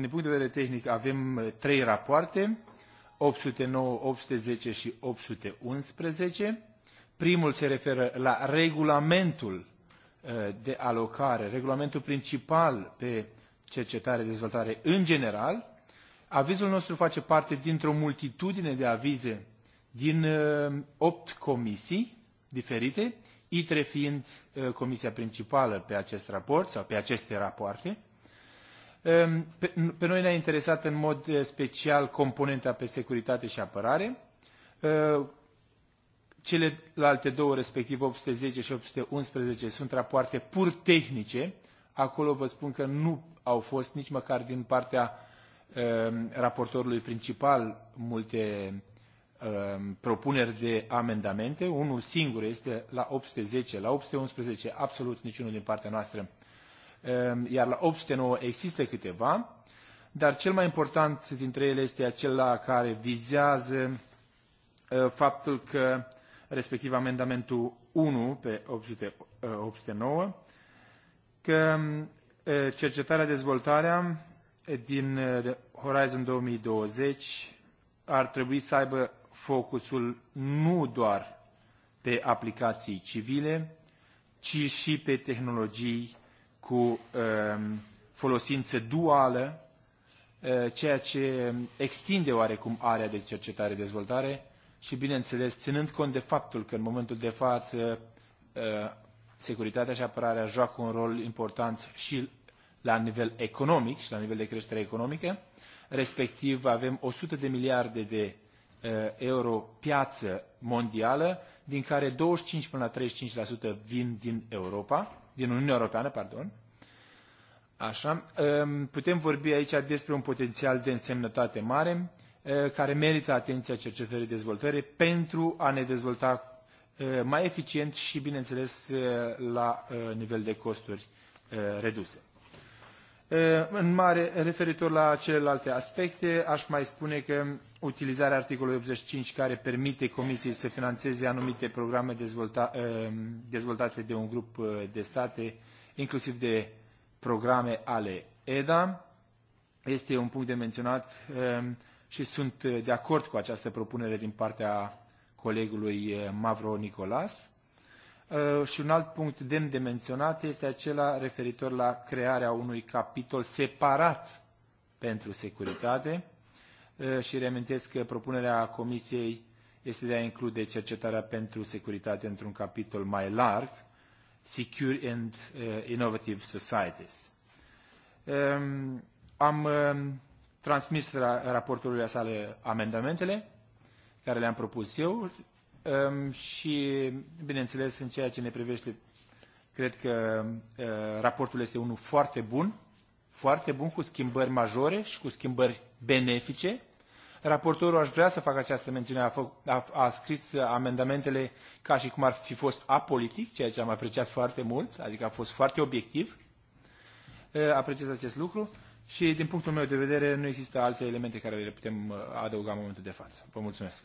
din punct de vedere tehnic avem eh, trei rapoarte, 809, 810 și 811. Primul se referă la regulamentul eh, de alocare, regulamentul principal pe cercetare, dezvoltare în general. Avizul nostru face parte dintr-o multitudine de avize din eh, opt comisii diferite, ITRE fiind comisia principală pe acest raport sau pe aceste rapoarte. Pe, pe noi ne-a interesat în mod eh, special componenta pe securitate și apărare. Eh, Celelalte două, respectiv 810 și 811, sunt rapoarte pur tehnice. Acolo vă spun că nu au fost nici măcar din partea raportorului principal multe propuneri de amendamente. Unul singur este la 810, la 811, absolut niciunul din partea noastră Ehm, iar la 89 există câteva, dar cel mai important dintre ele este acela care vizează e, faptul că, respectiv amendamentul 1 pe 809, e, că e, cercetarea dezvoltarea din Horizon 2020 ar trebui să aibă focusul nu doar pe aplicații civile, ci și pe tehnologii cu ehm, folosințe duală, eh, ceea ce ehm, extinde oarecum area de cercetare-dezvoltare și, bineînțeles, ținând cont de faptul că în momentul de față eh, securitatea și apărarea joacă un rol important și la nivel economic și la nivel de creștere economică, respectiv avem 100 de miliarde de eh, euro piață mondială, din care 25 până la 35% vin din Europa, din Uniunea Europeană, pardon. Așa. Ehm, putem vorbi aici despre un potențial de însemnătate mare e, care merită atenția cercetării dezvoltării pentru a ne dezvolta e, mai eficient și, bineînțeles, e, la nivel de costuri reduse. E, în mare, referitor la celelalte aspecte, aș mai spune că utilizarea articolului 85 care permite Comisiei să financeze anumite programe dezvolta, e, dezvoltate de un grup e, de state, inclusiv de programe ale EDA, este un punct de menționat și sunt de acord cu această propunere din partea colegului Mavro Nicolas. Uh, și un alt punct demn de menționat este acela referitor la crearea unui capitol separat pentru securitate uh, și reamintesc că propunerea Comisiei este de a include cercetarea pentru securitate într-un capitol mai larg, Secure and uh, Innovative Societies. Um, am um, transmis raportului sale amendamentele care le-am propus eu Ehm, și, bineînțeles, în ceea ce ne privește, cred că ehm, ehm, raportul este unul foarte bun, foarte bun, cu schimbări majore și cu schimbări benefice. Raportorul aș vrea să fac această mențiune, a, fă, a, a scris amendamentele ca și cum ar fi fost apolitic, ceea ce am apreciat foarte mult, adică a fost foarte obiectiv. E, apreciez acest lucru și, din punctul meu de vedere, nu există alte elemente care le putem uh, adăuga în momentul de față. Vă mulțumesc!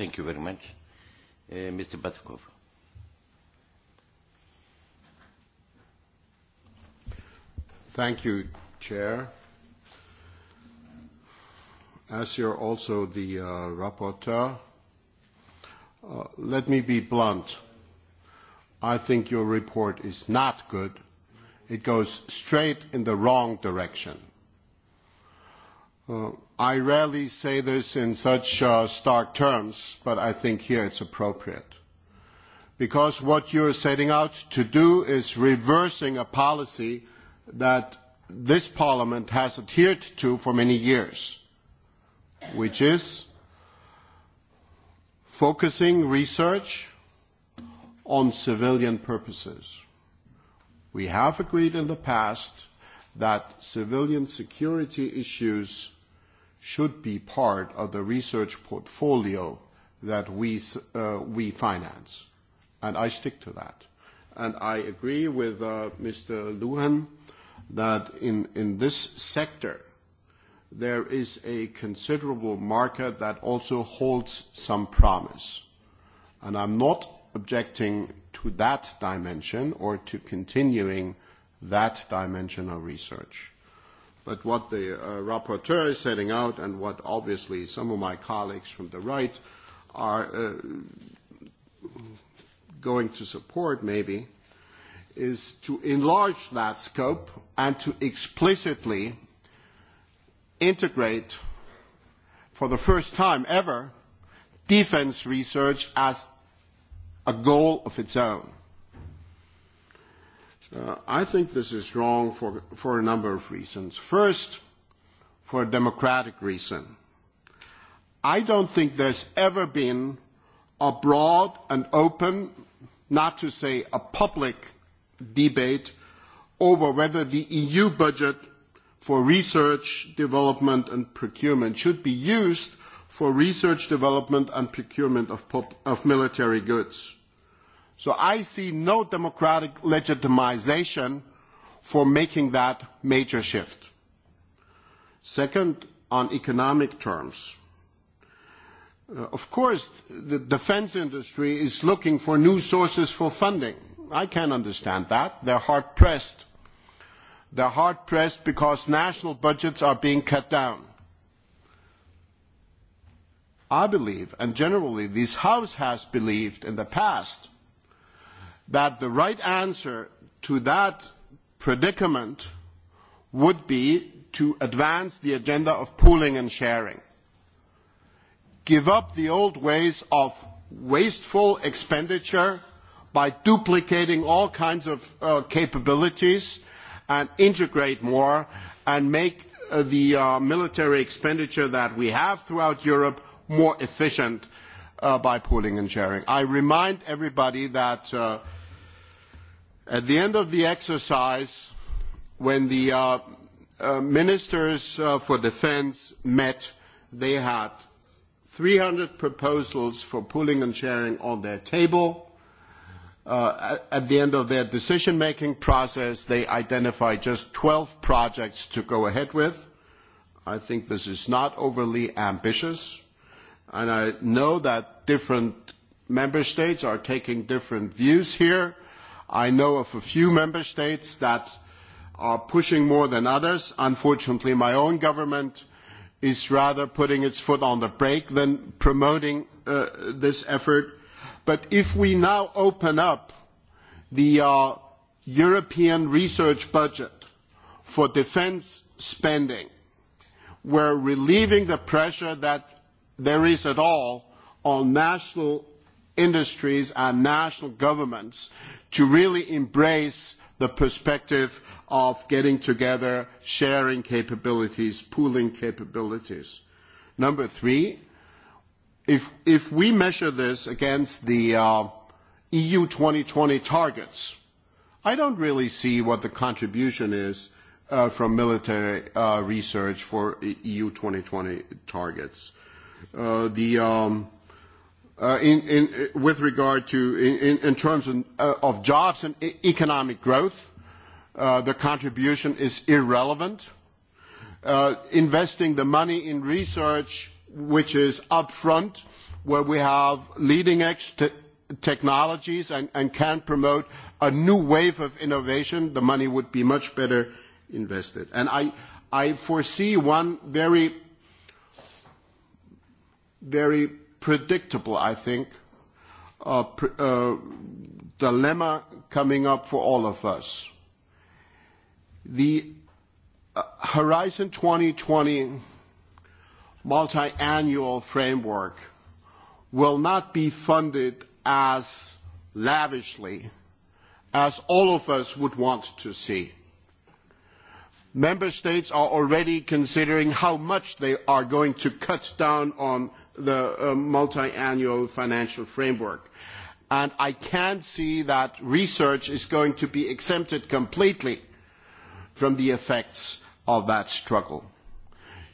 Thank you very much. Uh, Mr. Batkov. Thank you, Chair. As you're also the uh, rapporteur, uh, let me be blunt. I think your report is not good. It goes straight in the wrong direction. Uh, I rarely say this in such uh, stark terms, but I think here it's appropriate. Because what you're setting out to do is reversing a policy that this Parliament has adhered to for many years, which is focusing research on civilian purposes. We have agreed in the past that civilian security issues should be part of the research portfolio that we, uh, we finance. And I stick to that. And I agree with uh, Mr. Luhan that in, in this sector, there is a considerable market that also holds some promise. And I'm not objecting to that dimension or to continuing that dimension of research. But what the uh, rapporteur is setting out, and what obviously some of my colleagues from the right are uh, going to support maybe, is to enlarge that scope and to explicitly integrate for the first time ever defense research as a goal of its own. Uh, I think this is wrong for, for a number of reasons. First, for a democratic reason. I don't think there's ever been a broad and open, not to say a public, debate over whether the EU budget for research, development, and procurement should be used for research, development, and procurement of, pop- of military goods so i see no democratic legitimisation for making that major shift. second, on economic terms, uh, of course, the defence industry is looking for new sources for funding. i can understand that. they're hard-pressed. they're hard-pressed because national budgets are being cut down. I believe, and generally this House has believed in the past, that the right answer to that predicament would be to advance the agenda of pooling and sharing. Give up the old ways of wasteful expenditure by duplicating all kinds of uh, capabilities and integrate more and make uh, the uh, military expenditure that we have throughout Europe more efficient uh, by pooling and sharing. I remind everybody that uh, At the end of the exercise, when the uh, uh, ministers uh, for defense met, they had 300 proposals for pooling and sharing on their table. Uh, at, at the end of their decision-making process, they identified just 12 projects to go ahead with. I think this is not overly ambitious. And I know that different member states are taking different views here. I know of a few member states that are pushing more than others. Unfortunately, my own government is rather putting its foot on the brake than promoting uh, this effort. But if we now open up the uh, European research budget for defence spending, we're relieving the pressure that there is at all on national industries and national governments to really embrace the perspective of getting together, sharing capabilities, pooling capabilities. Number three, if, if we measure this against the uh, EU 2020 targets, I don't really see what the contribution is uh, from military uh, research for EU 2020 targets. Uh, the... Um, Uh, in, in, uh, with regard to, in, in terms of, uh, of jobs and e- economic growth, uh, the contribution is irrelevant. Uh, investing the money in research, which is upfront, where we have leading edge te- technologies and, and can promote a new wave of innovation, the money would be much better invested. And I, I foresee one very, very predictable, I think, uh, pr- uh, dilemma coming up for all of us. The uh, Horizon 2020 multi-annual framework will not be funded as lavishly as all of us would want to see. Member states are already considering how much they are going to cut down on the uh, multi-annual financial framework. And I can't see that research is going to be exempted completely from the effects of that struggle.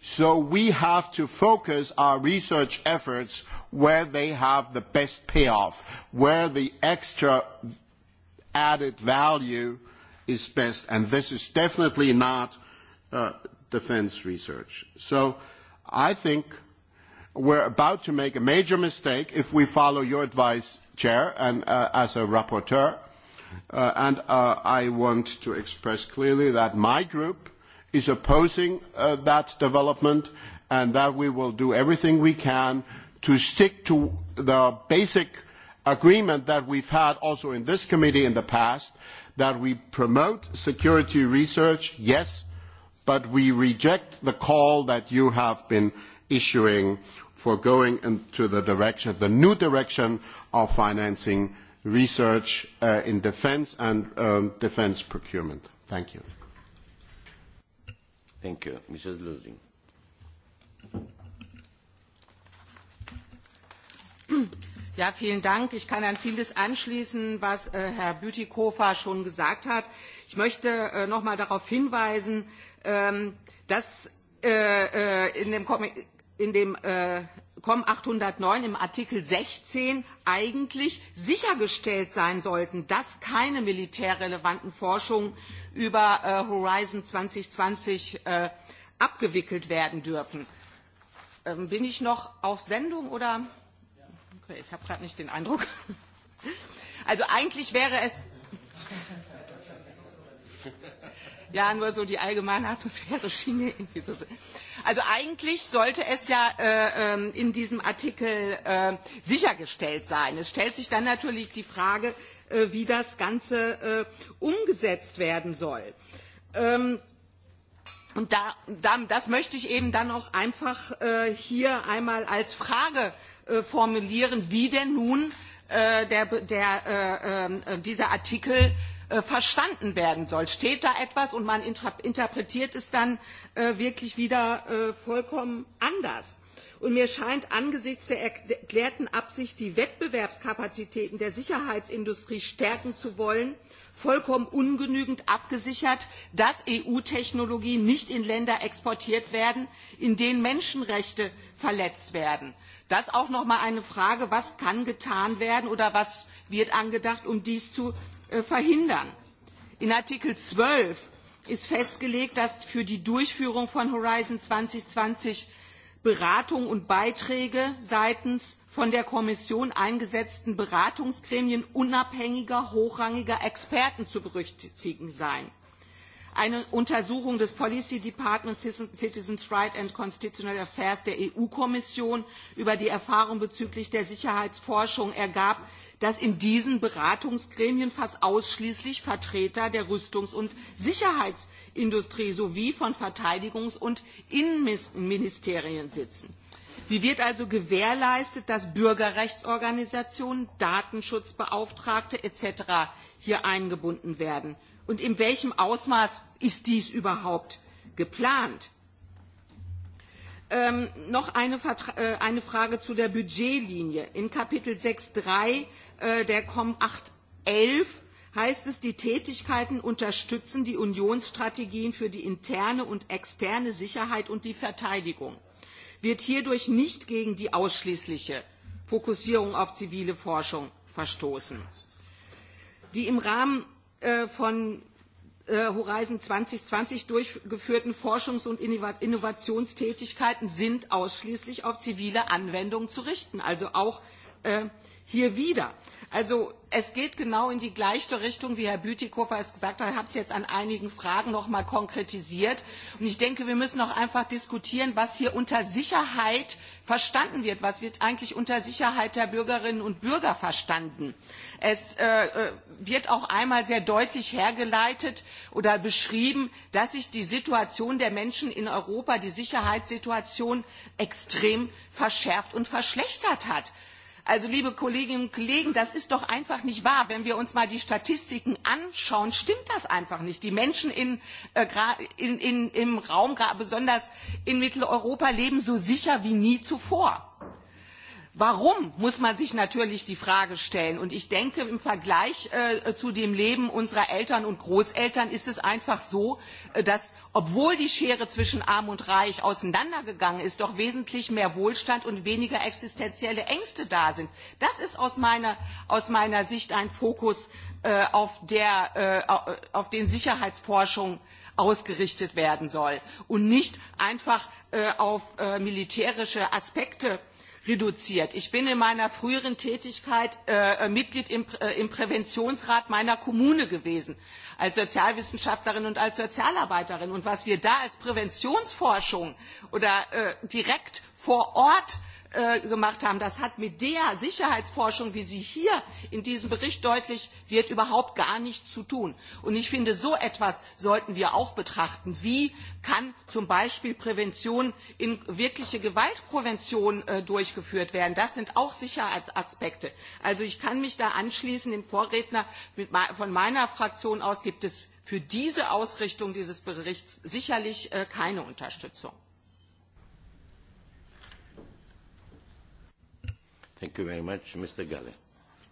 So we have to focus our research efforts where they have the best payoff, where the extra added value is best. And this is definitely not uh, defense research. So I think we are about to make a major mistake if we follow your advice chair and uh, as a rapporteur uh, and uh, i want to express clearly that my group is opposing that development and that we will do everything we can to stick to the basic agreement that we have had also in this committee in the past that we promote security research yes but we reject the call that you have been issuing for going into the direction, the new direction of financing research uh, in defense and um, defense procurement. Thank you. Thank you. Mrs. Lusing. Ja, vielen Dank. Ich kann an vieles anschließen, was äh, Herr Bütikofer schon gesagt hat. Ich möchte äh, noch mal darauf hinweisen, ähm, dass äh, äh, in dem Kommentar in dem äh, COM 809 im Artikel 16 eigentlich sichergestellt sein sollten, dass keine militärrelevanten Forschungen über äh, Horizon 2020 äh, abgewickelt werden dürfen. Ähm, bin ich noch auf Sendung oder? Okay, ich habe gerade nicht den Eindruck. Also eigentlich wäre es. Ja, nur so die allgemeine Atmosphäre schien mir irgendwie so. Also eigentlich sollte es ja äh, äh, in diesem Artikel äh, sichergestellt sein. Es stellt sich dann natürlich die Frage, äh, wie das Ganze äh, umgesetzt werden soll. Ähm, und da, da, das möchte ich eben dann auch einfach äh, hier einmal als Frage äh, formulieren, wie denn nun äh, Äh, der, der, äh, äh, dieser Artikel verstanden werden soll. Steht da etwas und man interpretiert es dann wirklich wieder vollkommen anders. Und mir scheint angesichts der erklärten Absicht, die Wettbewerbskapazitäten der Sicherheitsindustrie stärken zu wollen, vollkommen ungenügend abgesichert, dass EU-Technologien nicht in Länder exportiert werden, in denen Menschenrechte verletzt werden. Das auch noch mal eine Frage, was kann getan werden oder was wird angedacht, um dies zu äh, verhindern. In Artikel 12 ist festgelegt, dass für die Durchführung von Horizon 2020 Beratung und Beiträge seitens von der Kommission eingesetzten Beratungsgremien unabhängiger, hochrangiger Experten zu berücksichtigen sein. Eine Untersuchung des Policy Department Citizens Rights and Constitutional Affairs der EU-Kommission über die Erfahrung bezüglich der Sicherheitsforschung ergab, dass in diesen Beratungsgremien fast ausschließlich Vertreter der Rüstungs- und Sicherheitsindustrie sowie von Verteidigungs- und Innenministerien sitzen. Wie wird also gewährleistet, dass Bürgerrechtsorganisationen, Datenschutzbeauftragte etc. hier eingebunden werden? Und in welchem Ausmaß ist dies überhaupt geplant? Ähm, noch eine, äh, eine Frage zu der Budgetlinie. In Kapitel 6.3 äh, der COM 8.11 heißt es, die Tätigkeiten unterstützen die Unionsstrategien für die interne und externe Sicherheit und die Verteidigung. Wird hierdurch nicht gegen die ausschließliche Fokussierung auf zivile Forschung verstoßen. Die im Rahmen äh, von Äh, Horizon 2020 durchgeführten Forschungs- und Innovationstätigkeiten sind ausschließlich auf zivile Anwendungen zu richten, also auch äh, hier wieder. Also es geht genau in die gleiche Richtung, wie Herr Bütikofer es gesagt hat. Ich habe es jetzt an einigen Fragen noch mal konkretisiert. Und ich denke, wir müssen auch einfach diskutieren, was hier unter Sicherheit verstanden wird. Was wird eigentlich unter Sicherheit der Bürgerinnen und Bürger verstanden? Es äh, äh, wird auch einmal sehr deutlich hergeleitet oder beschrieben, dass sich die Situation der Menschen in Europa, die Sicherheitssituation extrem verschärft und verschlechtert hat. Also liebe Kolleginnen und Kollegen, das ist doch einfach nicht wahr. Wenn wir uns mal die Statistiken anschauen, stimmt das einfach nicht. Die Menschen in, äh, in, in, im Raum, besonders in Mitteleuropa, leben so sicher wie nie zuvor. Warum muss man sich natürlich die Frage stellen? Und ich denke, im Vergleich äh, zu dem Leben unserer Eltern und Großeltern ist es einfach so, äh, dass obwohl die Schere zwischen Arm und Reich auseinandergegangen ist, doch wesentlich mehr Wohlstand und weniger existenzielle Ängste da sind. Das ist aus meiner, aus meiner Sicht ein Fokus, äh, auf, der, äh, auf den Sicherheitsforschung ausgerichtet werden soll und nicht einfach äh, auf äh, militärische Aspekte reduziert. Ich bin in meiner früheren Tätigkeit äh, äh, Mitglied im, äh, im Präventionsrat meiner Kommune gewesen, als Sozialwissenschaftlerin und als Sozialarbeiterin. Und was wir da als Präventionsforschung oder äh, direkt vor Ort äh, Äh, gemacht haben, das hat mit der Sicherheitsforschung, wie sie hier in diesem Bericht deutlich wird, überhaupt gar nichts zu tun. Und ich finde, so etwas sollten wir auch betrachten. Wie kann zum Beispiel Prävention in wirkliche Gewaltprävention äh, durchgeführt werden? Das sind auch Sicherheitsaspekte. Also ich kann mich da anschließen, dem Vorredner mit, von meiner Fraktion aus gibt es für diese Ausrichtung dieses Berichts sicherlich äh, keine Unterstützung.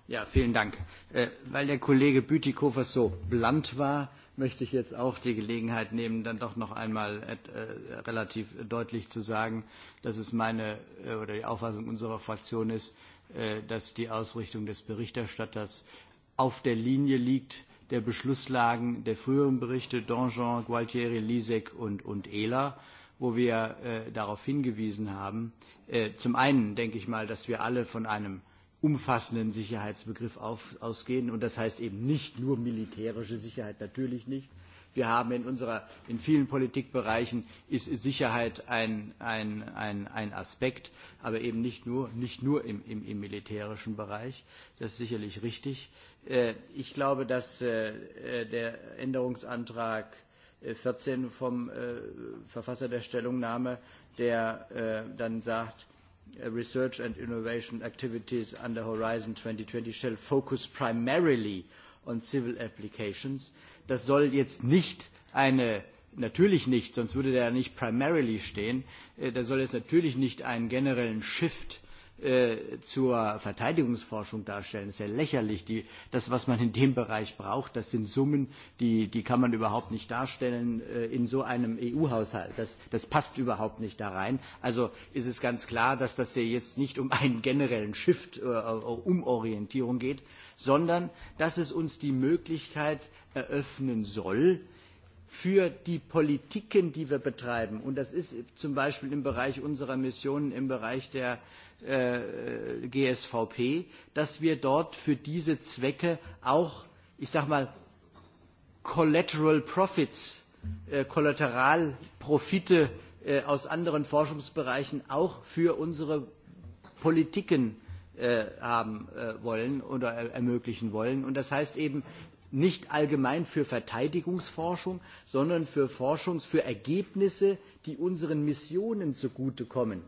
Ja, vielen Dank. Äh, weil der Kollege Bütikofer so blunt war, möchte ich jetzt auch die Gelegenheit nehmen, dann doch noch einmal äh, relativ deutlich zu sagen, dass es meine äh, oder die Auffassung unserer Fraktion ist, dass die Ausrichtung des Berichterstatters auf der Linie liegt der Beschlusslagen der früheren Berichte Donjon, Gualtieri, Lisek und, und Ehler, wo wir äh, darauf hingewiesen haben, äh, Äh, zum einen denke ich mal, dass wir alle von einem umfassenden Sicherheitsbegriff auf, ausgehen und das heißt eben nicht nur militärische Sicherheit, natürlich nicht. Wir haben in unserer, in vielen Politikbereichen ist Sicherheit ein, ein, ein, ein Aspekt, aber eben nicht nur, nicht nur im, im, im militärischen Bereich. Das ist sicherlich richtig. Äh, ich glaube, dass äh, der Änderungsantrag 14 vom äh, Verfasser der Stellungnahme, der äh, dann sagt, äh, Research and Innovation Activities under Horizon 2020 shall focus primarily on civil applications. Das soll jetzt nicht eine, natürlich nicht, sonst würde der ja nicht primarily stehen, äh, da soll jetzt natürlich nicht einen generellen Shift äh, Äh, zur Verteidigungsforschung darstellen. Das ist ja lächerlich. Die, das, was man in dem Bereich braucht, das sind Summen, die, die kann man überhaupt nicht darstellen äh, in so einem EU-Haushalt. Das, das passt überhaupt nicht da rein. Also ist es ganz klar, dass das hier jetzt nicht um einen generellen Shift, äh, äh, Umorientierung geht, sondern dass es uns die Möglichkeit eröffnen soll, für die Politiken, die wir betreiben, und das ist zum Beispiel im Bereich unserer Missionen, im Bereich der, äh, äh, GSVP, dass wir dort für diese Zwecke auch, ich sage mal, collateral profits, Kollateralprofite äh, äh, aus anderen Forschungsbereichen auch für unsere Politiken äh, haben äh, wollen oder er ermöglichen wollen. Und das heißt eben nicht allgemein für Verteidigungsforschung, sondern für Forschungs, für Ergebnisse, die unseren Missionen zugutekommen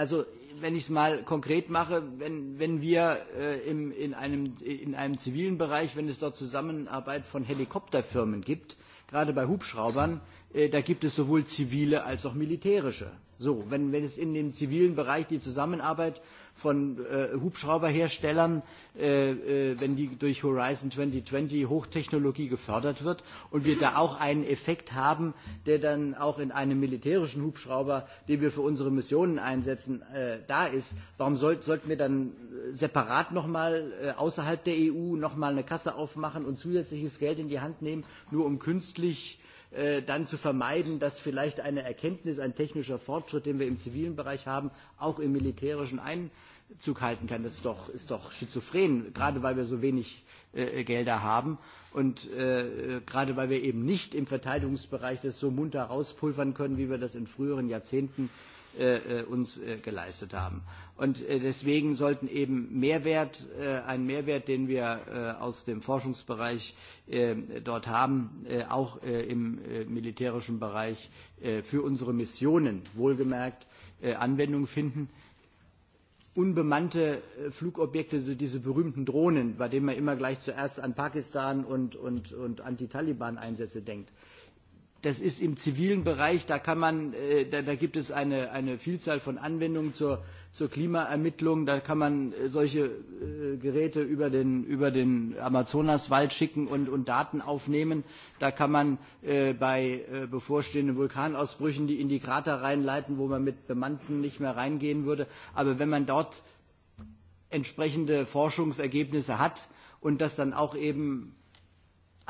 also wenn ich es mal konkret mache, wenn, wenn wir äh, im, in, einem, in einem zivilen Bereich, wenn es dort Zusammenarbeit von Helikopterfirmen gibt, gerade bei Hubschraubern, äh, da gibt es sowohl zivile als auch militärische. So, wenn, wenn es in dem zivilen Bereich die Zusammenarbeit von äh, Hubschrauberherstellern, äh, äh, wenn die durch Horizon 2020 Hochtechnologie gefördert wird und wir da auch einen Effekt haben, der dann auch in einem militärischen Hubschrauber, den wir für unsere Missionen einsetzen, äh, da ist, warum soll, sollten wir dann äh, separat nochmal äh, außerhalb der EU nochmal eine Kasse aufmachen und zusätzliches Geld in die Hand nehmen, nur um künstlich äh, äh, dann zu vermeiden, dass vielleicht eine Erkenntnis, ein technischer Fortschritt, den wir im zivilen Bereich haben, auch im militärischen Einzug halten kann. Das ist doch, ist doch schizophren, gerade weil wir so wenig äh, äh Gelder haben und äh, gerade weil wir eben nicht im Verteidigungsbereich das so munter rauspulvern können, wie wir das in früheren Jahrzehnten äh, Äh, äh, uns äh, geleistet haben. Und äh, deswegen sollten eben Mehrwert, äh, ein Mehrwert, den wir äh, aus dem Forschungsbereich äh, dort haben, äh, auch äh, im äh, militärischen Bereich äh, für unsere Missionen wohlgemerkt äh, Anwendung finden. Unbemannte äh, Flugobjekte, so diese berühmten Drohnen, bei denen man immer gleich zuerst an Pakistan und, und, und Anti-Taliban-Einsätze denkt. Äh, das ist im zivilen Bereich, da kann man, äh, da, da gibt es eine, eine Vielzahl von Anwendungen zur, zur Klimaermittlung, da kann man äh, solche äh, Geräte über den, über den Amazonaswald schicken und, und Daten aufnehmen, da kann man äh, bei äh, bevorstehenden Vulkanausbrüchen die in die Krater reinleiten, wo man mit Bemannten nicht mehr reingehen würde, aber wenn man dort entsprechende Forschungsergebnisse hat und das dann auch eben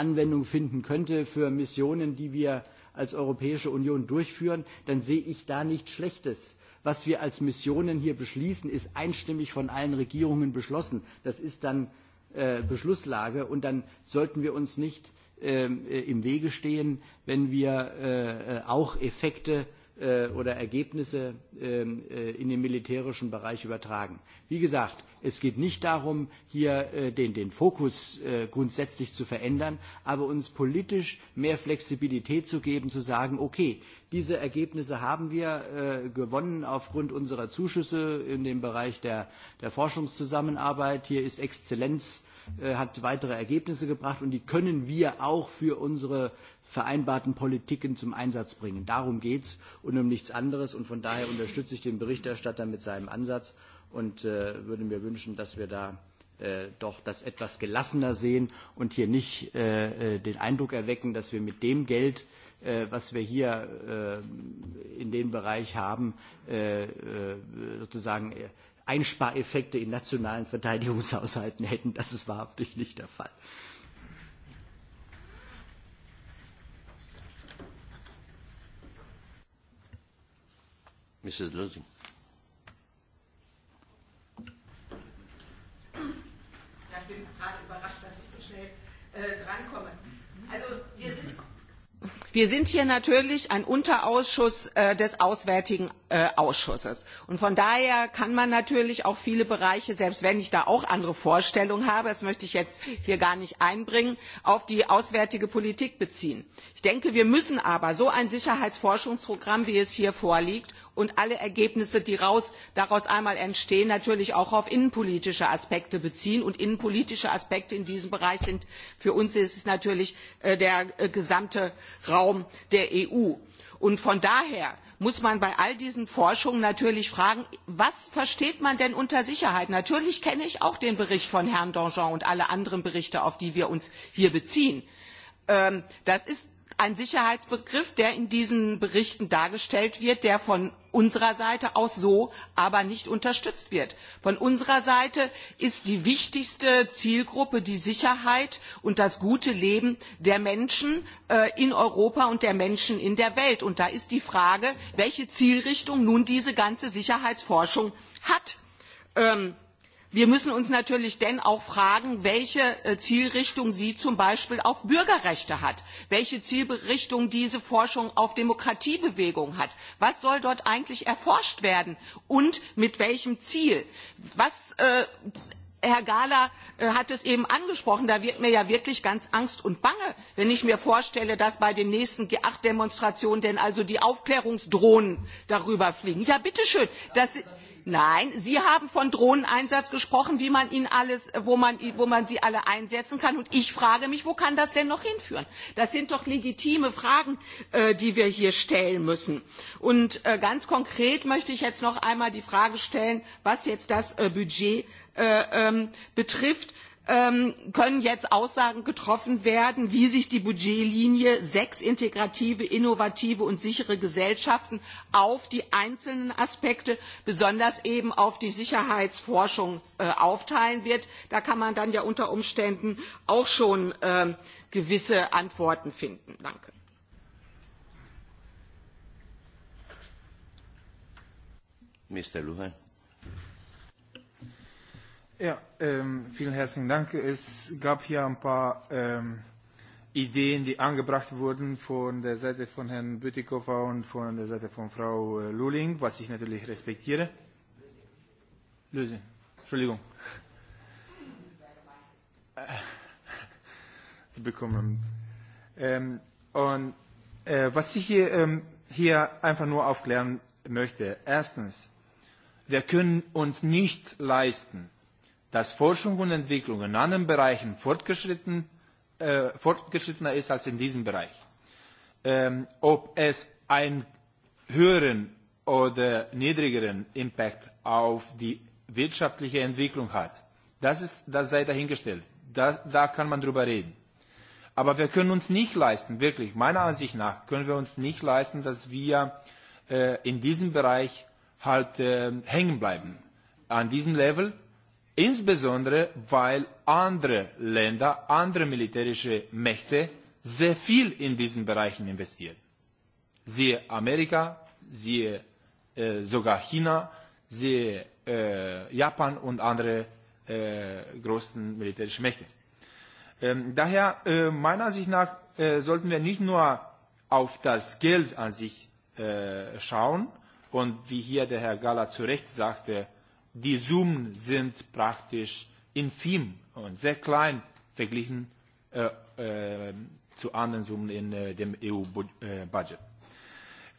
Anwendung finden könnte für Missionen, die wir als Europäische Union durchführen, dann sehe ich da nichts Schlechtes. Was wir als Missionen hier beschließen, ist einstimmig von allen Regierungen beschlossen. Das ist dann äh, Beschlusslage und dann sollten wir uns nicht ähm, äh, im Wege stehen, wenn wir äh, äh auch Effekte äh, Äh, oder Ergebnisse ähm, äh, in den militärischen Bereich übertragen. Wie gesagt, es geht nicht darum, hier äh, den, den Fokus grundsätzlich zu verändern, aber uns politisch mehr Flexibilität zu geben, zu sagen, okay, diese Ergebnisse haben wir gewonnen aufgrund unserer Zuschüsse in dem Bereich der, der Forschungszusammenarbeit. Hier ist Exzellenz hat weitere Ergebnisse gebracht und die können wir auch für unsere vereinbarten Politiken zum Einsatz bringen. Darum geht es und um nichts anderes. Und von daher unterstütze ich den Berichterstatter mit seinem Ansatz und äh, würde mir wünschen, dass wir da äh, doch das etwas gelassener sehen und hier nicht äh, äh den Eindruck erwecken, dass wir mit dem Geld, äh, was wir hier äh, in dem Bereich haben, äh, äh sozusagen äh, Einspareffekte in nationalen Verteidigungshaushalten hätten. Das ist wahrhaftig nicht der Fall. Mrs. Lusing. Ja, ich bin gerade überrascht, dass ich so schnell äh, drankomme. Also, wir sind, wir sind hier natürlich ein Unterausschuss äh, des Auswärtigen Äh, ausschusses. von daher kann man natürlich auch viele bereiche selbst wenn ich da auch andere vorstellungen habe das möchte ich jetzt hier gar nicht einbringen auf die auswärtige politik beziehen. ich denke wir müssen aber so ein sicherheitsforschungsprogramm wie es hier vorliegt und alle ergebnisse die daraus einmal entstehen natürlich auch auf innenpolitische aspekte beziehen und innenpolitische aspekte in diesem bereich sind für uns ist natürlich äh, der äh, gesamte raum der eu. Und von daher muss man bei all diesen Forschungen natürlich fragen, was versteht man denn unter Sicherheit? Natürlich kenne ich auch den Bericht von Herrn Dangean und alle anderen Berichte, auf die wir uns hier beziehen. Ähm, das ist ein sicherheitsbegriff der in diesen berichten dargestellt wird der von unserer seite aus so aber nicht unterstützt wird. von unserer seite ist die wichtigste zielgruppe die sicherheit und das gute leben der menschen äh, in europa und der menschen in der welt. da ist die frage welche zielrichtung nun diese ganze sicherheitsforschung hat. Ähm, wir müssen uns natürlich dann auch fragen welche äh, zielrichtung sie zum beispiel auf bürgerrechte hat welche zielrichtung diese forschung auf demokratiebewegung hat was soll dort eigentlich erforscht werden und mit welchem ziel? Äh, herr gahler äh, hat es eben angesprochen da wird mir ja wirklich ganz angst und bange wenn ich mir vorstelle dass bei den nächsten g acht demonstrationen denn also die aufklärungsdrohnen darüber fliegen. ja bitteschön Nein, Sie haben von Drohneneinsatz gesprochen, wie man ihn alles, wo, man, wo man sie alle einsetzen kann. Und ich frage mich, wo kann das denn noch hinführen? Das sind doch legitime Fragen, äh, die wir hier stellen müssen. Und äh, ganz konkret möchte ich jetzt noch einmal die Frage stellen, was jetzt das äh, Budget äh, ähm, betrifft. Ähm, können jetzt Aussagen getroffen werden, wie sich die Budgetlinie sechs integrative, innovative und sichere Gesellschaften auf die einzelnen Aspekte, besonders eben auf die Sicherheitsforschung äh, aufteilen wird. Da kann man dann ja unter Umständen auch schon äh, gewisse Antworten finden. Danke. Mr. Luhan. Ja, ähm, vielen herzlichen Dank. Es gab hier ein paar ähm, Ideen, die angebracht wurden von der Seite von Herrn Bütikofer und von der Seite von Frau äh, Luling, was ich natürlich respektiere. Löse. Entschuldigung. Äh, Sie bekommen. Ähm, und äh, was ich hier, ähm, hier einfach nur aufklären möchte. Erstens, wir können uns nicht leisten, dass Forschung und Entwicklung in anderen Bereichen fortgeschritten, äh, fortgeschrittener ist als in diesem Bereich. Ähm, ob es einen höheren oder niedrigeren Impact auf die wirtschaftliche Entwicklung hat, das, ist, das sei dahingestellt. Das, da kann man drüber reden. Aber wir können uns nicht leisten, wirklich, meiner Ansicht nach, können wir uns nicht leisten, dass wir äh, in diesem Bereich halt äh, hängen bleiben. An diesem Level, insbesondere weil andere Länder, andere militärische Mächte sehr viel in diesen Bereichen investieren. Siehe Amerika, siehe äh, sogar China, siehe äh, Japan und andere äh, großen militärischen Mächte. Ähm, daher, äh, meiner Sicht nach, äh, sollten wir nicht nur auf das Geld an sich äh, schauen und wie hier der Herr Galla zu Recht sagte, äh, die Summen sind praktisch infim und sehr klein verglichen äh, äh, zu anderen Summen in äh, dem EU-Budget.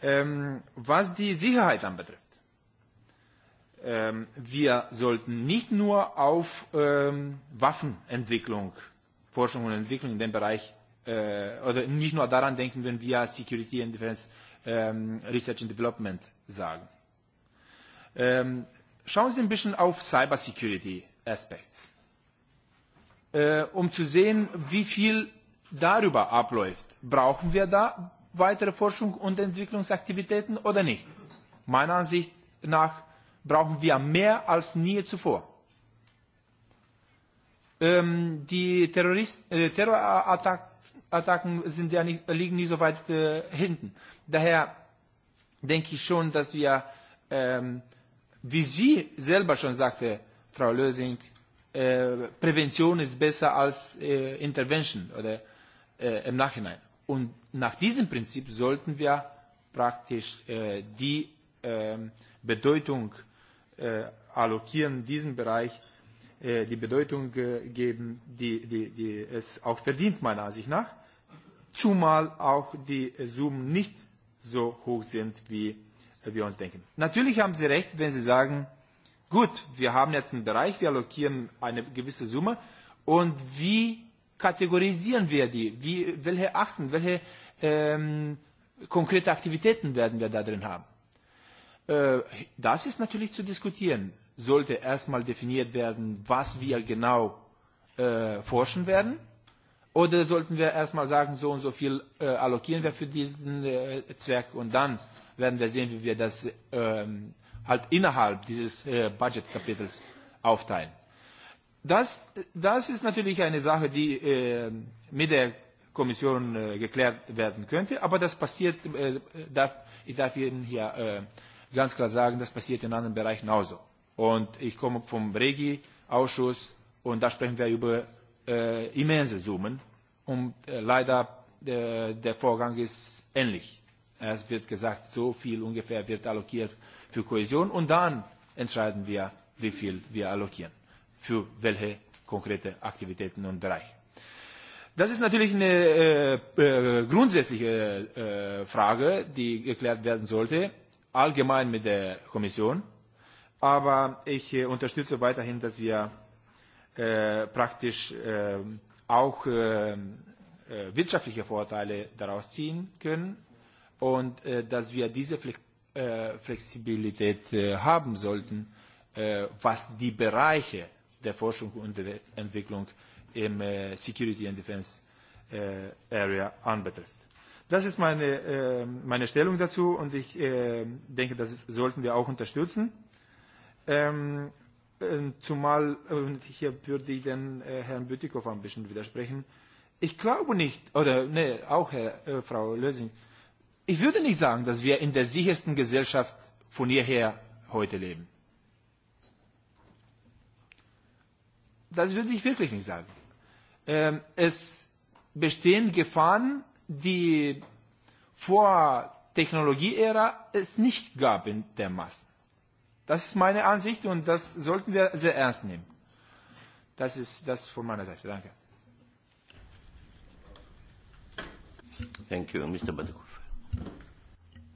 Ähm, was die Sicherheit anbetrifft, ähm, wir sollten nicht nur auf ähm, Waffenentwicklung, Forschung und Entwicklung in dem Bereich äh, oder nicht nur daran denken, wenn wir Security and Defense ähm, Research and Development sagen. Ähm, Schauen Sie ein bisschen auf Cybersecurity Aspects, äh, um zu sehen, wie viel darüber abläuft. Brauchen wir da weitere Forschung und Entwicklungsaktivitäten oder nicht? Meiner Ansicht nach brauchen wir mehr als nie zuvor. Ähm, die Terrorist äh, Terrorattacken sind ja nicht, liegen nicht so weit äh, hinten. Daher denke ich schon, dass wir ähm, wie Sie selber schon sagte, Frau Lösing, äh, Prävention ist besser als äh, Intervention oder äh, im Nachhinein. Und nach diesem Prinzip sollten wir praktisch äh, die äh, Bedeutung äh, allokieren, diesen Bereich äh, die Bedeutung äh, geben, die, die, die es auch verdient, meiner Ansicht nach, zumal auch die Summen nicht so hoch sind wie äh, wir uns denken. Natürlich haben Sie recht, wenn Sie sagen, gut, wir haben jetzt einen Bereich, wir allokieren eine gewisse Summe und wie kategorisieren wir die? Wie, welche Achsen, welche ähm, konkrete Aktivitäten werden wir da drin haben? Äh, das ist natürlich zu diskutieren. Sollte erstmal definiert werden, was wir genau äh, forschen werden. Oder sollten wir erstmal sagen, so und so viel äh, allokieren wir für diesen äh, Zweck und dann werden wir sehen, wie wir das äh, halt innerhalb dieses äh, Budgetkapitels aufteilen. Das, das ist natürlich eine Sache, die äh, mit der Kommission äh, geklärt werden könnte, aber das passiert, äh, darf, ich darf Ihnen hier äh, ganz klar sagen, das passiert in anderen Bereichen genauso. Und ich komme vom Regi-Ausschuss und da sprechen wir über äh, immense Summen. Und äh, eh, leider äh, der Vorgang ist ähnlich. Es wird gesagt, so viel ungefähr wird allokiert für Kohäsion und dann entscheiden wir, wie viel wir allokieren für welche konkrete Aktivitäten und Bereiche. Das ist natürlich eine äh, äh, grundsätzliche äh, Frage, die geklärt werden sollte, allgemein mit der Kommission. Aber ich äh, unterstütze weiterhin, dass wir Äh, praktisch äh, auch äh, wirtschaftliche Vorteile daraus ziehen können und dass wir diese Flexibilität haben sollten, was die Bereiche der Forschung und der Entwicklung im Security and Defense Area anbetrifft. Das ist meine, äh, meine Stellung dazu und ich äh, denke, das ist, sollten wir auch unterstützen. Ähm, Ähm, zumal, und äh, hier würde ich dann äh, Herrn Bütikow ein bisschen widersprechen, ich glaube nicht, oder nee, auch Herr, äh, Frau Lösing, ich würde nicht sagen, dass wir in der sichersten Gesellschaft von hierher heute leben. Das würde ich wirklich nicht sagen. Ähm, es bestehen Gefahren, die vor Technologieära es nicht gab in der Massen. Das ist meine Ansicht und das sollten wir sehr ernst nehmen. Das ist das von meiner Seite. Danke. Thank you, Mr. Badekov.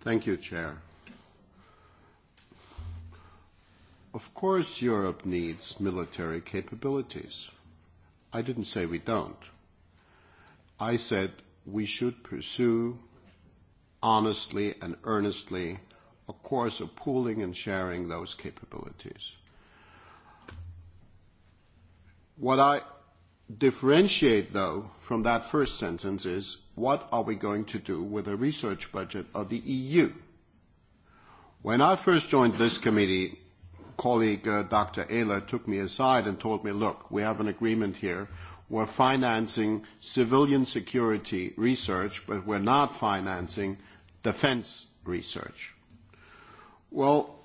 Thank you, Chair. Of course, Europe needs military capabilities. I didn't say we don't. I said we should pursue honestly and earnestly a course of pooling and sharing those capabilities. What I differentiate, though, from that first sentence is what are we going to do with the research budget of the EU? When I first joined this committee, colleague uh, Dr. Ehler took me aside and told me, look, we have an agreement here. We're financing civilian security research, but we're not financing defense research well,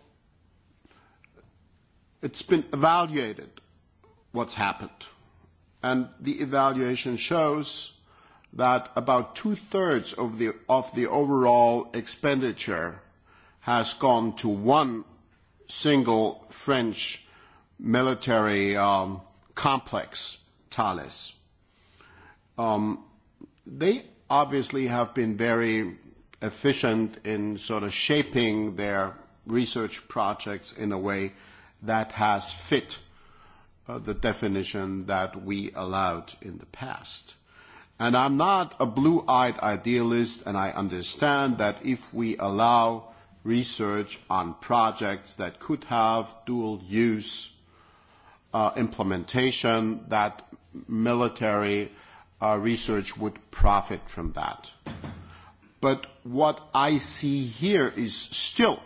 it's been evaluated what's happened. And the evaluation shows that about two thirds of the, of the overall expenditure has gone to one single French military um, complex, Thales. Um, they obviously have been very efficient in sort of shaping their research projects in a way that has fit uh, the definition that we allowed in the past. And I'm not a blue eyed idealist, and I understand that if we allow research on projects that could have dual use uh, implementation, that military uh, research would profit from that. But what I see here is still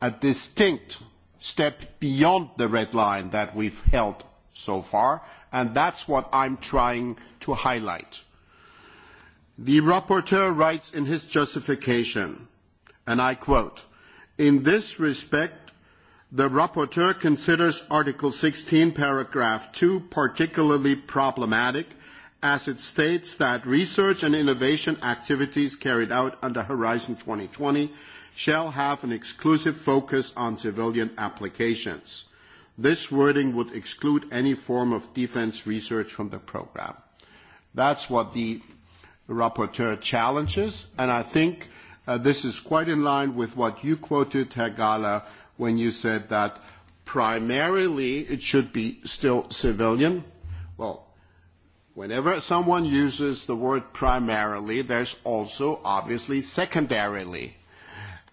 a distinct step beyond the red line that we have held so far and that is what i am trying to highlight. the rapporteur writes in his justification and i quote in this respect the rapporteur considers article 16 paragraph 2 particularly problematic as it states that research and innovation activities carried out under horizon 2020 shall have an exclusive focus on civilian applications. This wording would exclude any form of defense research from the program. That's what the rapporteur challenges, and I think uh, this is quite in line with what you quoted, Tagala, when you said that primarily it should be still civilian. Well, whenever someone uses the word primarily, there's also obviously secondarily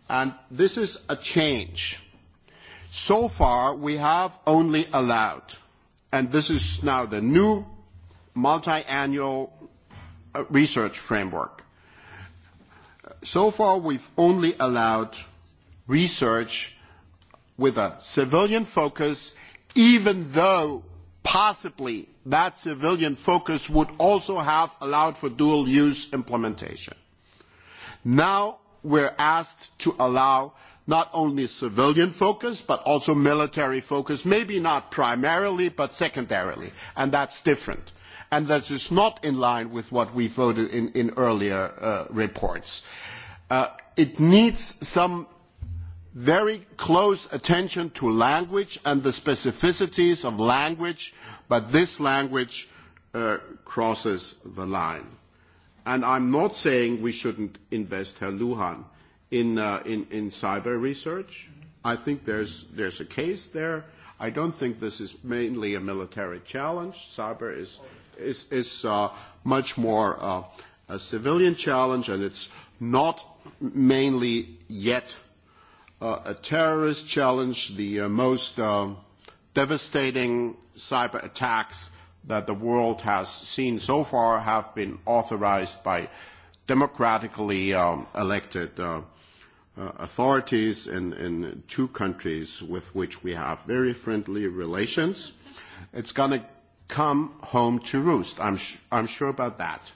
and this is a change. So far, we have only allowed, and this is now the new multi-annual uh, research framework. So far, we've only allowed research with a civilian focus, even though possibly that civilian focus would also have allowed for dual-use implementation. Now, were asked to allow not only civilian focus but also military focus maybe not primarily but secondarily and that's different and that is not in line with what we voted in, in earlier uh, reports. Uh, it needs some very close attention to language and the specificities of language, but this language uh, crosses the line. I'm not saying we shouldn't invest, Herr Lujan, uh, in cyber research. I think there's a case there. I don't think this is mainly a military challenge. Cyber is uh, much more uh, a civilian challenge, and it's not mainly yet a terrorist challenge. The most um, devastating cyber attacks that the world has seen so far have been authorized by democratically um, elected uh, uh, authorities in, in two countries with which we have very friendly relations. It's going to come home to roost. I'm, sh- I'm sure about that.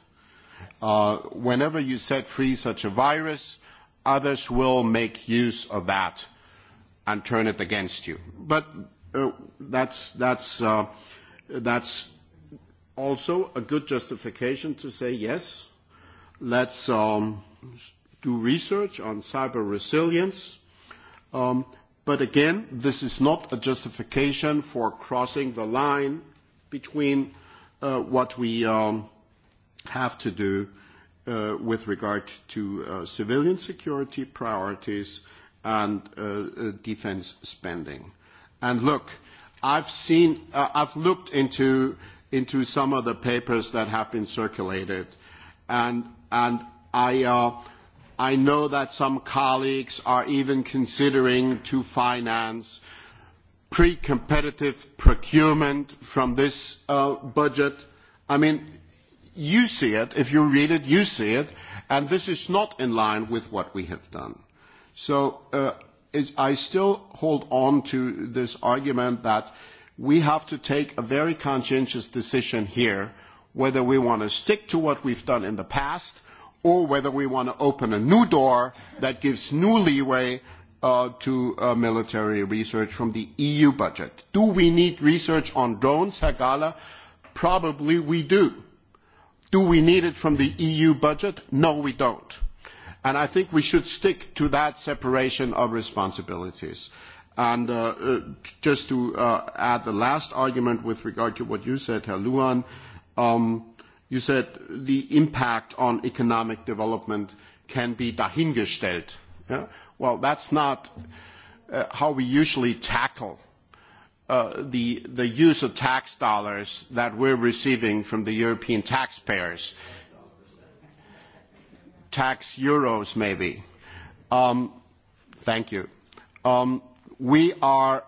Uh, whenever you set free such a virus, others will make use of that and turn it against you. But uh, that's, that's, uh, that's also a good justification to say, yes, let's um, do research on cyber resilience. Um, but again, this is not a justification for crossing the line between uh, what we um, have to do uh, with regard to uh, civilian security priorities and uh, uh defense spending. And look, I've seen, uh, I've looked into into some of the papers that have been circulated. And, and I, uh, I know that some colleagues are even considering to finance pre-competitive procurement from this uh, budget. I mean, you see it. If you read it, you see it. And this is not in line with what we have done. So uh, I still hold on to this argument that uh, we have to take a very conscientious decision here whether we want to stick to what we've done in the past or whether we want to open a new door that gives new leeway uh, to uh, military research from the EU budget. Do we need research on drones, Hagala? Probably we do. Do we need it from the EU budget? No, we don't. And I think we should stick to that separation of responsibilities. And uh, uh, just to uh, add the last argument with regard to what you said, Herr Luan, um, you said the impact on economic development can be dahingestellt. Yeah? Well, that's not uh, how we usually tackle uh, the, the use of tax dollars that we're receiving from the European taxpayers. Tax euros, maybe. Um, thank you. Um, we are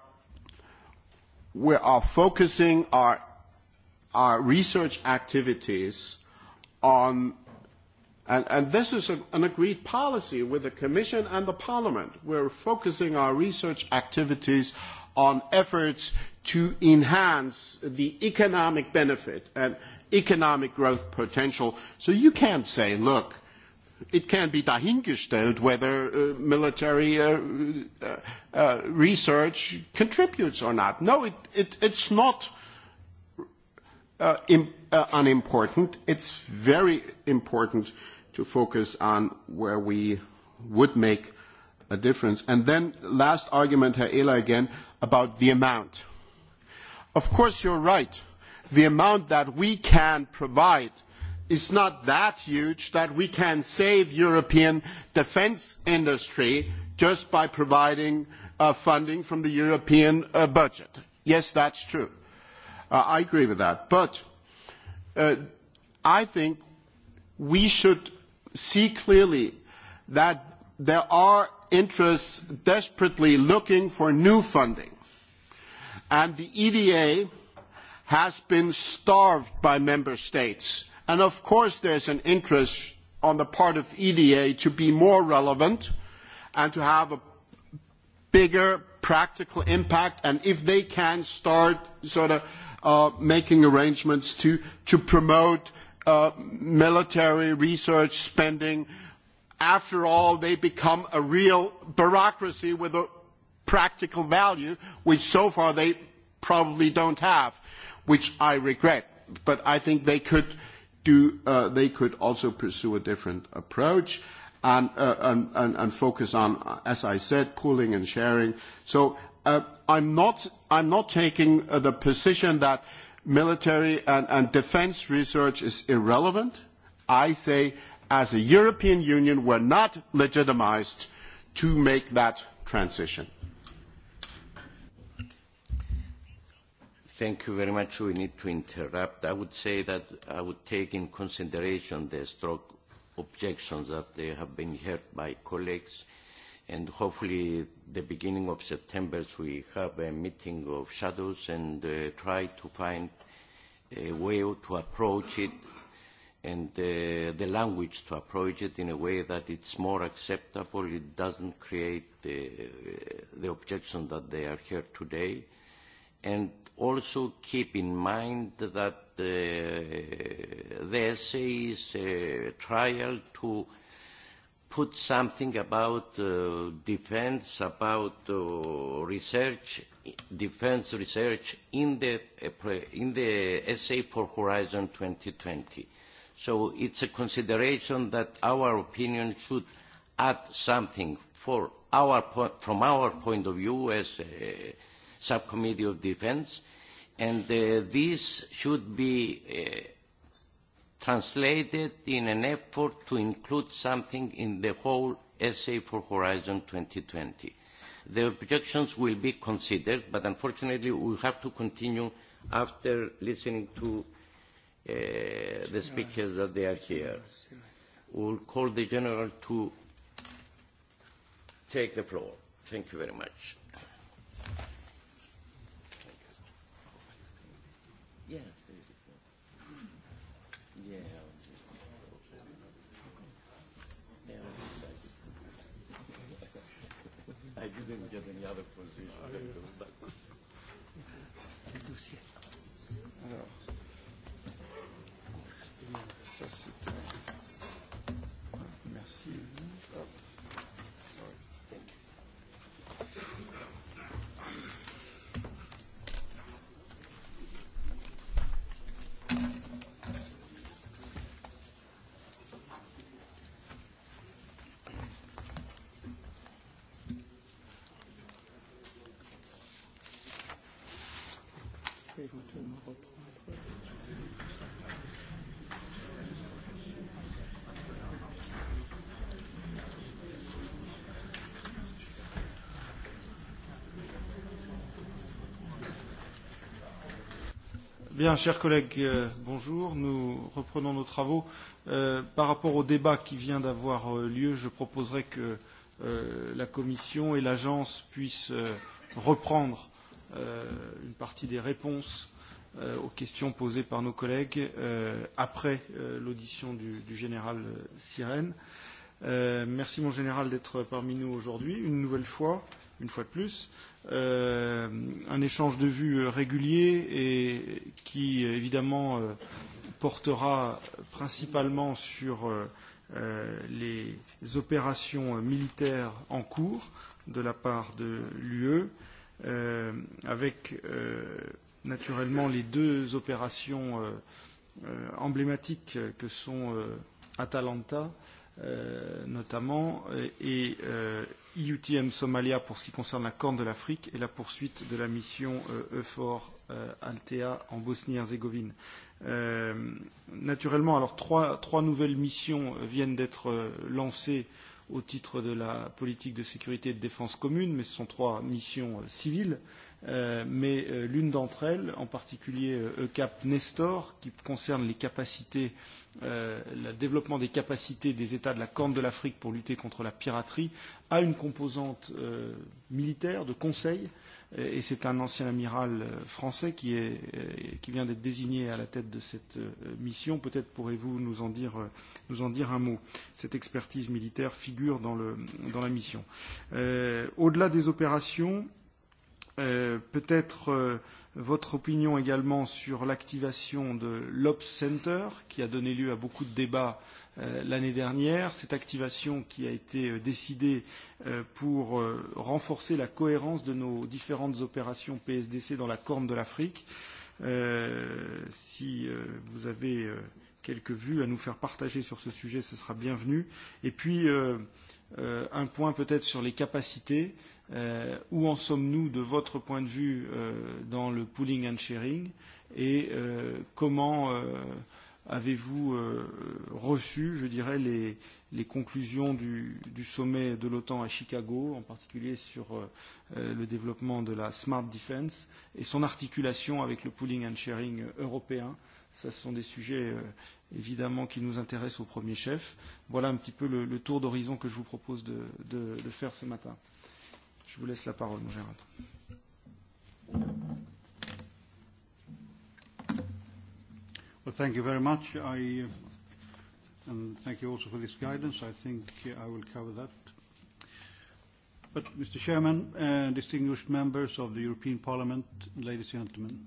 we are focusing our our research activities on and, and this is a, an agreed policy with the Commission and the Parliament. We're focusing our research activities on efforts to enhance the economic benefit and economic growth potential. So you can't say, look, it can be dahingestellt whether uh, military uh, uh, uh, research contributes or not. No, it, it, it's not uh, Im, uh, unimportant. It's very important to focus on where we would make a difference. And then last argument, Herr Ehler again, about the amount. Of course, you're right. The amount that we can provide – is not that huge that we can save european defence industry just by providing uh, funding from the european uh, budget yes that's true uh, i agree with that but uh, i think we should see clearly that there are interests desperately looking for new funding and the eda has been starved by member states And of course, there's an interest on the part of EDA to be more relevant and to have a bigger practical impact. And if they can start sort of uh, making arrangements to, to promote uh, military research spending, after all, they become a real bureaucracy with a practical value, which so far they probably don't have, which I regret. But I think they could do uh, they could also pursue a different approach and, uh, and, and, and focus on, uh, as I said, pooling and sharing. So uh, I'm, not, I'm not taking uh, the position that military and, and defense research is irrelevant. I say, as a European Union, we're not legitimized to make that transition. Thank you very much. We need to interrupt. I would say that I would take in consideration the strong objections that they have been heard by colleagues. And hopefully, the beginning of September, we have a meeting of shadows and uh, try to find a way to approach it and uh, the language to approach it in a way that it's more acceptable. It doesn't create the, uh, the objection that they are here today. And also keep in mind that uh, the essay is a uh, trial to put something about uh, defense, about uh, research, defense research in the, uh, in the essay for Horizon 2020. So it's a consideration that our opinion should add something for our po- from our point of view as uh, Subcommittee of Defense. And uh, this should be uh, translated in an effort to include something in the whole essay for Horizon 2020. The objections will be considered, but unfortunately we have to continue after listening to uh, the speakers that they are here. We'll call the general to take the floor. Thank you very much. didn't get any. Bien, chers collègues, euh, bonjour. Nous reprenons nos travaux. Euh, par rapport au débat qui vient d'avoir euh, lieu, je proposerai que euh, la Commission et l'Agence puissent euh, reprendre euh, une partie des réponses euh, aux questions posées par nos collègues euh, après euh, l'audition du, du général euh, Sirène. Euh, merci, mon général, d'être parmi nous aujourd'hui, une nouvelle fois, une fois de plus. Euh, euh, un échange de vues euh, régulier et qui, évidemment, euh, portera principalement sur euh, euh, les opérations militaires en cours de la part de l'UE, euh, avec euh, naturellement les deux opérations euh, euh, emblématiques que sont euh, Atalanta, euh, notamment, et, et euh, UTM Somalia pour ce qui concerne la Corne de l'Afrique et la poursuite de la mission euh, EFOR euh, Altea en Bosnie-Herzégovine. Euh, naturellement, alors trois, trois nouvelles missions euh, viennent d'être euh, lancées au titre de la politique de sécurité et de défense commune, mais ce sont trois missions euh, civiles. Euh, Euh, mais euh, l'une d'entre elles, en particulier euh, ECAP Nestor, qui concerne les capacités, euh, le développement des capacités des États de la Corne de l'Afrique pour lutter contre la piraterie, a une composante euh, militaire de conseil. Et c'est un ancien amiral euh, français qui, est, euh, qui vient d'être désigné à la tête de cette mission. Peut-être pourrez-vous nous, nous en dire un mot. Cette expertise militaire figure dans, le, dans la mission. Euh, Au-delà des opérations, euh, Euh, peut-être euh, votre opinion également sur l'activation de l'Ops Center, qui a donné lieu à beaucoup de débats euh, l'année dernière. Cette activation qui a été euh, décidée euh, pour euh, renforcer la cohérence de nos différentes opérations PSDC dans la Corne de l'Afrique. Euh, si euh, vous avez euh, quelques vues à nous faire partager sur ce sujet, ce sera bienvenu. Et puis, euh, euh, un point peut-être sur les capacités euh, où en sommes-nous de votre point de vue euh, dans le pooling and sharing et euh, comment euh, avez-vous euh, reçu, je dirais, les, les conclusions du, du sommet de l'OTAN à Chicago, en particulier sur euh, euh le développement de la Smart Defense et son articulation avec le pooling and sharing européen Ce sont des sujets euh, évidemment qui nous intéressent au premier chef. Voilà un petit peu le, le tour d'horizon que je vous propose de, de, de faire ce matin. Je vous laisse la parole, mon général. Well, thank you very much. I uh, and thank you also for this guidance. I think uh, I will cover that. But, Mr. Chairman, uh, distinguished members of the European Parliament, ladies and gentlemen,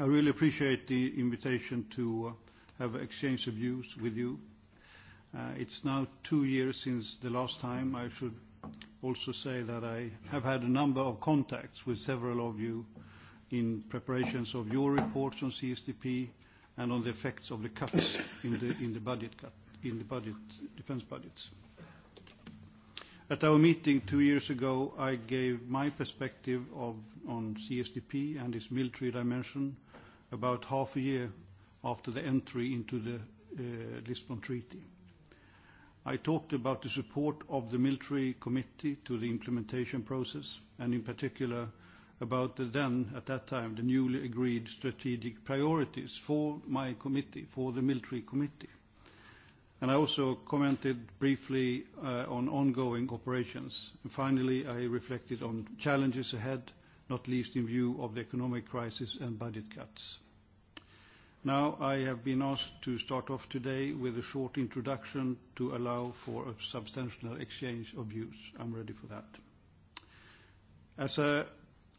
I really appreciate the invitation to uh, have exchange of views with you. Uh, it's now two years since the last time I should also say that I have had a number of contacts with several of you in preparations of your reports on CSDP and on the effects of the cuts in the, in the budget cut, in the budget, defense budgets. At our meeting two years ago, I gave my perspective of, on CSDP and its military dimension about half a year after the entry into the uh, Lisbon Treaty. I talked about the support of the military committee to the implementation process, and in particular about the then, at that time, the newly agreed strategic priorities for my committee, for the military committee. I also commented briefly uh, on ongoing operations. Finally, I reflected on challenges ahead, not least in view of the economic crisis and budget cuts. Now, I have been asked to start off today with a short introduction to allow for a substantial exchange of views. I'm ready for that. As uh,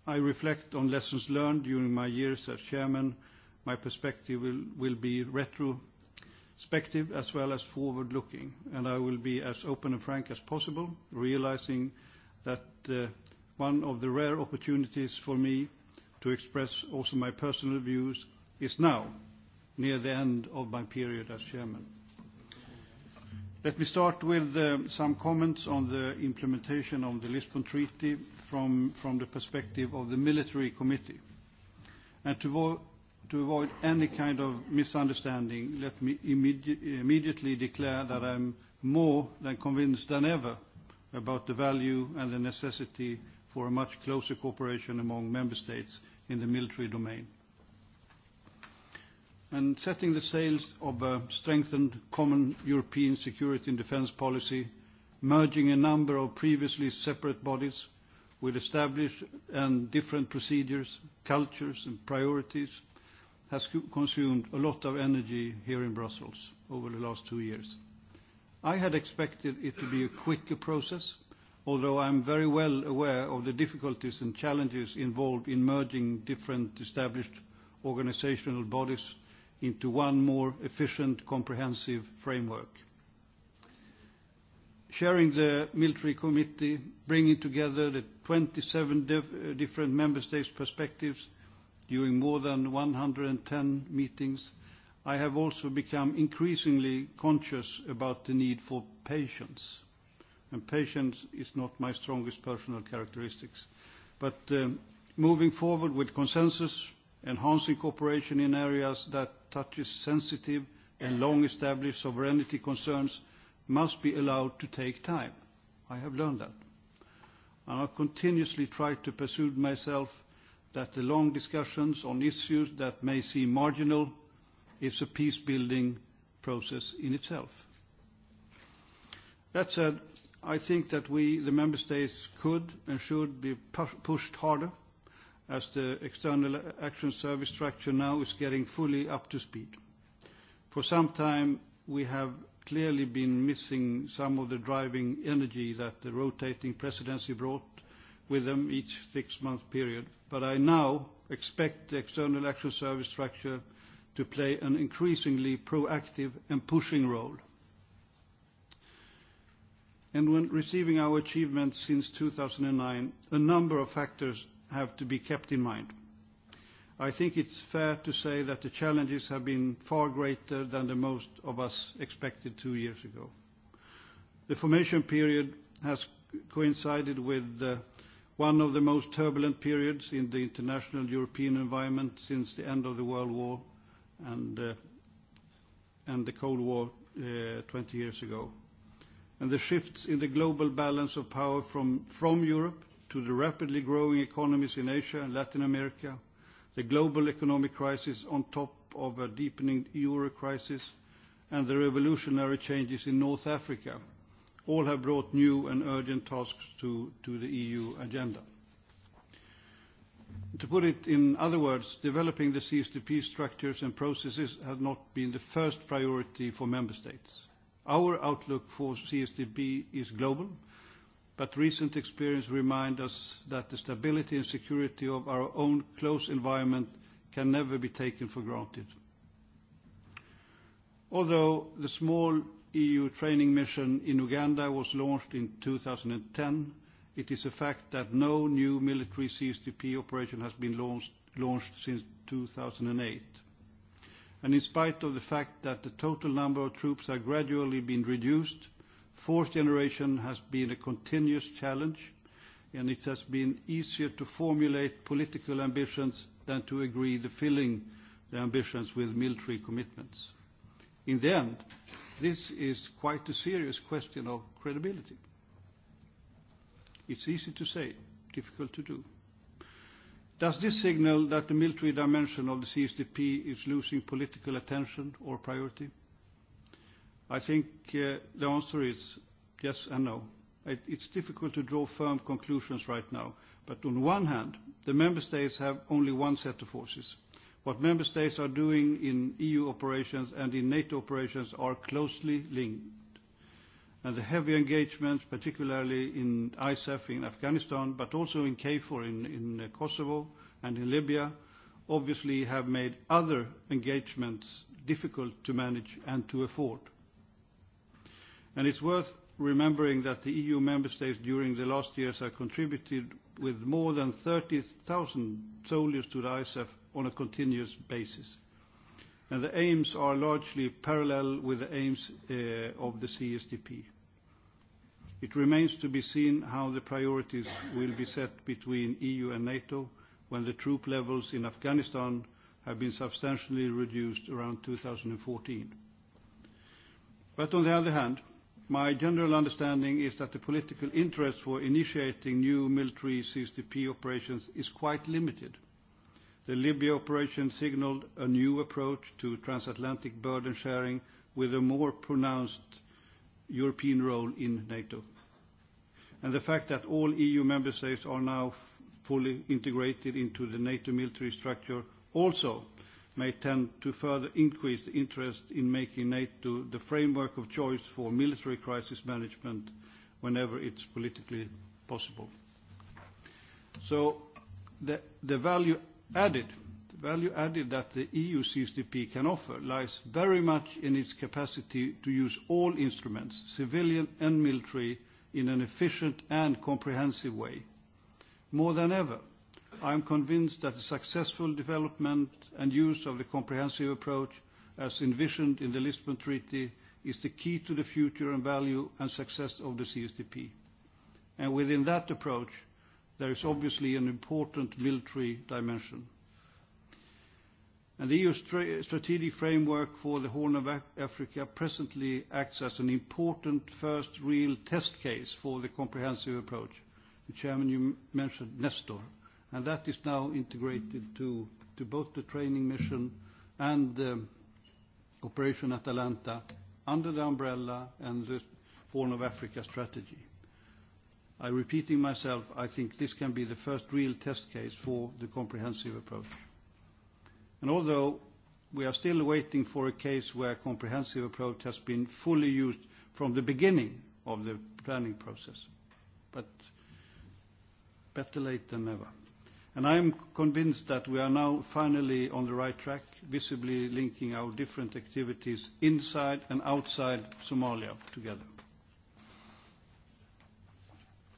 I reflect on lessons learned during my years as chairman, my perspective will be retrospective as well as forward-looking, and I will be as open and frank as possible, realizing that uh, one of the rare opportunities for me to express also my personal views is now, near the end of my period as chairman. Let me start with uh, some comments on the implementation of the Lisbon Treaty from the perspective of the Military Committee. To avoid any kind of misunderstanding, let me immediately declare that I'm more than convinced than ever about the value and the necessity for a much closer cooperation among member states in the military domain and setting the sails of a strengthened common European security and defense policy, merging a number of previously separate bodies with established and different procedures, cultures, and priorities has consumed a lot of energy here in Brussels over the last two years. I had expected it to be a quicker process, although I'm very well aware of the difficulties and challenges involved in merging different established organizational bodies into one more efficient, comprehensive framework. Sharing the military committee, bringing together the 27 div- uh, different member states' perspectives during more than 110 meetings, I have also become increasingly conscious about the need for patience. And patience is not my strongest personal characteristics. But um, moving forward with consensus, enhancing cooperation in areas that touches sensitive and long-established sovereignty concerns must be allowed to take time. I have learned that. I continuously try to persuade myself that the long discussions on issues that may seem marginal is a peace-building process in itself. That said, I think that we, the member states, could and should be pushed harder as the external action service structure now is getting fully up to speed. For some time, we have clearly been missing some of the driving energy that the rotating presidency brought with them each six-month period. I now expect the external action service structure to play an increasingly proactive and pushing role. When receiving our achievements since 2009, a number of factors have to be kept in mind. I think it's fair to say that the challenges have been far greater than the most of us expected two years ago. The formation period has coincided with uh, one of the most turbulent periods in the international European environment since the end of the World War and uh, the Cold War 20 uh, years ago. The shifts in the global balance of power from Europe to the rapidly growing economies in Asia and Latin America, the global economic crisis on top of a deepening euro crisis, and the revolutionary changes in North Africa, all have brought new and urgent tasks to the EU agenda. To put it in other words, developing the CSDP structures and processes have not been the first priority for member states. Our outlook for CSDP is global, Recent experience remind us that the stability and security of our own close environment can never be taken for granted. Although the small EU training mission in Uganda was launched in 2010, it is a fact that no new military CSDP operation has been launched since 2008. In spite of the fact that the total number of troops are gradually being reduced, Fourth generation has been a continuous challenge, and it has been easier to formulate political ambitions than to agree the filling the ambitions with military commitments. In the end, this is quite a serious question of credibility. It's easy to say, difficult to do. Does this signal that the military dimension of the CSDP is losing political attention or priority? I think uh, the answer is yes and no. It's difficult to draw firm conclusions right now. On one hand, the member states have only one set of forces. What member states are doing in EU operations and in NATO operations are closely linked. The heavy engagement, particularly in ISAF e in Afghanistan, but also in KFOR in uh, Kosovo and in Libya, obviously have made other engagements difficult to manage and to afford. It's worth remembering that the EU member states during the last years have contributed with more than 30,000 soldiers to the ISAF on a continuous basis. The aims are largely parallel with the aims uh, of the CSDP. It remains to be seen how the priorities will be set between EU and NATO when the troop levels in Afghanistan have been substantially reduced around 2014. On the other hand, My general understanding is that the political interest for initiating new military CCP operations is quite limited. The Libya operation signaled a new approach to transatlantic burden sharing with a more pronounced European role in NATO. The fact that all EU member states are now fully integrated into the NATO military structure also may tend to further increase the interest in making NATO the framework of choice for military crisis management whenever it's politically possible. So the, the value added the value added that the EU CSDP can offer lies very much in its capacity to use all instruments, civilian and military, in an efficient and comprehensive way. More than ever, I am convinced that the successful development and use of the comprehensive approach, as envisioned in the Lisbon Treaty, is the key to the future and value and success of the CSDP. Within that approach, there is obviously an important military dimension. The EU strategic framework for the Horn of Africa presently acts as an important first real test case for the comprehensive approach. The chairman, you mentioned NESTOR. That is now integrated to both the training mission and the Operation Atalanta under the umbrella and the Horn of Africa strategy. I'm repeating myself, I think this can be the first real test case for the comprehensive approach. Although we are still waiting for a case where comprehensive approach has been fully used from the beginning of the planning process, but better late than never. I am convinced that we are now finally on the right track, visibly linking our different activities inside and outside Somalia together.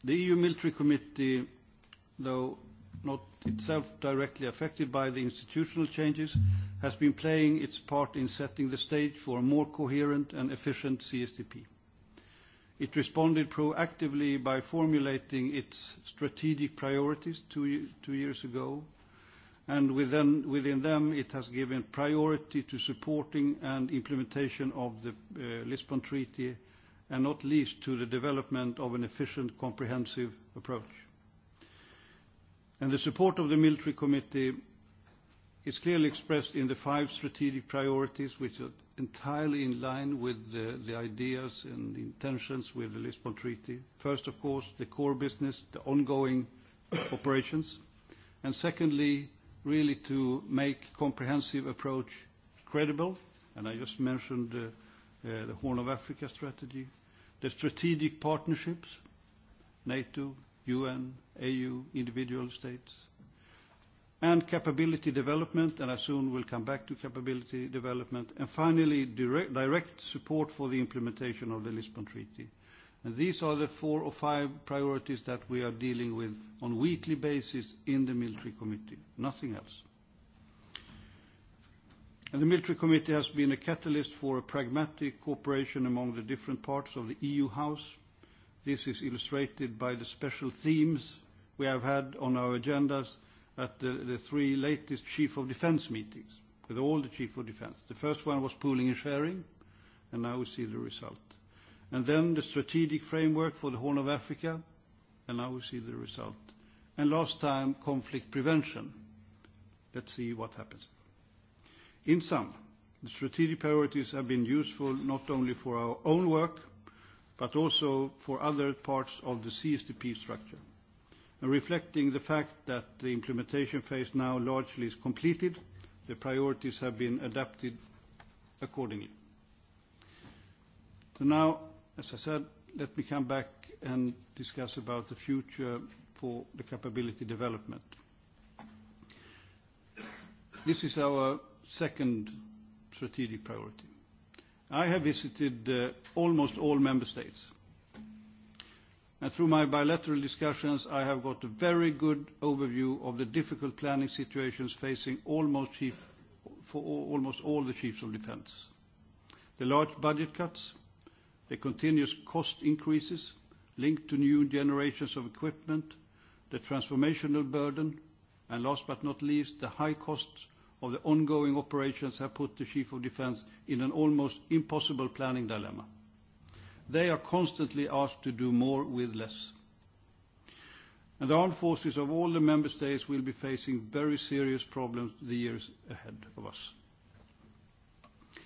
The EU Military Committee, though not itself directly affected by the institutional changes, has been playing its part in setting the stage for a more coherent and efficient CSDP. It responded proactively by formulating its strategic priorities two years ago, and within them, it has given priority to supporting and implementation of the uh, Lisbon Treaty, and not least to the development of an efficient, comprehensive approach. The support of the Military Committee is clearly expressed in the five strategic priorities, which entirely in line with the ideas and the intentions with the Lisbon Treaty. First, of course, the core business, the ongoing operations, and secondly, really to make comprehensive approach credible, and I just mentioned uh, uh, the Horn of Africa strategy. The strategic partnerships, NATO, UN, AU, individual states, and capability development, and I soon will come back to capability development, and finally, direct support for the implementation of the Lisbon Treaty. These are the four or five priorities that we are dealing with on weekly basis in the Military Committee, nothing else. The Military Committee has been a catalyst for a pragmatic cooperation among the different parts of the EU House. This is illustrated by the special themes we have had on our agendas at the, the three latest chief of defense meetings with all the chief of defense. The first one was pooling and sharing, and now we see the result. And then the strategic framework for the Horn of Africa, and now we see the result. And last time, conflict prevention. Let's see what happens. In sum, the strategic priorities have been useful not only for our own work, but also for other parts of the CSDP structure. Reflecting the fact that the implementation phase now largely is completed, the priorities have been adapted accordingly. Now, as I said, let me come back and discuss about the future for the capability development. This is our second strategic priority. I have visited uh, almost all member states, Through my bilateral discussions, I have got a very good overview of the difficult planning situations facing almost all the chiefs of defense. The large budget cuts, the continuous cost increases linked to new generations of equipment, the transformational burden, and last but not least, the high cost of the ongoing operations have put the chief of defense in an almost impossible planning dilemma they are constantly asked to do more with less. And the armed forces of all the member states will be facing very serious problems the years ahead of us.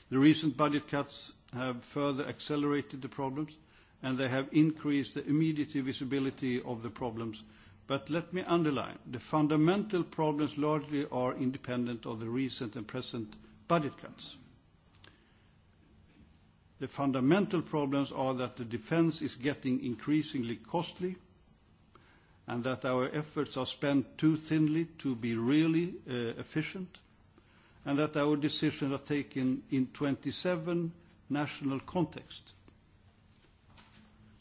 The recent budget cuts have further accelerated the problems and they have increased the immediate visibility of the problems. But let me underline, the fundamental problems largely are independent of the recent and present budget cuts. The fundamental problems are that the defense is getting increasingly costly and that our efforts are spent too thinly to be really uh, efficient, and that our decisions are taken in 27 national context.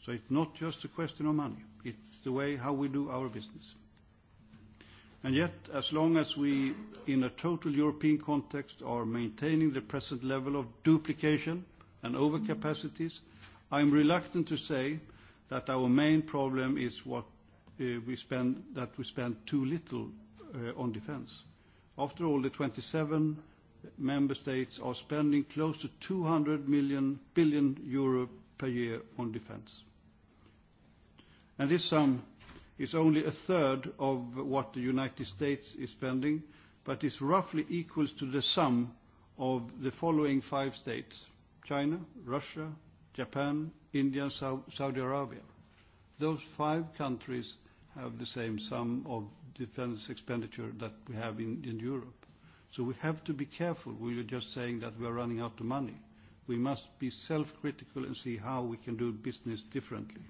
It's not just a question of money, it's the way how we do our business. Yet, as long as we, in a total European context, are maintaining the present level of duplication, and overcapacities, I am reluctant to say that our main problem is what uh, we spend, that we spend too little uh, on defense. After all, the 27 member states are spending close to 200 billion euro per year on defense. This sum is only a third of what the United States is spending, but is roughly equals to the sum of the following five states: China, Russia, Japan, India, Saudi Arabia. Those five countries have the same sum of defense expenditure that we have in, in Europe. So we have to be careful. We are just saying that we are running out of money. We must be self-critical and see how we can do business differently.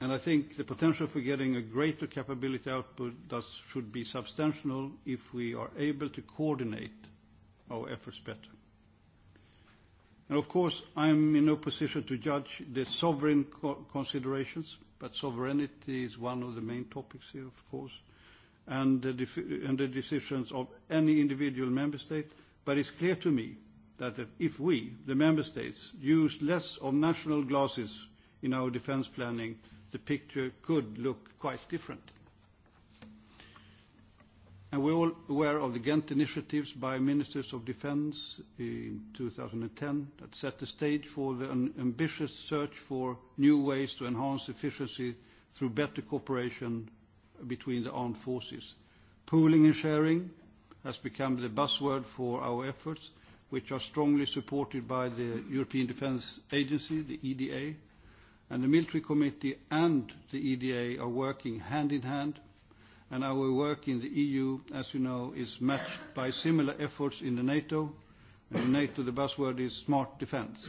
And I think the potential for getting a greater capability output does, should be substantial if we are able to coordinate our efforts better. And of course, I am in no position to judge the sovereign co- considerations, but sovereignty is one of the main topics here, of course, and the, def- and the decisions of any individual member state. But it's clear to me that if we, the member states, use less of national glasses in our defense planning, the picture could look quite different and we're all aware of the Ghent initiatives by ministers of defense in 2010 that set the stage for the ambitious search for new ways to enhance efficiency through better cooperation between the armed forces. Pooling and sharing has become the buzzword for our efforts, which are strongly supported by the European Defence Agency, the EDA, and the Military Committee and the EDA are working hand in hand and our work in the EU, as you know, is matched by similar efforts in the NATO. In NATO, the buzzword is smart defense.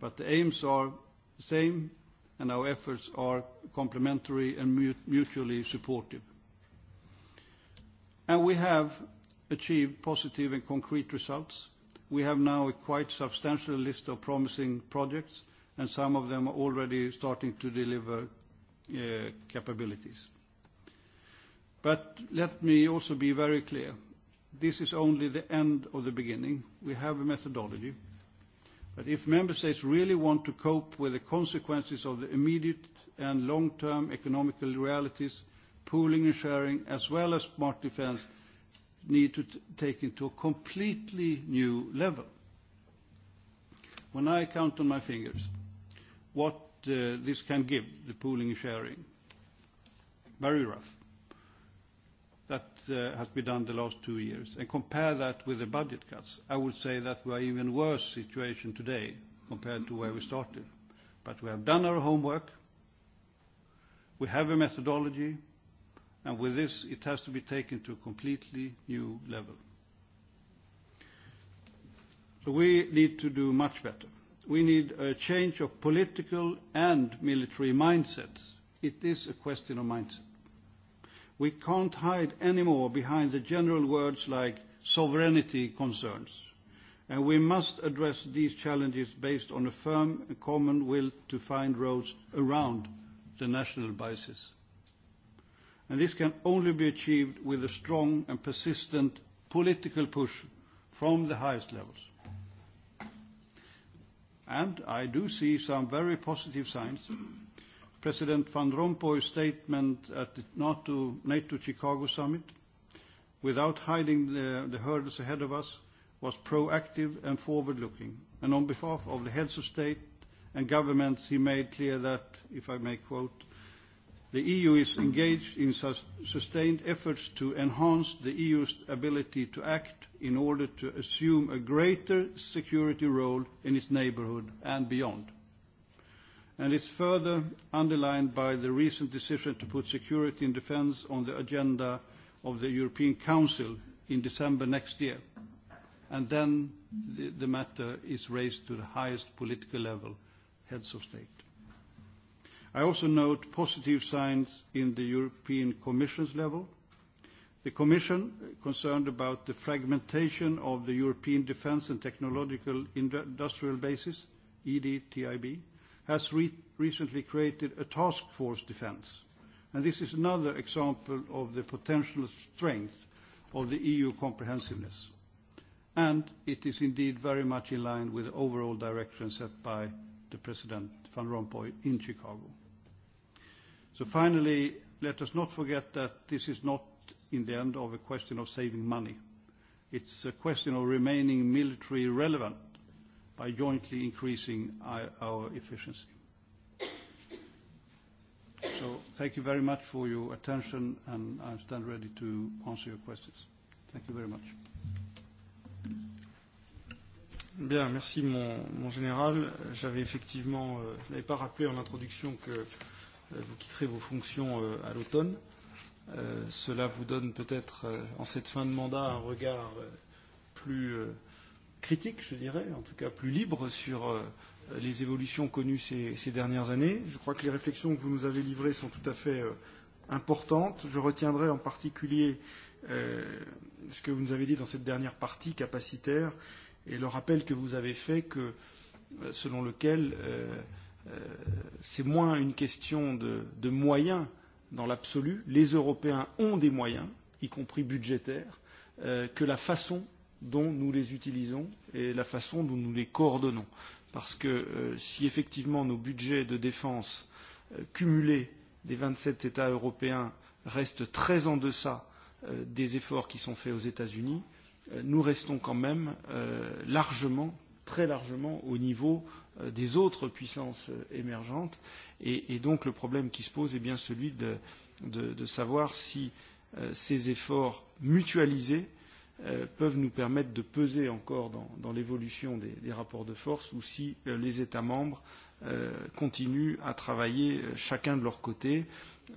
But the aims are the same, and our efforts are complementary and mutually supportive. And we have achieved positive and concrete results. We have now a quite substantial list of promising projects, and some of them are already starting to deliver uh, capabilities. Let me also be very clear. This is only the end of the beginning. We have a methodology. If member states really want to cope with the consequences of the immediate and long-term economical realities, pooling and sharing, as well as smart defense, need to take it to a completely new level. When I count on my fingers what uh, this can give, the pooling and sharing, very rough, that uh, has been done the last two years and compare that with the budget cuts, I would say that we are even worse situation today compared to where we started. We have done our homework, we have a methodology, and with this, it has to be taken to a completely new level. We need to do much better. We need a change of political and military mindsets. It is a question of mindset we can't hide anymore behind the general words like sovereignty concerns. And we must address these challenges based on a firm and common will to find roads around the national biases. And this can only be achieved with a strong and persistent political push from the highest levels. And I do see some very positive signs. President Van Rompuy's statement at the NATO, NATO Chicago summit, without hiding the, the hurdles ahead of us, was proactive and forward looking. And on behalf of the heads of state and governments, he made clear that, if I may quote, the EU is engaged in sus- sustained efforts to enhance the EU's ability to act in order to assume a greater security role in its neighborhood and beyond and is further underlined by the recent decision to put security and defense on the agenda of the European Council in December next year. Then the matter is raised to the highest political level, heads of state. I also note positive signs in the European Commission's level. The Commission, concerned about the fragmentation of the European defense and technological industrial bases, EDTIB, has recently created a task force defense, and this is another example of the potential strength of the EU comprehensiveness. It is indeed very much in line with the overall direction set by the President Van Rompuy in Chicago. Finally, let us not forget that this is not, in the end, of a question of saving money. It's a question of remaining military relevant by jointly increasing our efficiency. Thank you very much for your attention, and I stand ready to answer your questions. Thank you very much. Bien. Merci, mon général. Euh, je n'avais pas rappelé en introduction que euh, vous quitterez vos fonctions euh, à l'automne. Cela vous donne peut-être, en cette fin de mandat, un regard plus critique, je dirais, en tout cas plus libre sur euh, les évolutions connues ces, ces dernières années. Je crois que les réflexions que vous nous avez livrées sont tout à fait euh, importantes. Je retiendrai en particulier euh, ce que vous nous avez dit dans cette dernière partie capacitaire et le rappel que vous avez fait que, euh, selon lequel euh, euh, c'est moins une question de, de moyens dans l'absolu, les Européens ont des moyens, y compris budgétaires, euh, que la façon dont nous les utilisons et la façon dont nous les coordonnons. Parce que euh, si effectivement nos budgets de défense euh, cumulés des 27 États européens restent très en deçà euh, des efforts qui sont faits aux États-Unis, euh, nous restons quand même euh, largement, très largement au niveau euh, des autres puissances euh, émergentes. Et, et donc le problème qui se pose est bien celui de, de, de savoir si euh, ces efforts mutualisés euh, Euh, peuvent nous permettre de peser encore dans, dans l'évolution des, des rapports de force ou si euh, les États membres euh, continuent à travailler euh, chacun de leur côté,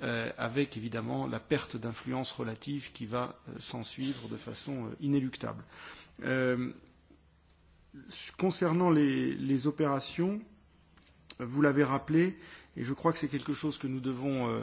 euh, avec évidemment la perte d'influence relative qui va euh, s'en suivre de façon euh, inéluctable. Euh, concernant les, les opérations, vous l'avez rappelé, et je crois que c'est quelque chose que nous devons euh,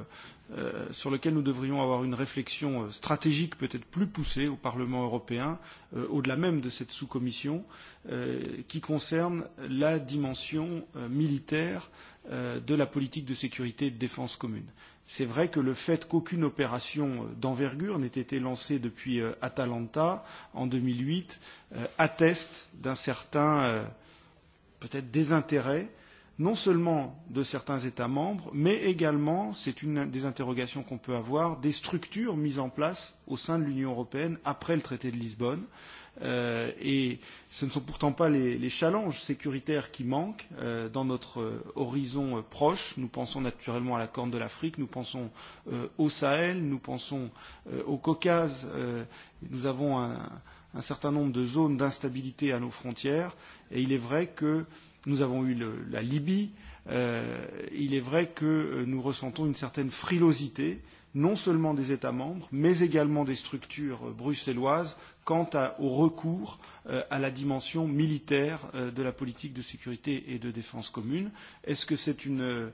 Euh, sur lequel nous devrions avoir une réflexion euh, stratégique peut-être plus poussée au Parlement européen, euh, au-delà même de cette sous-commission, euh, qui concerne la dimension euh, militaire euh, de la politique de sécurité et de défense commune. C'est vrai que le fait qu'aucune opération euh, d'envergure n'ait été lancée depuis euh, Atalanta en 2008 euh, atteste d'un certain euh, peut-être désintérêt euh, non seulement de certains États membres, mais également, c'est une des interrogations qu'on peut avoir, des structures mises en place au sein de l'Union européenne après le traité de Lisbonne. Euh, et ce ne sont pourtant pas les, les challenges sécuritaires qui manquent euh, dans notre euh, horizon euh, proche. Nous pensons naturellement à la Corne de l'Afrique, nous pensons euh, au Sahel, nous pensons euh, au Caucase. Euh, nous avons un, un certain nombre de zones d'instabilité à nos frontières. Et il est vrai que euh, nous avons eu le, la Libye, euh, il est vrai que euh, nous ressentons une certaine frilosité, non seulement des États membres, mais également des structures euh, bruxelloises, quant à, au recours euh, à la dimension militaire euh, de la politique de sécurité et de défense commune. Est-ce que c'est une. Euh,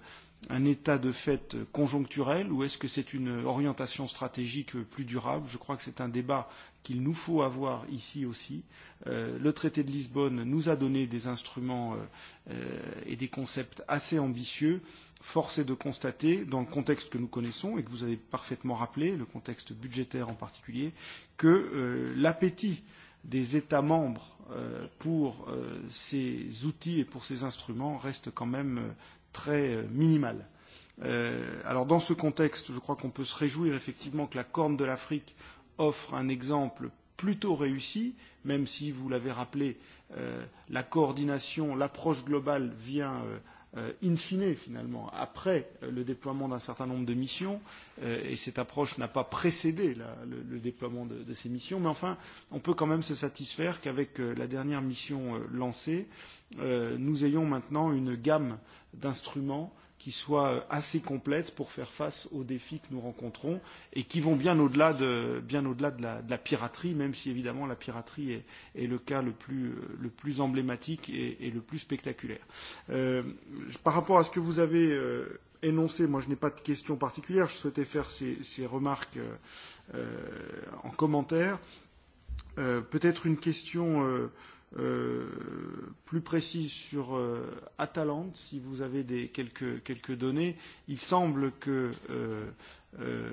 un état de fait conjoncturel ou est-ce que c'est une orientation stratégique plus durable Je crois que c'est un débat qu'il nous faut avoir ici aussi. Euh, le traité de Lisbonne nous a donné des instruments euh, euh, et des concepts assez ambitieux. Force est de constater, dans le contexte que nous connaissons et que vous avez parfaitement rappelé, le contexte budgétaire en particulier, que euh, l'appétit des États membres euh, pour euh, ces outils et pour ces instruments reste quand même euh, très euh, minimal. Euh, alors dans ce contexte, je crois qu'on peut se réjouir effectivement que la Corne de l'Afrique offre un exemple plutôt réussi, même si, vous l'avez rappelé, euh, la coordination, l'approche globale vient euh, euh, in fine, finalement, après le déploiement d'un certain nombre de missions, euh, et cette approche n'a pas précédé la, le, le déploiement de, de ces missions, mais enfin, on peut quand même se satisfaire qu'avec euh, la dernière mission euh, lancée, euh, nous ayons maintenant une gamme d'instruments qui soit assez complète pour faire face aux défis que nous rencontrons et qui vont bien au-delà de, bien au-delà de, la, de la piraterie, même si évidemment la piraterie est, est le cas le plus, le plus emblématique et, et le plus spectaculaire. Euh, par rapport à ce que vous avez euh, énoncé, moi je n'ai pas de questions particulières, je souhaitais faire ces, ces remarques euh, en commentaire. Euh, peut-être une question. Euh, Euh, plus précis sur euh, Atalante, si vous avez des, quelques, quelques données. Il semble que euh, euh,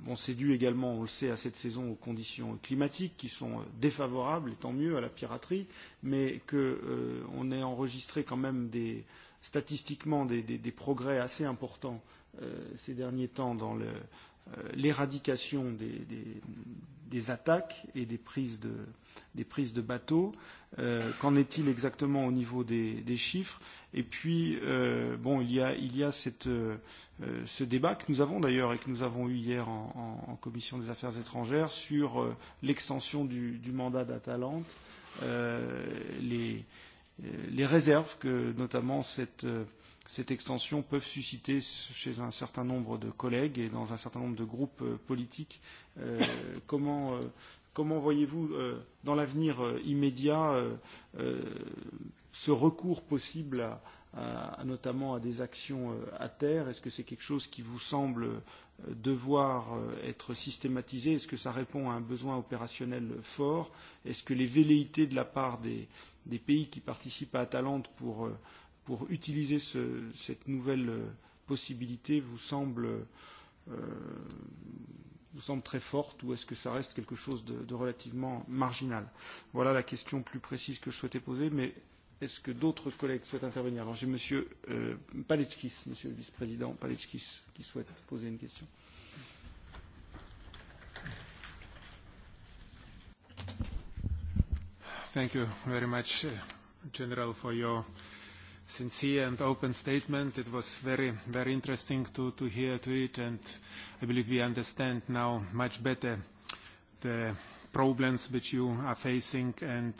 bon, c'est dû également, on le sait, à cette saison aux conditions climatiques qui sont défavorables, et tant mieux, à la piraterie, mais qu'on euh, ait enregistré quand même des, statistiquement des, des, des progrès assez importants euh, ces derniers temps dans euh, l'éradication euh, des, des, des attaques et des prises de des prises de bateaux. Euh, Qu'en est-il exactement au niveau des, des chiffres Et puis, euh, bon, il y a, il y a cette, euh, ce débat que nous avons d'ailleurs et que nous avons eu hier en, en, en commission des affaires étrangères sur euh, l'extension du, du mandat d'Atalante, euh, les, euh, les réserves que notamment cette, euh, cette extension peuvent susciter chez un certain nombre de collègues et dans un certain nombre de groupes euh, politiques. Euh, comment euh, comment voyez-vous euh, dans l'avenir euh, immédiat euh, euh, ce recours possible à, à, à notamment à des actions euh, à terre Est-ce que c'est quelque chose qui vous semble euh, devoir euh, être systématisé Est-ce que ça répond à un besoin opérationnel fort Est-ce que les velléités de la part des, des pays qui participent à Atalante pour, euh, pour utiliser ce, cette nouvelle euh, possibilité vous semblent euh, vous semble très forte ou est-ce que ça reste quelque chose de, de relativement marginal Voilà la question plus précise que je souhaitais poser, mais est-ce que d'autres collègues souhaitent intervenir Alors j'ai M. Euh, Paletskis, M. le vice-président Paletskis, qui souhaite poser une question. Thank you very much, uh, General, for your sincere and open statement. It was very, very interesting to, to hear to it, and I believe we understand now much better the problems which you are facing and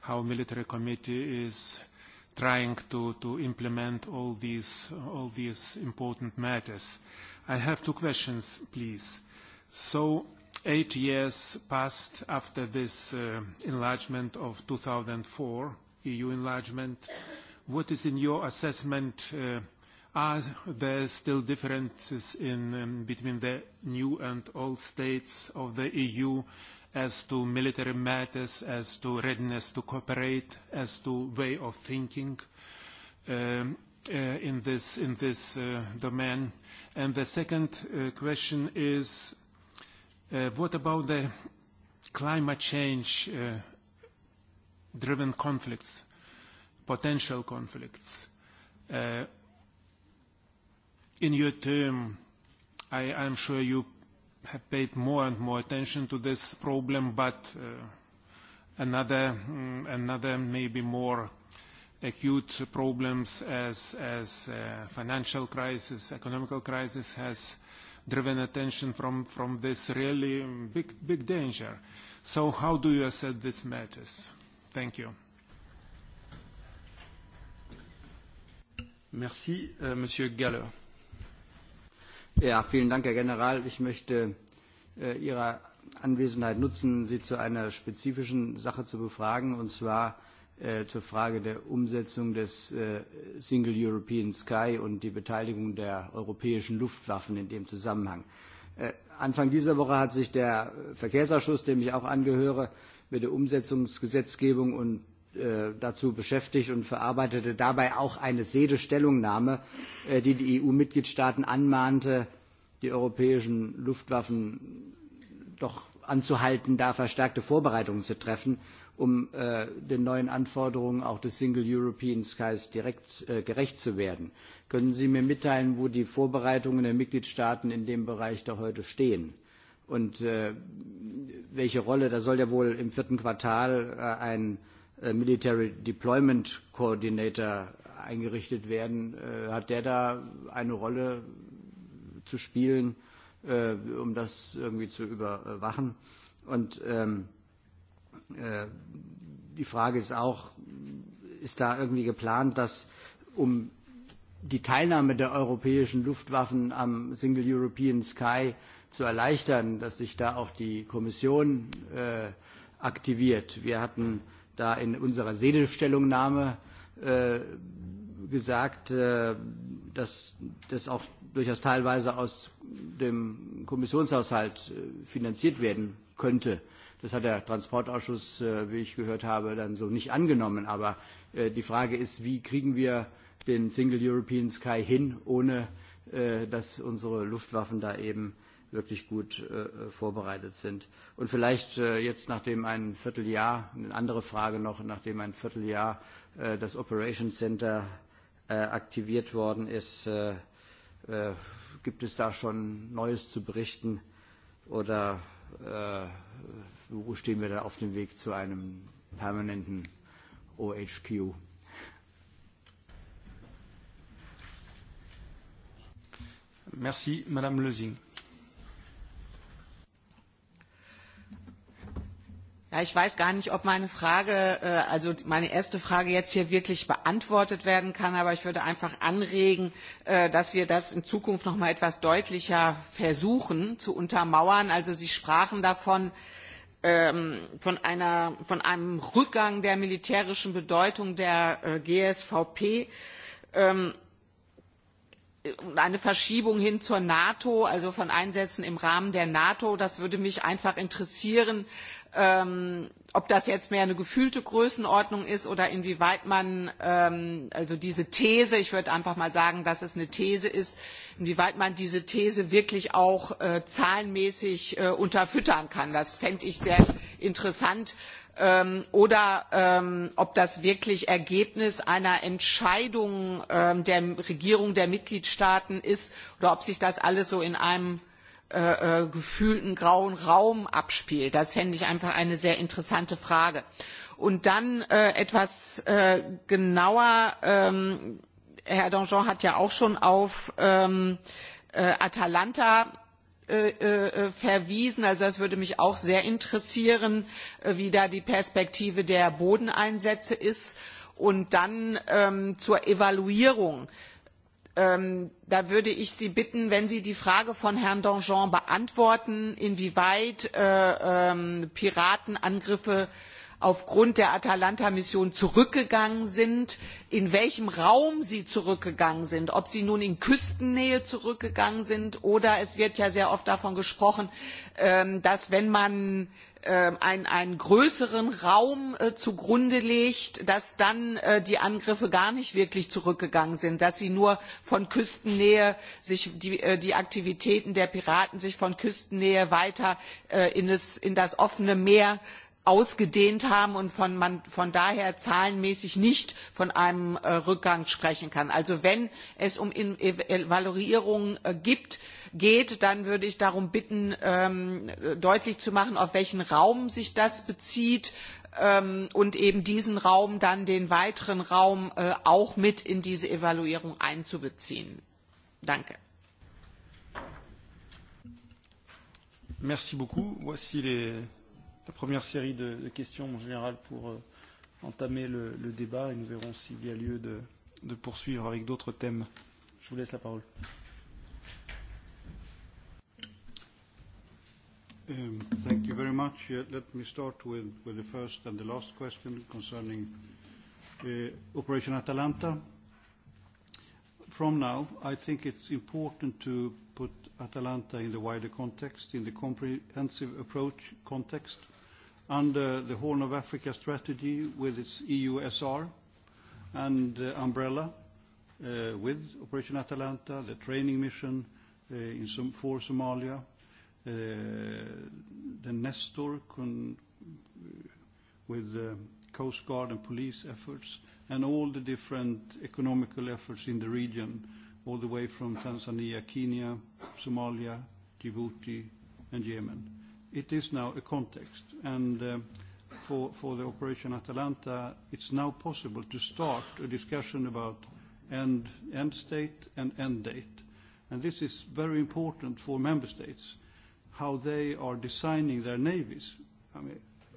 how military committee is trying to, to implement all these, all these important matters. I have two questions, please. So eight years passed after this uh, enlargement of 2004, EU enlargement, What is in your assessment, uh, are there still differences in um, between the new and old states of the EU as to military matters, as to readiness to cooperate, as to way of thinking um, uh, in this uh, domain? The second question is, what about the climate change driven conflicts? potential conflicts. Uh, in your term, I am sure you have paid more and more attention to this problem, but uh, another, mm, another maybe more acute problems as, as uh, financial crisis, economical crisis has driven attention from, from this really big, big danger. So how do you assess these matters? Thank you. Merci, äh, Monsieur Galler. Ja, vielen Dank, Herr General. Ich möchte äh, Ihre Anwesenheit nutzen, Sie zu einer spezifischen Sache zu befragen, und zwar äh, zur Frage der Umsetzung des äh, Single European Sky und die Beteiligung der europäischen Luftwaffen in dem Zusammenhang. Äh, Anfang dieser Woche hat sich der Verkehrsausschuss, dem ich auch angehöre, mit der Umsetzungsgesetzgebung und Äh, dazu beschäftigt und verarbeitete dabei auch eine sede Stellungnahme, äh, die die EU-Mitgliedstaaten anmahnte, die europäischen Luftwaffen doch anzuhalten, da verstärkte Vorbereitungen zu treffen, um äh, den neuen Anforderungen auch des Single European Skies direkt äh, gerecht zu werden. Können Sie mir mitteilen, wo die Vorbereitungen der Mitgliedstaaten in dem Bereich da heute stehen? Und äh, welche Rolle, da soll ja wohl im vierten Quartal äh, ein äh, Äh, Military Deployment Coordinator eingerichtet werden. Äh, hat der da eine Rolle zu spielen, äh, um das irgendwie zu überwachen? Und ähm, äh, die Frage ist auch, ist da irgendwie geplant, dass um die Teilnahme der europäischen Luftwaffen am Single European Sky zu erleichtern, dass sich da auch die Kommission äh, aktiviert. Wir hatten äh, da in unserer Seelestellungnahme äh, gesagt, äh, dass das auch durchaus teilweise aus dem Kommissionshaushalt äh, finanziert werden könnte. Das hat der Transportausschuss, äh, wie ich gehört habe, dann so nicht angenommen. Aber äh, die Frage ist, wie kriegen wir den Single European Sky hin, ohne äh, dass unsere Luftwaffen da eben äh, wirklich gut äh, vorbereitet sind. Und vielleicht äh, jetzt, nachdem ein Vierteljahr, eine andere Frage noch, nachdem ein Vierteljahr äh, das Operation Center äh, aktiviert worden ist, äh, äh, gibt es da schon Neues zu berichten oder äh, wo stehen wir da auf dem Weg zu einem permanenten OHQ? Merci, Madame Lezing. Ja, ich weiß gar nicht, ob meine Frage, äh, also meine erste Frage jetzt hier wirklich beantwortet werden kann, aber ich würde einfach anregen, äh, dass wir das in Zukunft noch mal etwas deutlicher versuchen zu untermauern. Also Sie sprachen davon, ähm, von, einer, von einem Rückgang der militärischen Bedeutung der äh, GSVP ähm, eine Verschiebung hin zur NATO, also von Einsätzen im Rahmen der NATO. Das würde mich einfach interessieren, äh, ähm, ob das jetzt mehr eine gefühlte Größenordnung ist oder inwieweit man ähm, also diese These, ich würde einfach mal sagen, dass es eine These ist, inwieweit man diese These wirklich auch äh, zahlenmäßig äh, unterfüttern kann. Das fände ich sehr interessant. Ähm, oder ähm, ob das wirklich Ergebnis einer Entscheidung ähm, der Regierung der Mitgliedstaaten ist oder ob sich das alles so in einem Äh, äh, gefühlten grauen Raum abspielt. Das fände ich einfach eine sehr interessante Frage. Und dann äh, etwas äh, genauer, ähm, Herr Donjon hat ja auch schon auf ähm, äh, Atalanta äh, äh, verwiesen. Also es würde mich auch sehr interessieren, äh, wie da die Perspektive der Bodeneinsätze ist. Und dann ähm, zur Evaluierung. Äh, ähm, da würde ich Sie bitten, wenn Sie die Frage von Herrn Donjon beantworten, inwieweit äh, ähm, Piratenangriffe aufgrund der Atalanta-Mission zurückgegangen sind, in welchem Raum sie zurückgegangen sind, ob sie nun in Küstennähe zurückgegangen sind oder es wird ja sehr oft davon gesprochen, ähm, dass wenn man äh, Ähm, einen, einen größeren Raum äh, zugrunde legt, dass dann äh, die Angriffe gar nicht wirklich zurückgegangen sind, dass sie nur von Küstennähe sich die, äh, die Aktivitäten der Piraten sich von Küstennähe weiter äh, in, das, in das offene Meer ausgedehnt haben und von, man, von daher zahlenmäßig nicht von einem äh, Rückgang sprechen kann. Also wenn es um e-, Evaluierungen äh, gibt, geht, dann würde ich darum bitten, ähm, deutlich zu machen, auf welchen Raum sich das bezieht ähm, und eben diesen Raum dann den weiteren Raum äh, auch mit in diese Evaluierung einzubeziehen. Danke. Merci beaucoup. Voici les la première série de, de questions, mon général, pour euh, entamer le, le débat et nous verrons s'il y a lieu de, de poursuivre avec d'autres thèmes. Je vous laisse la parole. Um, thank you very much. Uh, let me start with, with the first and the last question concerning uh, Operation Atalanta. From now, I think it's important to put Atalanta in the wider context, in the comprehensive approach context under the Horn of Africa strategy with its EUSR and uh, umbrella, uh, with Operation Atalanta, the training mission uh, for Somalia, the Nestor with Coast Guard and police efforts, and all the different economical efforts in the region, all the way from Tanzania, Kenya, Somalia, Djibouti, and Yemen it is now a context. Uh, for the operation Atalanta, it's now possible to start a discussion about end state and end date. This is very important for member states, how they are designing their navies.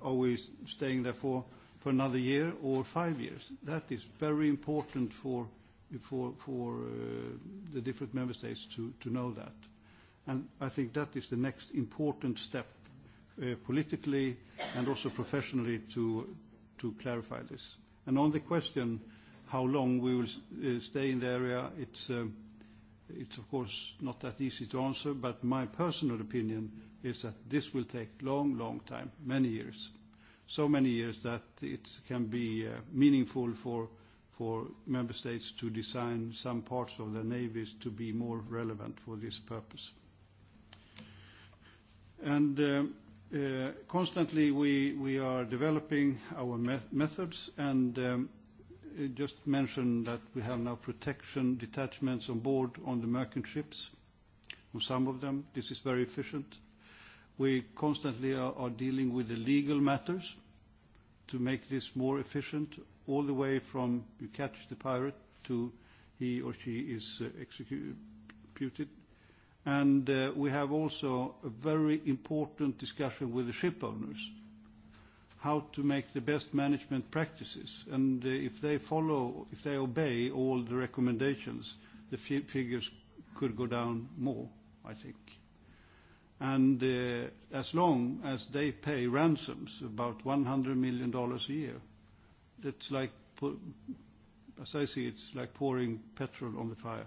Are we staying there for another year or five years? That is very important for uh, the different member states to know that. I think that is the next important step Uh, politically and also professionally to clarify this. On the question how long we will uh, stay in the area, um, it's of course not that easy to answer, but my personal opinion is that this will take long, long time, many years. Many years that it can be uh, meaningful for member states to design some parts of their navies to be more relevant for this purpose. Um, Uh, constantly, we are developing our methods and um, uh, just mention that we have now protection detachments on board on the Merkur ships, on some of them. This is very efficient. We constantly are dealing with the legal matters to make this more efficient, all the way from you catch the pirate to he or she is uh, executed and uh, we have also a very important discussion with the ship owners, how to make the best management practices. Uh, if they follow, if they obey all the recommendations, the figures could go down more, I think. Uh, as long as they pay ransoms, about $100 million a year, that's like, as I see it's like pouring petrol on the fire.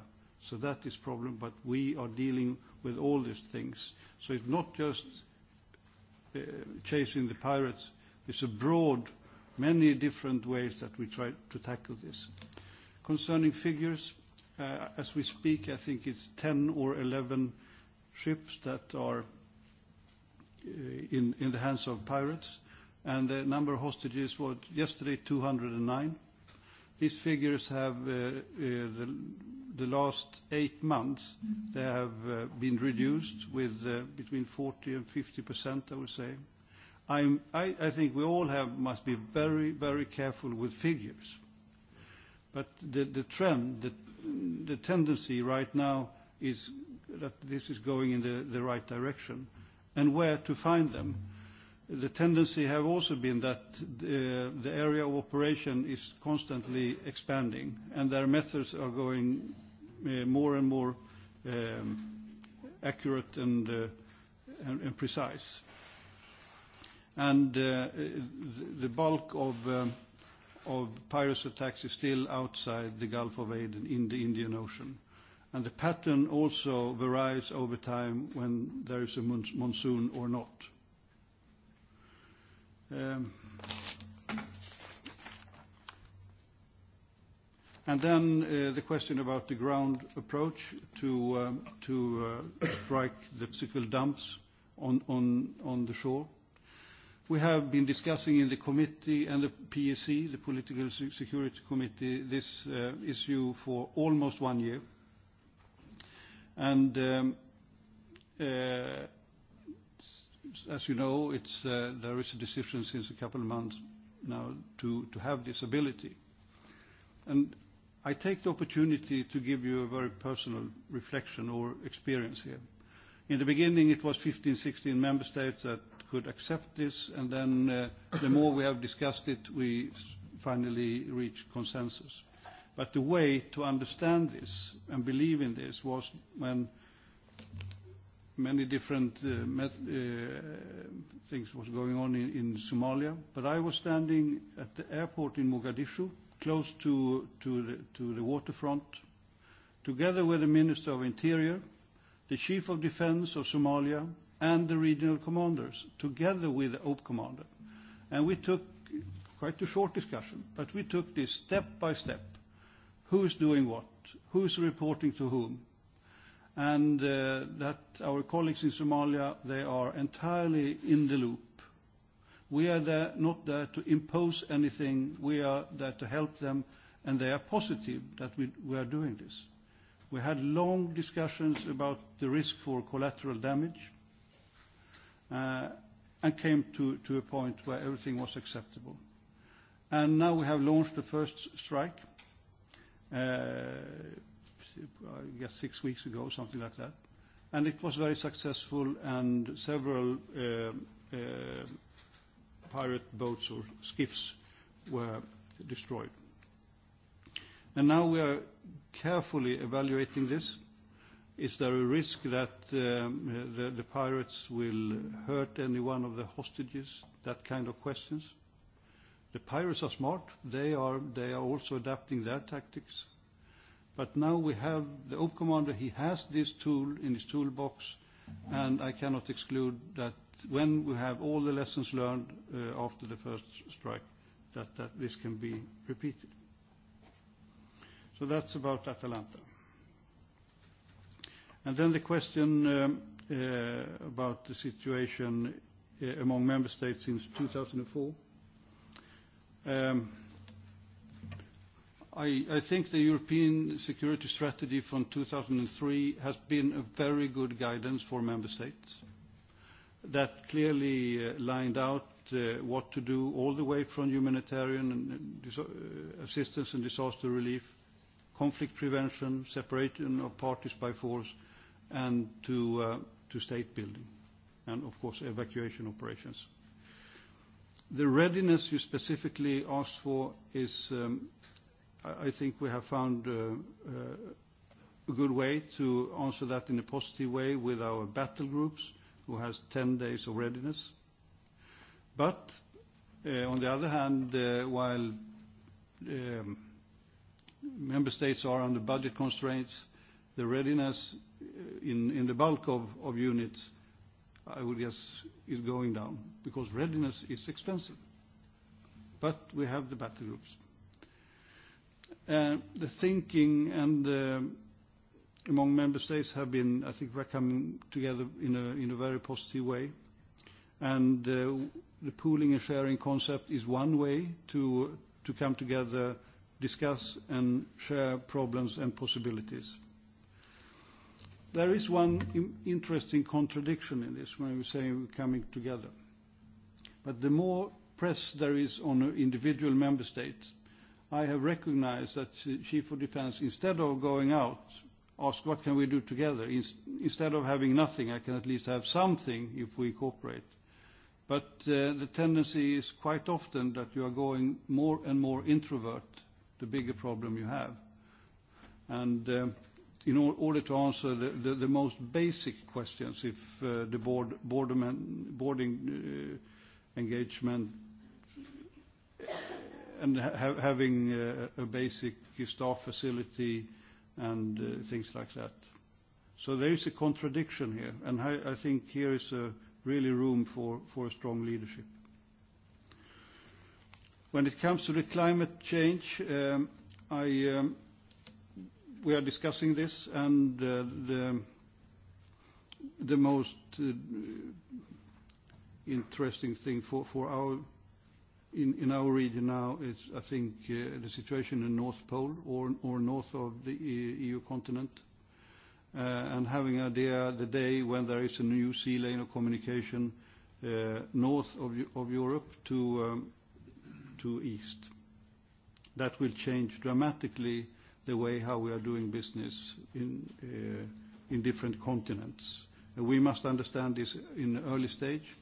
That is problem, but we are dealing with all these things. It's not just uh, chasing the pirates. It's a broad, many different ways that we try to tackle this. Concerning figures, uh, as we speak, I think it's 10 or 11 ships that are uh, in the hands of pirates, and the number of hostages was yesterday 209. These figures have the the last eight months, they have uh, been reduced with uh, between 40% and 50%, I would say. I think we all must be very, very careful with figures. The trend, the tendency right now is that this is going in the right direction. Where to find them? The tendency have also been that the area of operation is constantly expanding, and their methods are going Eh, more and more um, accurate and, uh, and, and precise. And uh, the bulk of, um, of pirates' attacks is still outside the Gulf of Aden in the Indian Ocean. And the pattern also varies over time when there is a monsoon or not. Um, Uh, the question about the ground approach to um, uh, strike the physical dumps on the shore. We have been discussing in the committee and the PSC, the Political Security Committee, this uh, issue for almost one year. Um, as you know, there is a decision since a couple of months now to have this ability. I take the opportunity to give you a very personal reflection or experience here. In the beginning, it was 15, 16 member states that could accept this, and then uh, the more we have discussed it, we finally reached consensus. The way to understand this and believe in this was when many different uh, uh, things was going on in Somalia. I was standing at the airport in Mogadishu, close to, to, the, to the waterfront. Together with the Minister of Interior, the Chief of Defense of Somalia, and the regional commanders, together with the OPE commander. And we took quite a short discussion, but we took this step by step. Who is doing what? Who is reporting to whom? And uh, that our colleagues in Somalia, they are entirely in the loop. We are there, not there to impose anything. We are there to help them, and they are positive that we, we are doing this. We had long discussions about the risk for collateral damage uh, and came to, to a point where everything was acceptable. And now we have launched the first strike, uh, I guess six weeks ago, something like that. And it was very successful, and several. Uh, uh, pirate boats or skiffs were destroyed. And now we are carefully evaluating this. Is there a risk that um, uh, the, the pirates will hurt any one of the hostages? That kind of questions. The pirates are smart. They are, they are also adapting their tactics. But now we have the OP commander. He has this tool in his toolbox. And I cannot exclude that when we have all the lessons learned uh, after the first strike, that this can be repeated. That's about Atalanta. The question um, uh, about the situation uh, among member states since 2004. Um, I think the European security strategy from 2003 has been a very good guidance for member states that clearly uh, lined out uh, what to do all the way from humanitarian and, uh, assistance and disaster relief, conflict prevention, separation of parties by force, and to, uh, to state building, and of course evacuation operations. The readiness you specifically asked for is, um, I think we have found uh, uh, a good way to answer that in a positive way with our battle groups who has 10 days of readiness. Uh, on the other hand, uh, while um, member states are under budget constraints, the readiness uh, in the bulk of units, I would guess, is going down because readiness is expensive. We have the battle groups. The thinking and among member states have been, I think, coming together in a, in a very positive way. And uh, the pooling and sharing concept is one way to, to come together, discuss and share problems and possibilities. There is one interesting contradiction in this when we say we're coming together. But the more press there is on an individual member states, I have recognized that the Chief of Defense, instead of going out ask what can we do together. Instead of having nothing, I can at least have something if we cooperate. But uh, the tendency is quite often that you are going more and more introvert the bigger problem you have. And uh, in order to answer the, the, the most basic questions, if uh, the board, boredom and boarding uh, engagement and ha having uh, a basic staff facility uh, and uh, things like that. There is a contradiction here, and I think here is really room for strong leadership. When it comes to the climate change, um, um, we are discussing this, and uh, the most uh, interesting thing for our in our region now is, I think, uh, the situation in North Pole or north of the EU e continent. Uh, having idea the day when there is a new sea lane of communication uh, north of Europe um, to east. That will change dramatically the way how we are doing business in different continents. We must understand this in early stage,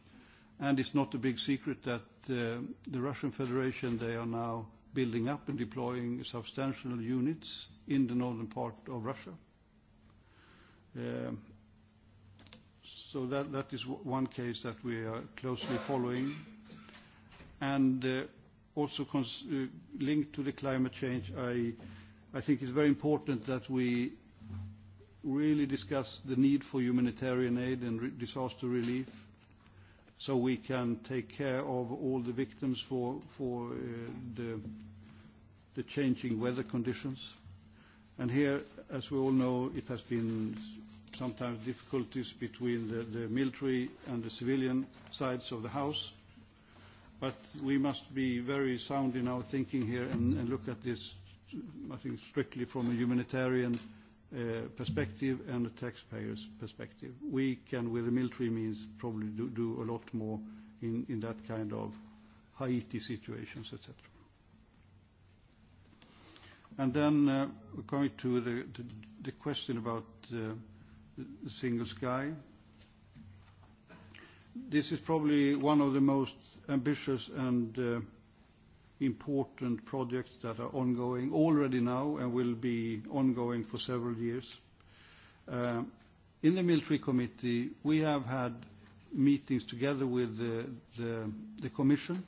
It's not a big secret that uh, the Russian Federation, they are now building up and deploying substantial units in the northern part of Russia. Um, that is one case that we are closely following. Uh, also uh, linked to the climate change, I think it's very important that we really discuss the need for humanitarian aid and disaster relief so we can take care of all the victims for uh, the changing weather conditions. Here, as we all know, it has been sometimes difficulties between the military and the civilian sides of the house. We must be very sound in our thinking here and look at this, I think, strictly from a humanitarian Uh, perspective and a taxpayer's perspective. We can, with the military means, probably do a lot more in that kind of Haiti situations, et cetera. Then coming uh, to the question about uh, the Single Sky. This is probably one of the most ambitious and important projects that are ongoing already now and will be ongoing for several years. Uh, in the military committee, we have had meetings together with the commission,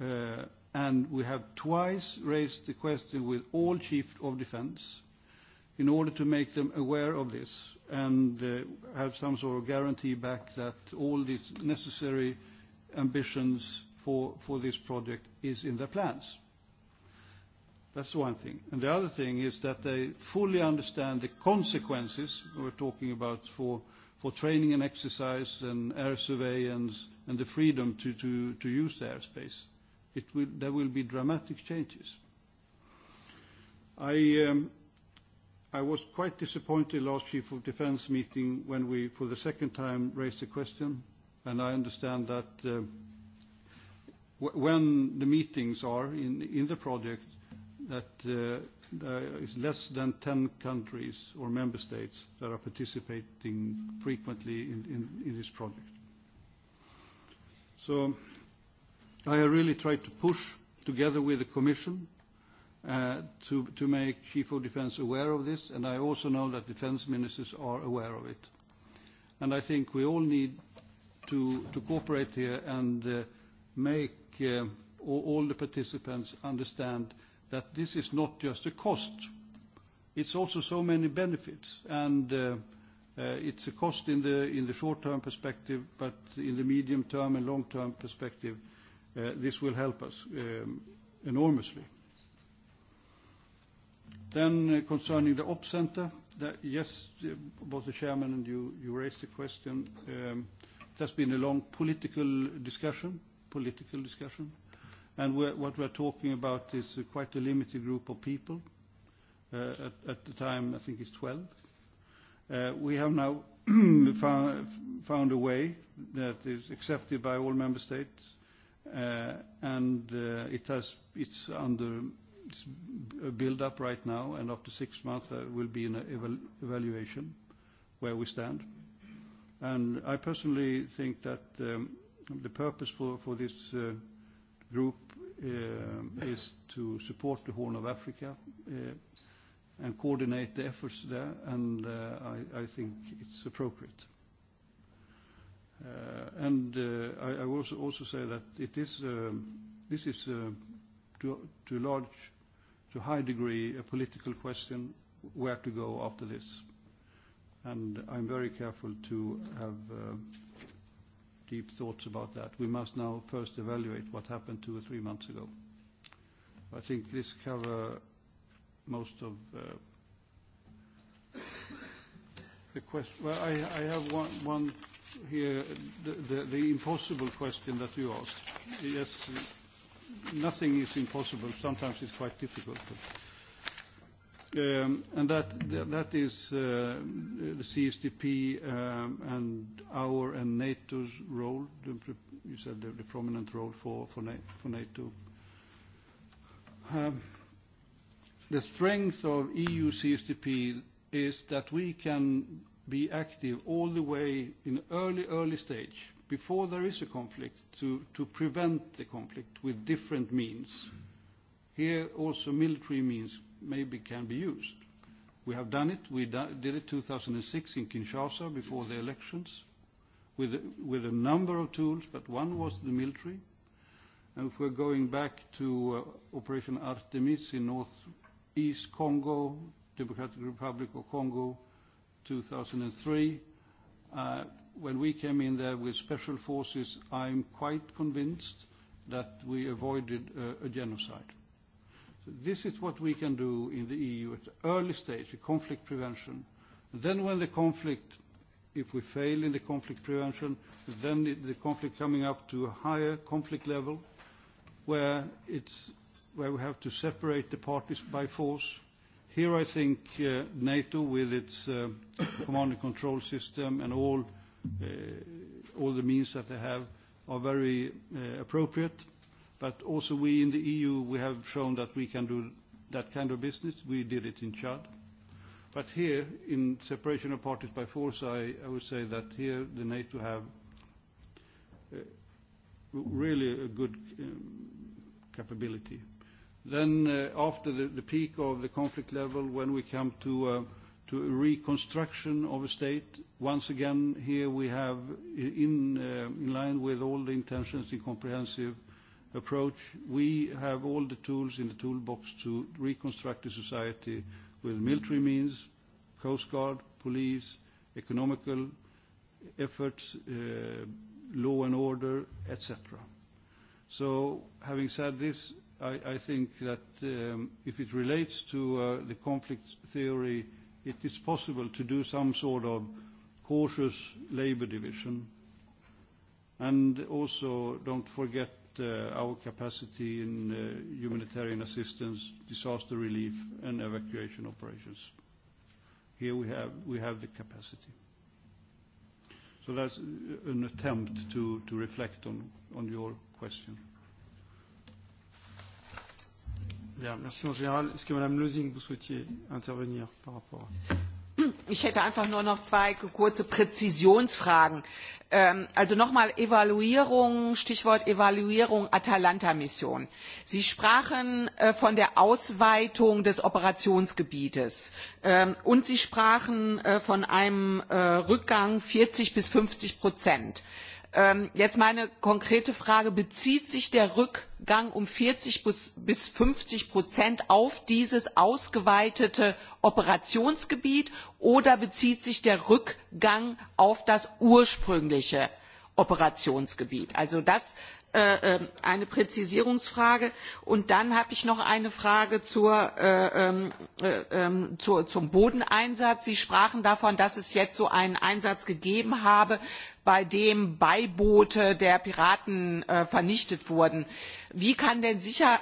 uh, and we have twice raised the question with all chief of defense in order to make them aware of this and uh, have some sort of guarantee back that all these necessary ambitions for this project is in their plans. That's one thing. The other thing is that they fully understand the consequences we're talking about for training and exercise and air surveillance and the freedom to use the airspace. There will be dramatic changes. I um, was quite disappointed last Chief of Defence meeting when we, for the second time, raised the question, and I understand that uh, when the meetings are in the project, that uh, there is less than 10 countries or member states that are participating frequently in this project. I really try to push together with the commission uh, to make Chief of Defence aware of this, and I also know that defense ministers are aware of it. I think we all need to cooperate here and uh, make think uh, all the participants understand that this is not just a cost. It's also so many benefits, and uh, uh, it's a cost in the short-term perspective, but in the medium-term and long-term perspective, this will help us um, enormously. Concerning the op center, yes, both the chairman and you raised the question. Um, it has been a long political discussion political discussion. And we're, what we're talking about is uh, quite a limited group of people. Uh, at, at the time, I think it's 12. Uh, we have now found, found a way that is accepted by all member states, uh, and uh, it has, it's under it's a build-up right now, and after six months there will be an eval- evaluation where we stand. And I personally think that um, the purpose for, for this uh, group uh, is to support the Horn of Africa uh, and coordinate the efforts there, and uh, I, I think it's appropriate. Uh, and uh, I, I will also, also say that it is, um, this is uh, to, to a large, to a high degree, a political question where to go after this. And I'm very careful to have uh, deep thoughts about that. We must now first evaluate what happened two or three months ago. I think this cover most of uh, the question. Well, I, I have one, one here, the, the, the impossible question that you asked. Yes, nothing is impossible. Sometimes it's quite difficult. But, uh, Um, that is uh, the CSDP um, and our and NATO's role, you said the prominent role for NATO. Um, the strength of EU CSDP is that we can be active all the way in early stage, before there is a conflict, to prevent the conflict with different means. Here, also military means maybe can be used. We have done it. We did it 2006 in Kinshasa before the elections with a number of tools, but one was the military. If we're going back to uh, Operation Artemis in Northeast Congo, Democratic Republic of Congo, 2003, uh, when we came in there with special forces, I'm quite convinced that we avoided uh, a genocide this is what we can do in the EU at the early stage, the conflict prevention. And then when the conflict, if we fail in the conflict prevention, then the conflict coming up to a higher conflict level where, it's, where we have to separate the parties by force. Here I think uh, NATO with its uh, command and control system and all, uh, all the means that they have are very uh, appropriate. Also we in the EU, we have shown that we can do that kind of business. We did it in Chad. Here, in separation of parties by force, I would say that here the NATO have uh, really a good um, capability. Uh, after the peak of the conflict level, when we come to uh, reconstruction of a state, once again, here we have in line with all the intentions in comprehensive approach. We have all the tools in the toolbox to reconstruct the society with military means, coast guard, police, economical efforts, uh, law and order, et cetera. Having said this, I think that um, if it relates to uh, the conflict theory, it is possible to do some sort of cautious labor division. Also, don't forget Uh, our capacity in uh, humanitarian assistance, disaster relief, and evacuation operations. Here we have the capacity. That's uh, an attempt to reflect on your question. Merci, Général. Est-ce que Madame Losing, vous souhaitiez intervenir par rapport à Ich hätte einfach nur noch zwei kurze Präzisionsfragen. Ähm, also nochmal Evaluierung, Stichwort Evaluierung Atalanta-Mission. Sie sprachen äh, von der Ausweitung des Operationsgebietes ähm, und Sie sprachen äh, von einem äh, Rückgang 40 bis 50 Prozent. Ähm, jetzt meine konkrete frage bezieht sich der rückgang um vierzig bis fünfzig auf dieses ausgeweitete operationsgebiet oder bezieht sich der rückgang auf das ursprüngliche operationsgebiet also das Äh, äh, eine Präzisierungsfrage. Und dann habe ich noch eine Frage zur, äh, ähm, äh, ähm, zur, zum Bodeneinsatz. Sie sprachen davon, dass es jetzt so einen Einsatz gegeben habe, bei dem Beiboote der Piraten äh, vernichtet wurden. Wie kann denn sicher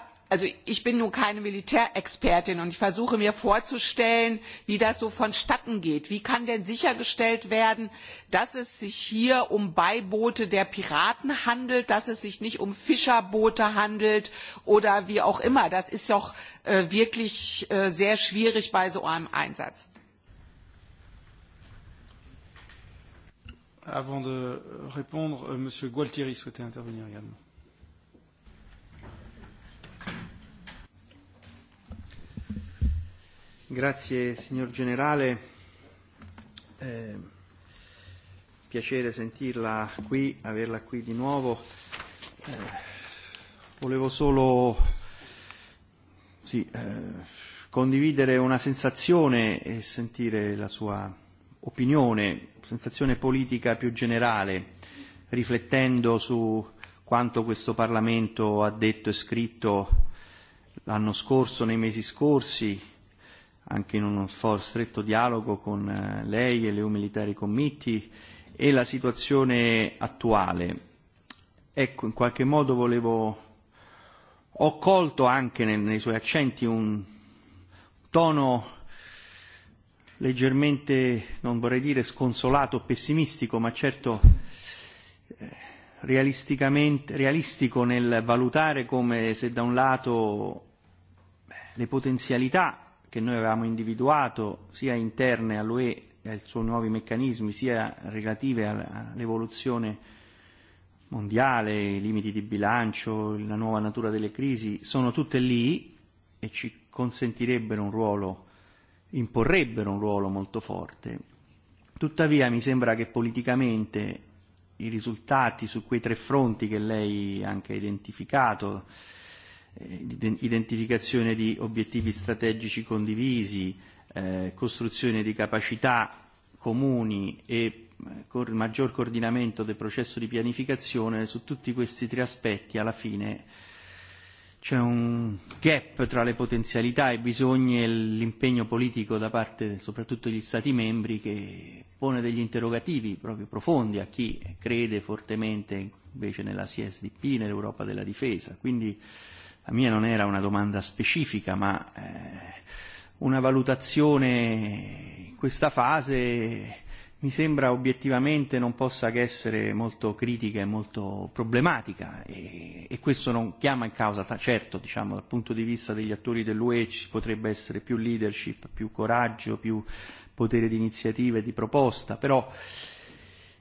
ich bin nun keine militärexpertin und ich versuche mir vorzustellen wie das so vonstatten geht. wie kann denn sichergestellt werden dass es sich hier um beiboote der piraten handelt dass es sich nicht um fischerboote handelt oder wie auch immer? das ist doch äh, wirklich äh, sehr schwierig bei so einem einsatz. avant de répondre euh, monsieur gualtieri souhaitait intervenir également. Grazie signor Generale, eh, piacere sentirla qui, averla qui di nuovo. Eh, volevo solo sì, eh, condividere una sensazione e sentire la sua opinione, sensazione politica più generale, riflettendo su quanto questo Parlamento ha detto e scritto l'anno scorso, nei mesi scorsi, anche in uno for, stretto dialogo con eh, lei e le EU Military Committee, e la situazione attuale. Ecco, in qualche modo volevo... Ho colto anche nei, nei suoi accenti un tono leggermente, non vorrei dire sconsolato, pessimistico, ma certo eh, realisticamente, realistico nel valutare come se da un lato le potenzialità che noi avevamo individuato sia interne all'UE e ai suoi nuovi meccanismi, sia relative all'evoluzione mondiale, i limiti di bilancio, la nuova natura delle crisi, sono tutte lì e ci consentirebbero un ruolo, imporrebbero un ruolo molto forte. Tuttavia mi sembra che politicamente i risultati su quei tre fronti che lei anche ha identificato, eh, Eh, identificazione di obiettivi strategici condivisi, eh, costruzione di capacità comuni e eh, con il maggior coordinamento del processo di pianificazione, su tutti questi tre aspetti alla fine c'è un gap tra le potenzialità e i bisogni e l'impegno politico da parte soprattutto degli Stati membri che pone degli interrogativi proprio profondi a chi crede fortemente invece nella CSDP, nell'Europa della difesa. Quindi, eh, La mia non era una domanda specifica, ma eh, una valutazione in questa fase mi sembra obiettivamente non possa che essere molto critica e molto problematica e, e questo non chiama in causa, certo diciamo, dal punto di vista degli attori dell'UE ci potrebbe essere più leadership, più coraggio, più potere di iniziativa e di proposta, però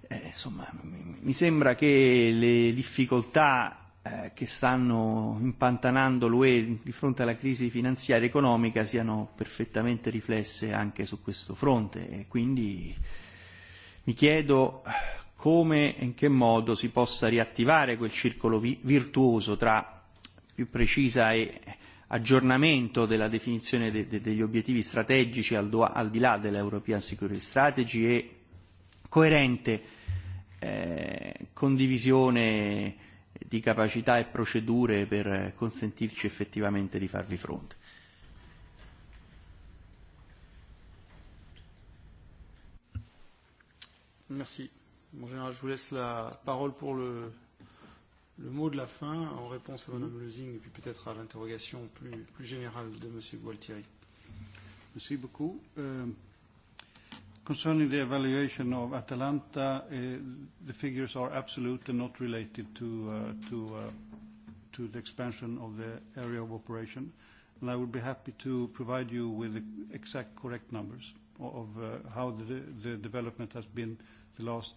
eh, insomma, mi, mi sembra che le difficoltà Eh, che stanno impantanando l'UE di fronte alla crisi finanziaria e economica siano perfettamente riflesse anche su questo fronte e quindi mi chiedo come e in che modo si possa riattivare quel circolo vi- virtuoso tra più precisa e aggiornamento della definizione de- de- degli obiettivi strategici al, do- al di là dell'European Security Strategy e coerente eh, condivisione eh, di capacità e procedure per consentirci effettivamente di farvi fronte. Merci. Bon, général, je vous laisse la parole pour le, le mot de la fin en réponse à Mme mm. Mm-hmm. Lezing et puis peut-être à l'interrogation plus, plus générale de M. Gualtieri. Merci beaucoup. Euh, Concerning the evaluation of Atalanta, eh, the figures are absolutely not related uh, uh, to the expansion of the area of operation. I would be happy to provide you with the exact correct numbers of uh, how the development has been the last,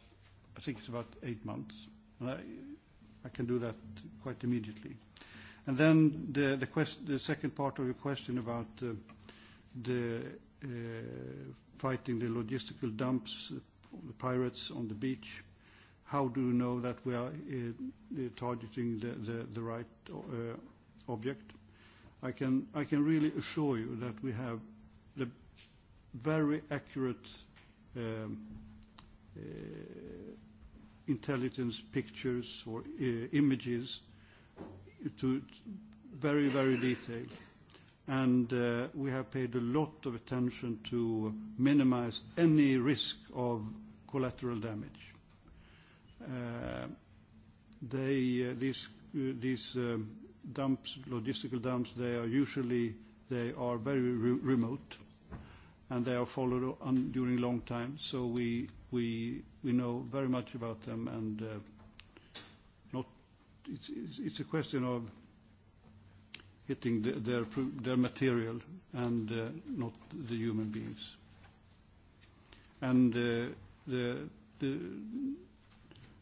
I think it's about eight months. I can do that quite immediately. The second part of your question about the fighting the logistical dumps, uh, the pirates on the beach? How do you know that we are uh, uh, targeting the, the, the right uh, object? I can, I can really assure you that we have the very accurate um, uh, intelligence pictures or uh, images to very, very detailed and uh, we have paid a lot of attention to minimize any risk of collateral damage. Uh, uh, these logistical dumps, they are usually very remote, and they are followed on during long time. We know very much about them, and it's a question of hitting the, their, their material and uh, not the human beings. And uh, the, the,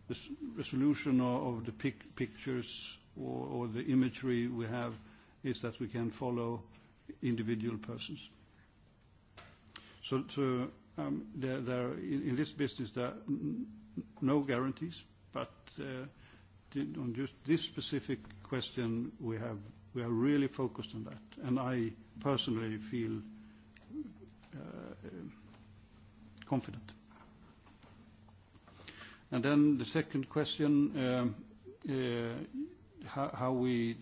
the resolution of, of the pic pictures or, or the imagery we have is that we can follow individual persons. So, so um, there, there are in, in this business, there are n no guarantees, but uh, on just this specific question, we have We are really focused on that, and I personally feel uh, confident. Then the second question, um, uh, how we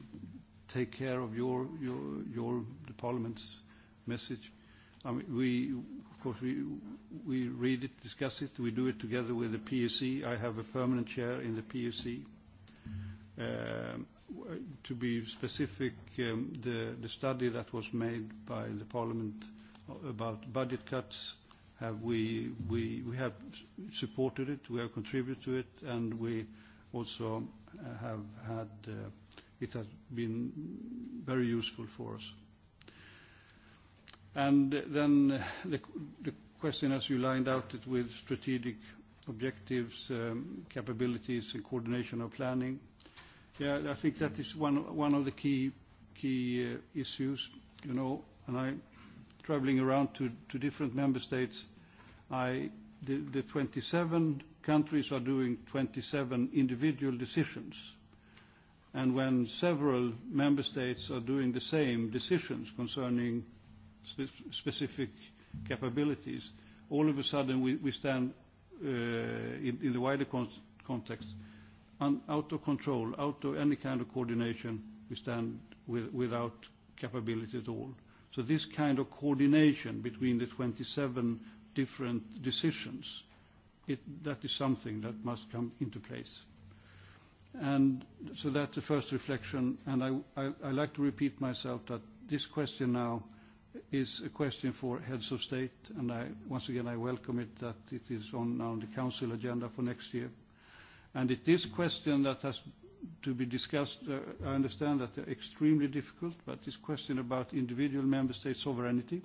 take care of the parliament's message. Of course, we read it, discuss it. We do it together with the PSC. I have a permanent chair in the PSC to be specific, um, the, the study that was made by the Parliament about budget cuts, have we, we, we have supported it, we have contributed to it, and we also uh, have had, uh, it has been very useful for us. And then the, the question as you lined out it with strategic objectives, um, capabilities and coordination of planning, Yeah, I think that is one, one of the key, key uh, issues, you know, and I'm traveling around to, to different member states. I, the, the 27 countries are doing 27 individual decisions. And when several member states are doing the same decisions concerning spe- specific capabilities, all of a sudden we, we stand uh, in, in the wider con- context. Mm-hmm out of control, out of any kind of coordination, we stand without capability at all. This kind of coordination between the 27 different decisions, that is something that must come into place. That's the first reflection, and I like to repeat myself that this question now is a question for heads of state, and once again, I welcome it that it is on now on the council agenda for next year. It is question that has to be discussed. Uh, I understand that they're extremely difficult, but this question about individual member state sovereignty,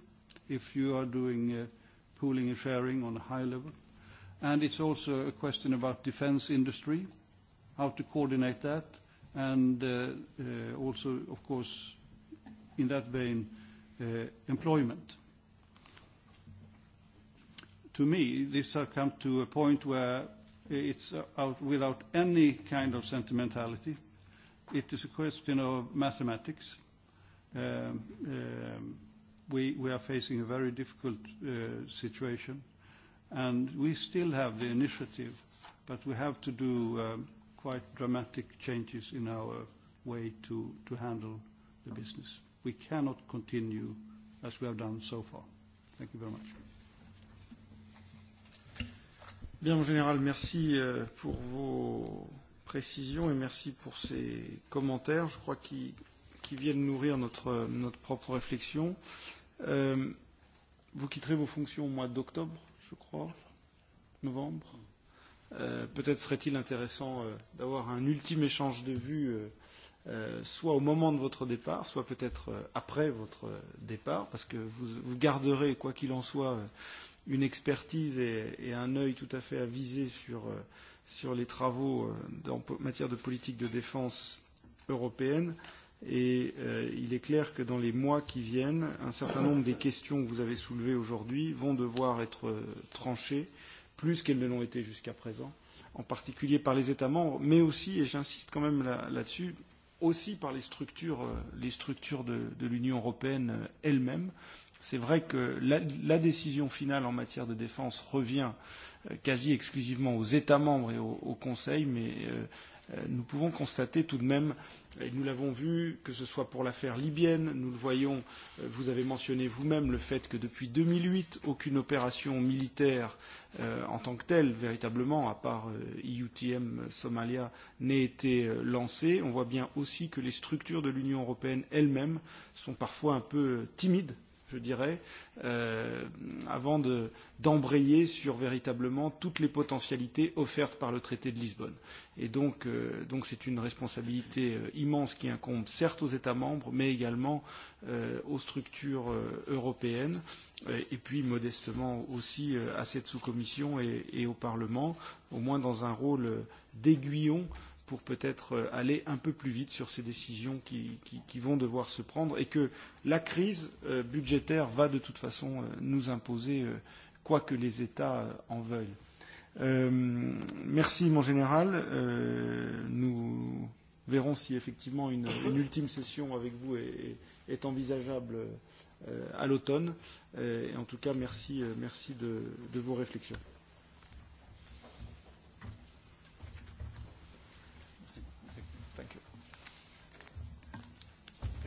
if you are doing uh, pooling and sharing on a high level. It's also a question about defense industry, how to coordinate that, and uh, also, of course, in that vein, employment. To me, this has come to a point where It's uh, out without any kind of sentimentality. It is a question of mathematics. Um, um, we, we are facing a very difficult uh, situation. And we still have the initiative, but we have to do um, quite dramatic changes in our way to, to handle the business. We cannot continue as we have done so far. Thank you very much. Bien, mon général, merci euh, pour vos précisions et merci pour ces commentaires, je crois, qui, qui viennent nourrir notre, notre propre réflexion. Euh, vous quitterez vos fonctions au mois d'octobre, je crois, novembre. Euh, Peut-être serait-il intéressant euh, d'avoir un ultime échange de vues. Euh, euh, soit au moment de votre départ, soit peut-être euh, après votre départ, parce que vous, vous garderez, quoi qu'il en soit, euh, une expertise et, et un œil tout à fait avisé sur, euh, sur les travaux euh, en matière de politique de défense européenne. Et euh, il est clair que dans les mois qui viennent, un certain nombre des questions que vous avez soulevées aujourd'hui vont devoir être euh, tranchées, plus qu'elles ne l'ont été jusqu'à présent, en particulier par les États membres, mais aussi, et j'insiste quand même là-dessus, là aussi par les structures, les structures de, de l'Union européenne elle-même. C'est vrai que la, la décision finale en matière de défense revient euh, quasi exclusivement aux États membres et au, au Conseil, mais euh, euh, nous pouvons constater tout de même, et nous l'avons vu, que ce soit pour l'affaire libyenne, nous le voyons, euh, vous avez mentionné vous-même le fait que depuis 2008, aucune opération militaire euh, en tant que telle, véritablement, à part IUTM euh, Somalia, n'ait été euh, lancée. On voit bien aussi que les structures de l'Union européenne elles-mêmes sont parfois un peu timides je dirais, euh, avant d'embrayer de, sur véritablement toutes les potentialités offertes par le traité de Lisbonne. Et donc, euh, c'est donc une responsabilité euh, immense qui incombe certes aux États membres, mais également euh, aux structures euh, européennes, euh, et puis modestement aussi à cette sous-commission et, et au Parlement, au moins dans un rôle d'aiguillon euh, pour peut-être euh, aller un peu plus vite sur ces décisions qui, qui, qui vont devoir se prendre et que la crise euh, budgétaire va de toute façon euh, nous imposer quoi que les États en veulent. Euh, merci, mon général. Euh, nous verrons si effectivement une, une ultime session avec vous est, est, est envisageable euh, à l'automne. Euh, en tout cas, merci, euh, merci de, de vos réflexions.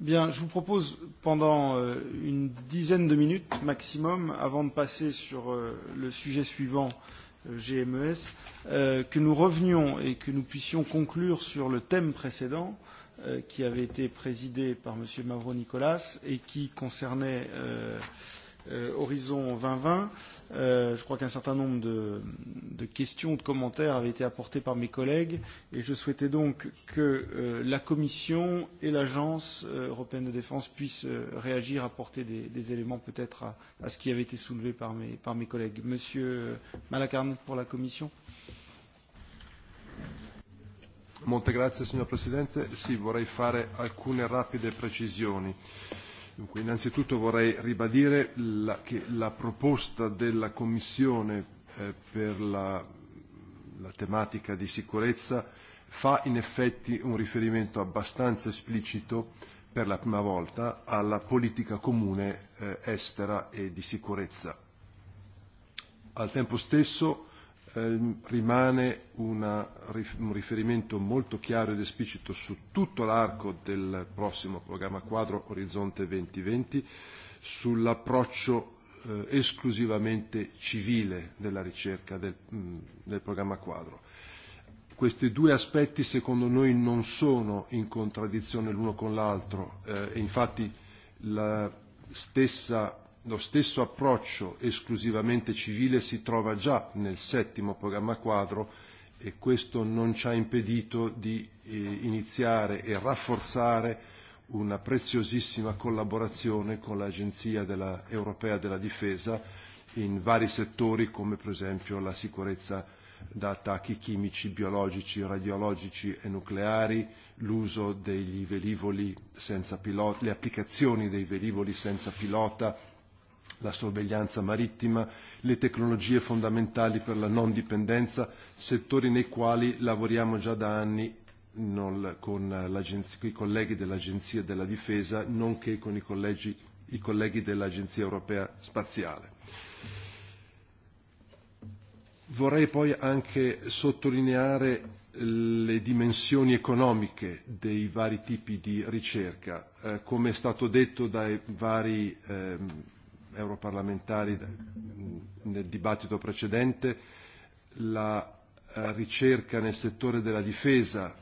Bien, je vous propose pendant euh, une dizaine de minutes maximum, avant de passer sur euh, le sujet suivant, euh, GMES, que nous revenions et que nous puissions conclure sur le thème précédent qui avait été présidé par M. Mavro Nicolas et qui concernait Horizon 2020. Euh, je crois qu'un certain nombre de, de questions, de commentaires avaient été apportés par mes collègues et je souhaitais donc que euh, la Commission et l'Agence euh, européenne de défense puissent euh, réagir, apporter des, des éléments peut-être à, à ce qui avait été soulevé par mes, par mes collègues. Monsieur Malacarne pour la Commission. Monte grazie, signor Presidente. Si, vorrei fare alcune rapide précisions. Dunque, innanzitutto vorrei ribadire la, che la proposta della Commissione eh, per la, la tematica di sicurezza fa in effetti un riferimento abbastanza esplicito per la prima volta alla politica comune eh, estera e di sicurezza. Al tempo stesso, Ehm, rimane una, un riferimento molto chiaro ed esplicito su tutto l'arco del prossimo programma quadro Orizzonte 2020 sull'approccio eh, esclusivamente civile della ricerca del, del programma quadro. Questi due aspetti secondo noi non sono in contraddizione l'uno con l'altro eh, e infatti la stessa Lo stesso approccio esclusivamente civile si trova già nel settimo programma quadro e questo non ci ha impedito di eh, iniziare e rafforzare una preziosissima collaborazione con l'Agenzia della, Europea della Difesa in vari settori come per esempio la sicurezza da attacchi chimici, biologici, radiologici e nucleari, l'uso degli velivoli senza pilota, le applicazioni dei velivoli senza pilota, la sorveglianza marittima, le tecnologie fondamentali per la non dipendenza, settori nei quali lavoriamo già da anni non, con, con i colleghi dell'Agenzia della Difesa, nonché con i, collegi, i colleghi dell'Agenzia Europea Spaziale. Vorrei poi anche sottolineare le dimensioni economiche dei vari tipi di ricerca. Eh, come è stato detto dai vari eh, europarlamentari nel dibattito precedente, la eh, ricerca nel settore della difesa,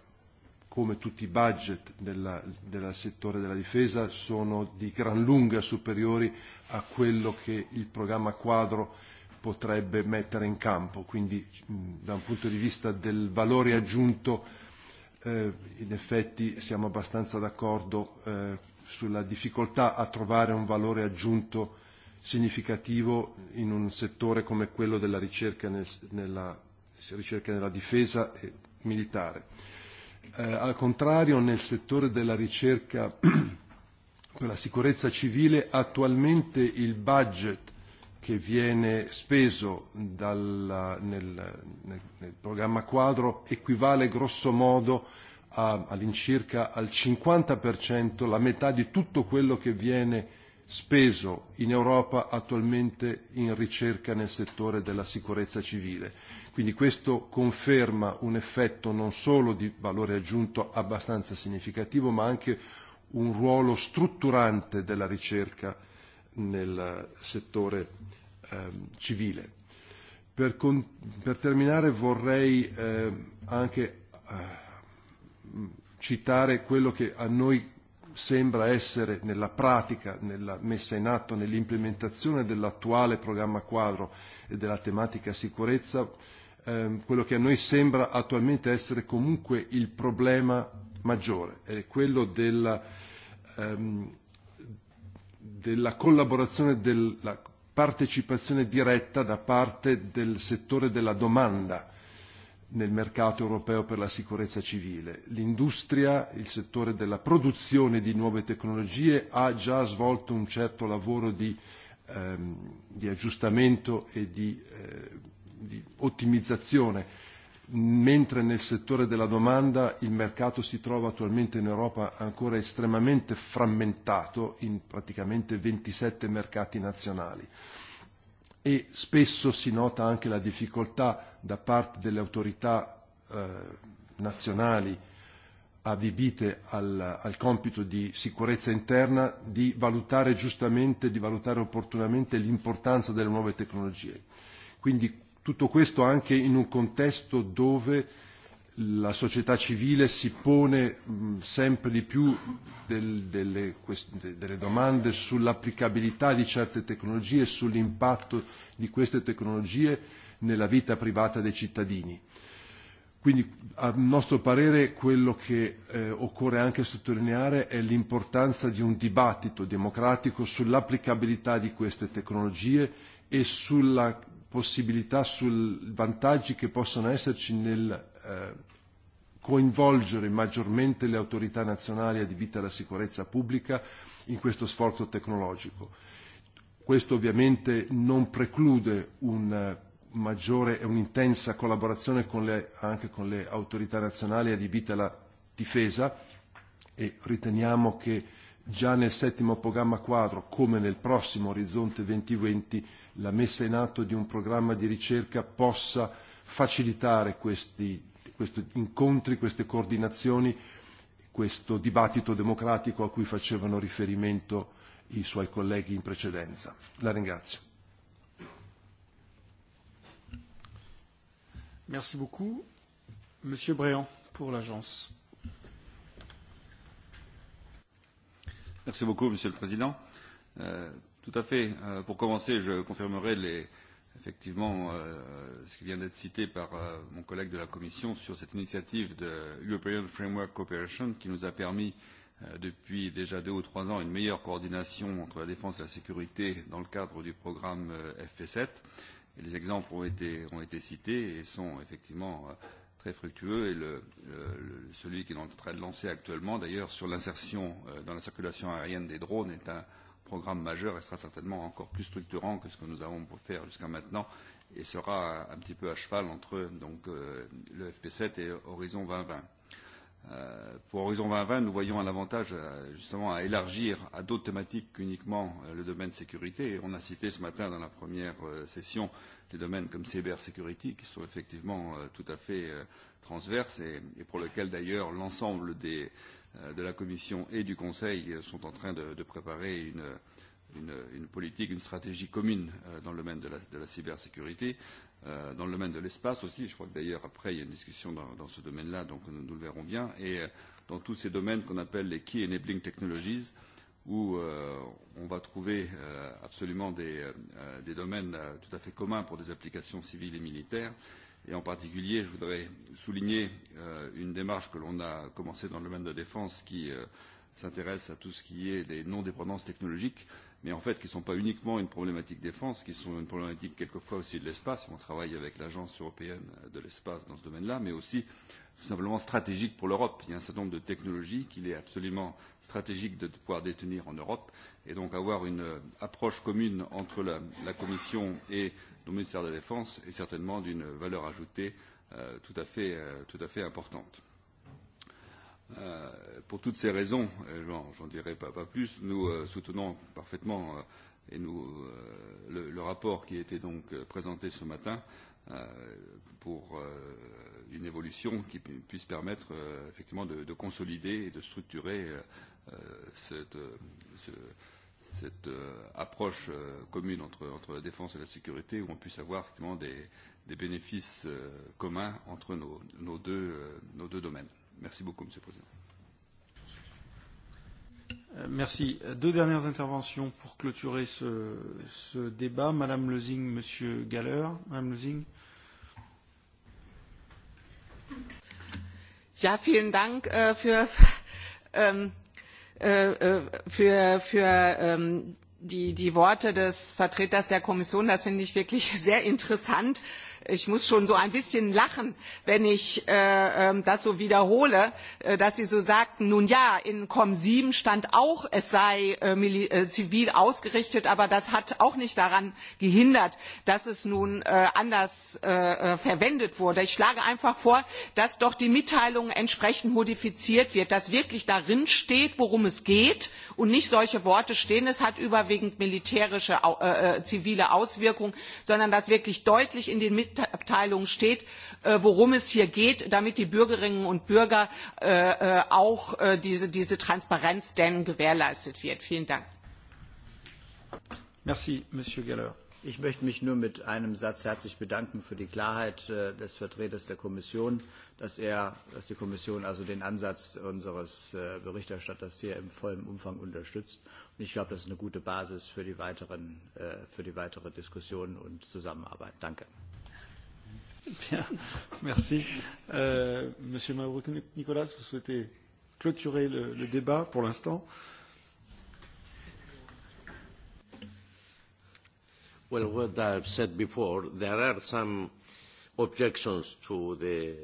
come tutti i budget del settore della difesa, sono di gran lunga superiori a quello che il programma quadro potrebbe mettere in campo. Quindi da un punto di vista del valore aggiunto, eh, in effetti siamo abbastanza d'accordo eh, sulla difficoltà a trovare un valore aggiunto eh, significativo in un settore come quello della ricerca, e nel, nella, ricerca e nella difesa e militare. Eh, al contrario, nel settore della ricerca per la sicurezza civile, attualmente il budget che viene speso dal, nel, nel, nel programma quadro equivale grosso modo a, all'incirca al 50%, la metà di tutto quello che viene speso in Europa attualmente in ricerca nel settore della sicurezza civile. Quindi questo conferma un effetto non solo di valore aggiunto abbastanza significativo, ma anche un ruolo strutturante della ricerca nel settore ehm, civile. Per, con, per terminare vorrei ehm, anche eh, citare quello che a noi sembra essere nella pratica, nella messa in atto, nell'implementazione dell'attuale programma quadro e della tematica sicurezza, ehm, quello che a noi sembra attualmente essere comunque il problema maggiore, è quello della, ehm, della collaborazione, della partecipazione diretta da parte del settore della domanda nel mercato europeo per la sicurezza civile. L'industria, il settore della produzione di nuove tecnologie ha già svolto un certo lavoro di, ehm, di aggiustamento e di, eh, di ottimizzazione, mentre nel settore della domanda il mercato si trova attualmente in Europa ancora estremamente frammentato in praticamente 27 mercati nazionali e spesso si nota anche la difficoltà da parte delle autorità eh, nazionali adibite al, al compito di sicurezza interna di valutare giustamente, di valutare opportunamente l'importanza delle nuove tecnologie. Quindi tutto questo anche in un contesto dove la società civile si pone mm, sempre di più del, delle, delle domande sull'applicabilità di certe tecnologie e sull'impatto di queste tecnologie nella vita privata dei cittadini. Quindi a nostro parere quello che eh, occorre anche sottolineare è l'importanza di un dibattito democratico sull'applicabilità di queste tecnologie e sulla possibilità, sui vantaggi che possono esserci nel eh, coinvolgere maggiormente le autorità nazionali adibite alla sicurezza pubblica in questo sforzo tecnologico. Questo ovviamente non preclude un eh, maggiore e un'intensa collaborazione con le, anche con le autorità nazionali adibite alla difesa e riteniamo che già nel settimo programma quadro, come nel prossimo Orizzonte 2020, la messa in atto di un programma di ricerca possa facilitare questi questi incontri, queste coordinazioni, questo dibattito democratico a cui facevano riferimento i suoi colleghi in precedenza. La ringrazio. Merci beaucoup. Monsieur Bréant, pour l'agence. Merci beaucoup, Monsieur le Président. Euh, tout à fait. Euh, pour commencer, je confirmerai les, euh, effectivement euh, ce qui vient d'être cité par euh, mon collègue de la Commission sur cette initiative de European Framework Cooperation qui nous a permis euh, depuis déjà deux ou trois ans une meilleure coordination entre la défense et la sécurité dans le cadre du programme euh, FP7. Et les exemples ont été, ont été cités et sont effectivement euh, très fructueux et le, le, celui qui est en train de lancer actuellement d'ailleurs sur l'insertion euh, dans la circulation aérienne des drones est un, programme majeur et sera certainement encore plus structurant que ce que nous avons pour faire jusqu'à maintenant et sera un petit peu à cheval entre donc, euh, le FP7 et Horizon 2020. Euh, pour Horizon 2020, nous voyons un avantage euh, justement à élargir à d'autres thématiques qu'uniquement euh, le domaine sécurité. Et on a cité ce matin dans la première euh, session des domaines comme cybersécurité qui sont effectivement euh, tout à fait euh, transverses et, et pour lesquels d'ailleurs l'ensemble des, euh, Euh, de la Commission et du Conseil euh, sont en train de, de préparer une, une, une politique, une stratégie commune euh, dans le domaine de la, de la cybersécurité, dans le domaine de l'espace aussi. Je crois que d'ailleurs, après, il y a une discussion dans, dans ce domaine-là, donc nous, nous le verrons bien. Et dans tous ces domaines qu'on appelle les Key Enabling Technologies, où euh, on va trouver euh, absolument des, euh, des domaines euh, tout à fait communs pour des applications civiles et militaires. Et en particulier, je voudrais souligner euh, une démarche que l'on a commencée dans le domaine de défense qui euh, s'intéresse à tout ce qui est des non-dépendances technologiques, mais en fait qui ne sont pas uniquement une problématique défense, qui sont une problématique quelquefois aussi de l'espace. On travaille avec l'Agence européenne de l'espace dans ce domaine-là, mais aussi tout simplement stratégique pour l'Europe. Il y a un certain nombre de technologies qu'il est absolument stratégique de pouvoir détenir en Europe. Et donc avoir une euh, approche commune entre la, la Commission et le ministère de la Défense est certainement d'une valeur ajoutée euh, tout, à fait, euh, tout à fait importante. Euh, pour toutes ces raisons, j'en, j'en dirai pas, pas plus, nous euh, soutenons parfaitement euh, et nous, euh, le, le rapport qui a été donc euh, présenté ce matin euh, pour euh, une évolution qui puisse permettre effectivement de, de consolider et de structurer cette, cette, cette euh, approche euh, commune entre, entre la défense et la sécurité, où on puisse avoir effectivement des, des bénéfices euh, communs entre nos, nos, deux, euh, nos deux domaines. Merci beaucoup, Monsieur le Président. Euh, merci. Deux dernières interventions pour clôturer ce, ce débat. Madame Lezing, Monsieur Galler. Madame Lezing. Ja, vielen Dank äh, für ähm, Äh, äh, für, für ähm, die, die Worte des Vertreters der Kommission. Das finde ich wirklich sehr interessant ich muss schon so ein bisschen lachen, wenn ich äh, ähm, das so wiederhole, äh, dass Sie so sagten, nun ja, in COM7 stand auch, es sei äh, äh, zivil ausgerichtet, aber das hat auch nicht daran gehindert, dass es nun äh, anders äh, äh, verwendet wurde. Ich schlage einfach vor, dass doch die Mitteilung entsprechend modifiziert wird, dass wirklich darin steht, worum es geht und nicht solche Worte stehen, es hat überwiegend militärische, äh, äh, zivile Auswirkungen, sondern dass wirklich deutlich in den mitteilung steht äh, worum es hier geht damit die bürgerinnen und bürger äh, äh, auch diese, diese transparenz denn gewährleistet wird. vielen dank. Merci, Monsieur Geller. Ich möchte mich nur mit einem Satz herzlich bedanken für die Klarheit des Vertreters der Kommission, dass, er, dass die Kommission also den Ansatz unseres Berichterstatters hier im vollen Umfang unterstützt. Und ich glaube, das ist eine gute Basis für die, weiteren, für die weitere Diskussion und Zusammenarbeit. Danke. Bien, merci. Euh, monsieur Mauro Nicolas, vous souhaitez clôturer le, le débat pour l'instant. Well, what I've said before, there are some objections to the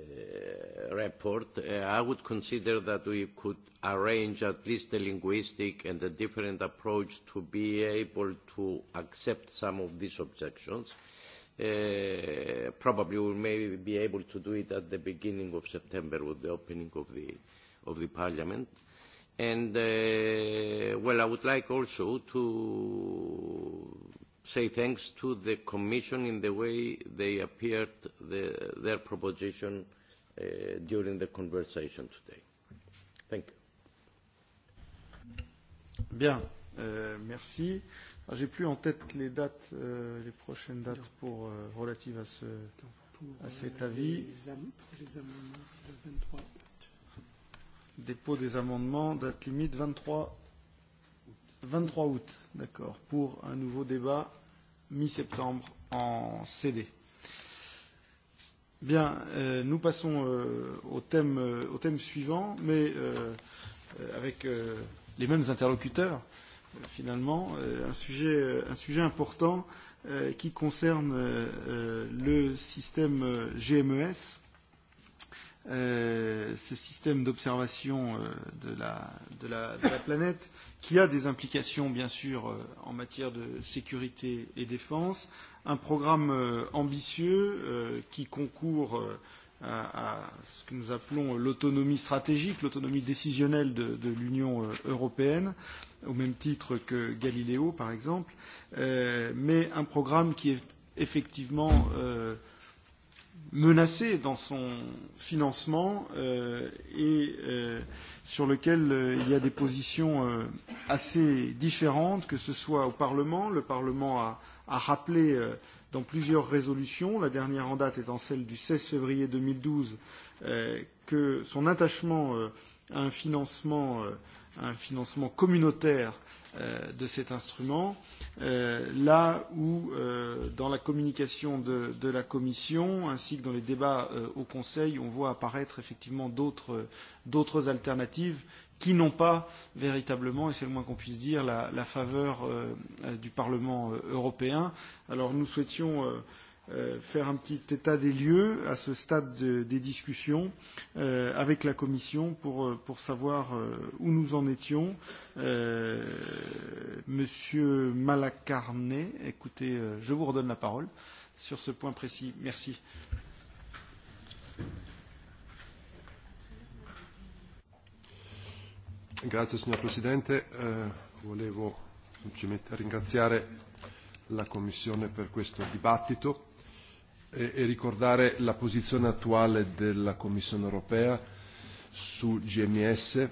report. Uh, I would consider that we could arrange at least the linguistic and a different approach to be able to accept some of these objections. Uh, Uh, probably we may be able to do it at the beginning of September with the opening of the, of the Parliament. And, uh, well, I would like also to say thanks to the Commission in the way they appeared the, their proposition uh, during the conversation today. Thank you. Bien, euh, merci. Euh, J'ai plus en tête les dates, euh, les prochaines dates pour, euh, relatives à, ce, à cet avis. Dépôt des amendements, date limite 23, 23 août, d'accord, pour un nouveau débat mi-septembre en CD. Bien, euh, nous passons euh, au, thème, euh, au thème suivant, mais euh, euh, avec euh, les mêmes interlocuteurs. Euh, finalement, euh, un, sujet, euh, un sujet important euh, qui concerne euh, euh le système euh, GMES, euh, ce système d'observation euh, de, la, de, la, de la planète qui a des implications, bien sûr, euh, en matière de sécurité et défense, un programme euh, ambitieux euh, qui concourt euh, à ce que nous appelons l'autonomie stratégique, l'autonomie décisionnelle de, de l'Union européenne, au même titre que Galiléo, par exemple, euh, mais un programme qui est effectivement euh, menacé dans son financement euh, et euh, sur lequel euh, il y a des positions euh, assez différentes, que ce soit au Parlement. Le Parlement a, a rappelé euh, dans plusieurs résolutions, la dernière en date étant celle du 16 février 2012, euh, que son attachement euh, à un financement euh, un financement communautaire euh, de cet instrument, euh, là où, euh, dans la communication de, de la Commission, ainsi que dans les débats euh, au Conseil, on voit apparaître effectivement d'autres alternatives qui n'ont pas véritablement, et c'est le moins qu'on puisse dire, la, la faveur euh, euh du Parlement euh, européen. Alors nous souhaitions euh, Euh, faire un petit état des lieux à ce stade de, des discussions euh, avec la Commission pour, euh, pour savoir euh, où nous en étions. Euh, monsieur Malacarné, écoutez, euh, je vous redonne la parole sur ce point précis. Merci. Grazie signor Presidente, eh, volevo semplicemente ringraziare la Commissione per questo dibattito. E, e ricordare la posizione attuale della Commissione europea su GMS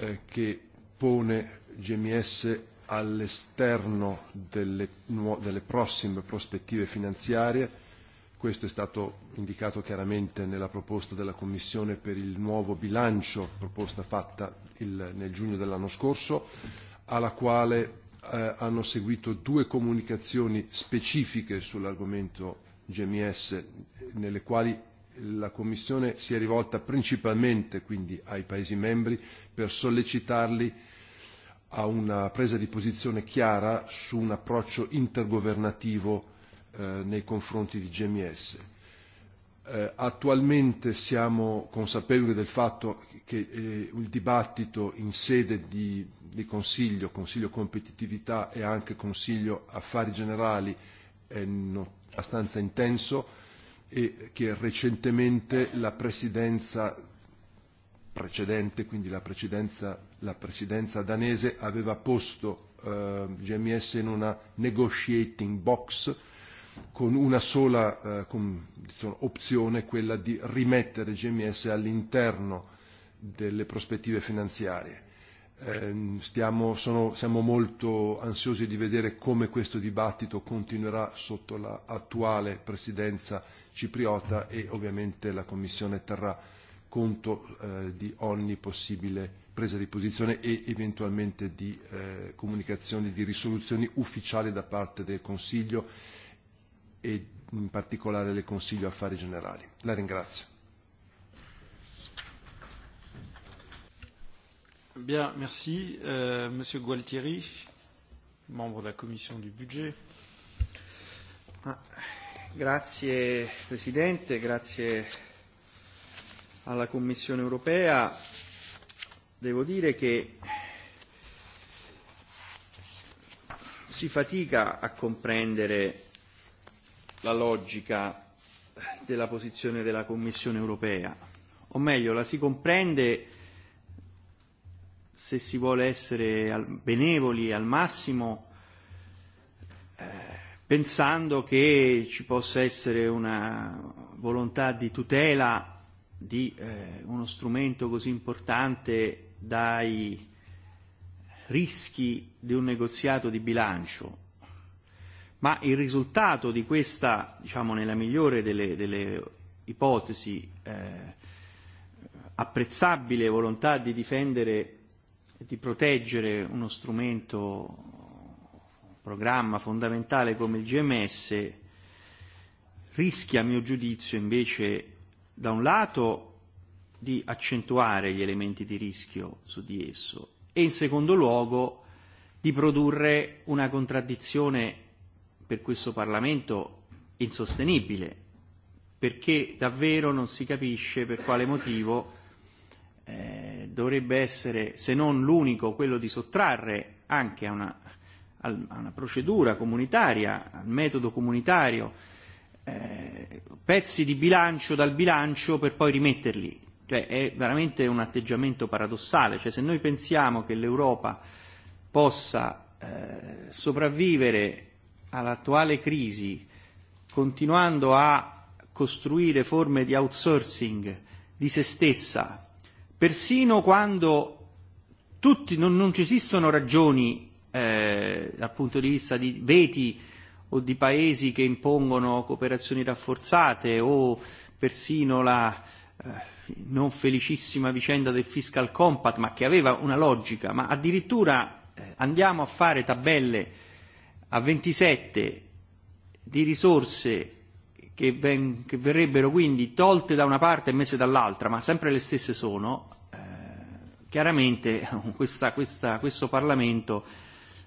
eh, che pone GMS all'esterno delle, nu- delle prossime prospettive finanziarie. Questo è stato indicato chiaramente nella proposta della Commissione per il nuovo bilancio, proposta fatta il, nel giugno dell'anno scorso, alla quale eh, hanno seguito due comunicazioni specifiche sull'argomento GMS nelle quali la Commissione si è rivolta principalmente quindi ai Paesi membri per sollecitarli a una presa di posizione chiara su un approccio intergovernativo eh, nei confronti di GMS. Eh, attualmente siamo consapevoli del fatto che eh, il dibattito in sede di, di Consiglio, Consiglio Competitività e anche Consiglio Affari Generali è notato abbastanza intenso e che recentemente la presidenza precedente, quindi la presidenza, la presidenza danese, aveva posto eh, GMS in una negotiating box con una sola eh, con, diciamo, opzione, quella di rimettere GMS all'interno delle prospettive finanziarie. Ehm, stiamo, sono, siamo molto ansiosi di vedere come questo dibattito continuerà sotto l'attuale la presidenza cipriota e ovviamente la Commissione terrà conto eh, di ogni possibile presa di posizione e eventualmente di eh, comunicazioni, di risoluzioni ufficiali da parte del Consiglio e in particolare del Consiglio Affari Generali. La ringrazio. Bien, merci. Euh, Monsieur Gualtieri, membre de la commission du budget. Ah, grazie Presidente, grazie alla Commissione europea. Devo dire che si fatica a comprendere la logica della posizione della Commissione europea, o meglio la si comprende se si vuole essere al, benevoli al massimo, eh, pensando che ci possa essere una volontà di tutela di eh, uno strumento così importante dai rischi di un negoziato di bilancio. Ma il risultato di questa, diciamo nella migliore delle, delle ipotesi, eh, apprezzabile volontà di difendere E di proteggere uno strumento, un programma fondamentale come il GMS, rischia, a mio giudizio, invece, da un lato, di accentuare gli elementi di rischio su di esso e, in secondo luogo, di produrre una contraddizione per questo Parlamento insostenibile, perché davvero non si capisce per quale motivo Eh, dovrebbe essere se non l'unico quello di sottrarre anche a una, a una procedura comunitaria, al metodo comunitario, eh, pezzi di bilancio dal bilancio per poi rimetterli. Cioè, è veramente un atteggiamento paradossale, cioè, se noi pensiamo che l'Europa possa eh, sopravvivere all'attuale crisi continuando a costruire forme di outsourcing di se stessa persino quando tutti, non, non ci esistono ragioni eh, dal punto di vista di veti o di paesi che impongono cooperazioni rafforzate o persino la eh, non felicissima vicenda del fiscal compact, ma che aveva una logica, ma addirittura eh, andiamo a fare tabelle a 27 di risorse che, ven- che verrebbero quindi tolte da una parte e messe dall'altra, ma sempre le stesse sono, eh, chiaramente questa, questa, questo Parlamento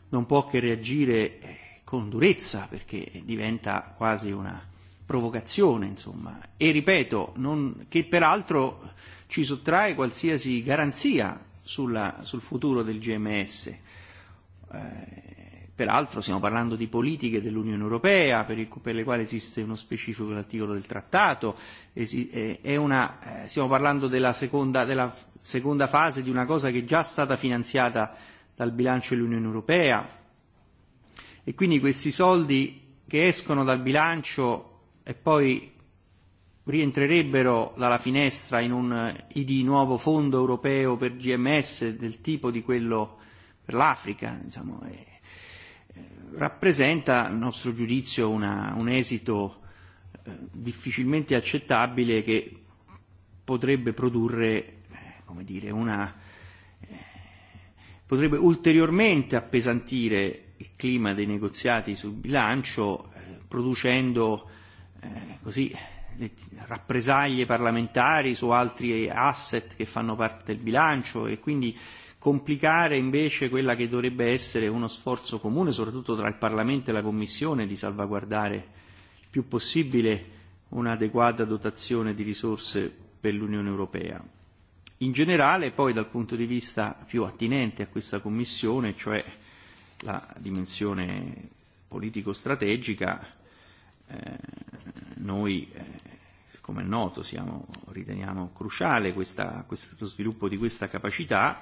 non può che reagire eh, con durezza perché diventa quasi una provocazione, insomma. E ripeto, non, che peraltro ci sottrae qualsiasi garanzia sulla, sul futuro del GMS. Eh, peraltro stiamo parlando di politiche dell'Unione Europea per, il, per le quali esiste uno specifico articolo del trattato, Esi, è, è una, eh, stiamo parlando della seconda, della seconda fase di una cosa che è già stata finanziata dal bilancio dell'Unione Europea e quindi questi soldi che escono dal bilancio e poi rientrerebbero dalla finestra in un eh, ID nuovo fondo europeo per GMS del tipo di quello per l'Africa, insomma, eh, rappresenta, a nostro giudizio, una, un esito eh, difficilmente accettabile che potrebbe produrre, eh, come dire, una, eh, potrebbe ulteriormente appesantire il clima dei negoziati sul bilancio, eh, producendo eh, così le rappresaglie parlamentari su altri asset che fanno parte del bilancio e quindi complicare invece quella che dovrebbe essere uno sforzo comune, soprattutto tra il Parlamento e la Commissione, di salvaguardare il più possibile un'adeguata dotazione di risorse per l'Unione Europea. In generale, poi dal punto di vista più attinente a questa Commissione, cioè la dimensione politico-strategica, eh, noi, eh, come è noto, siamo, riteniamo cruciale questa, questo sviluppo di questa capacità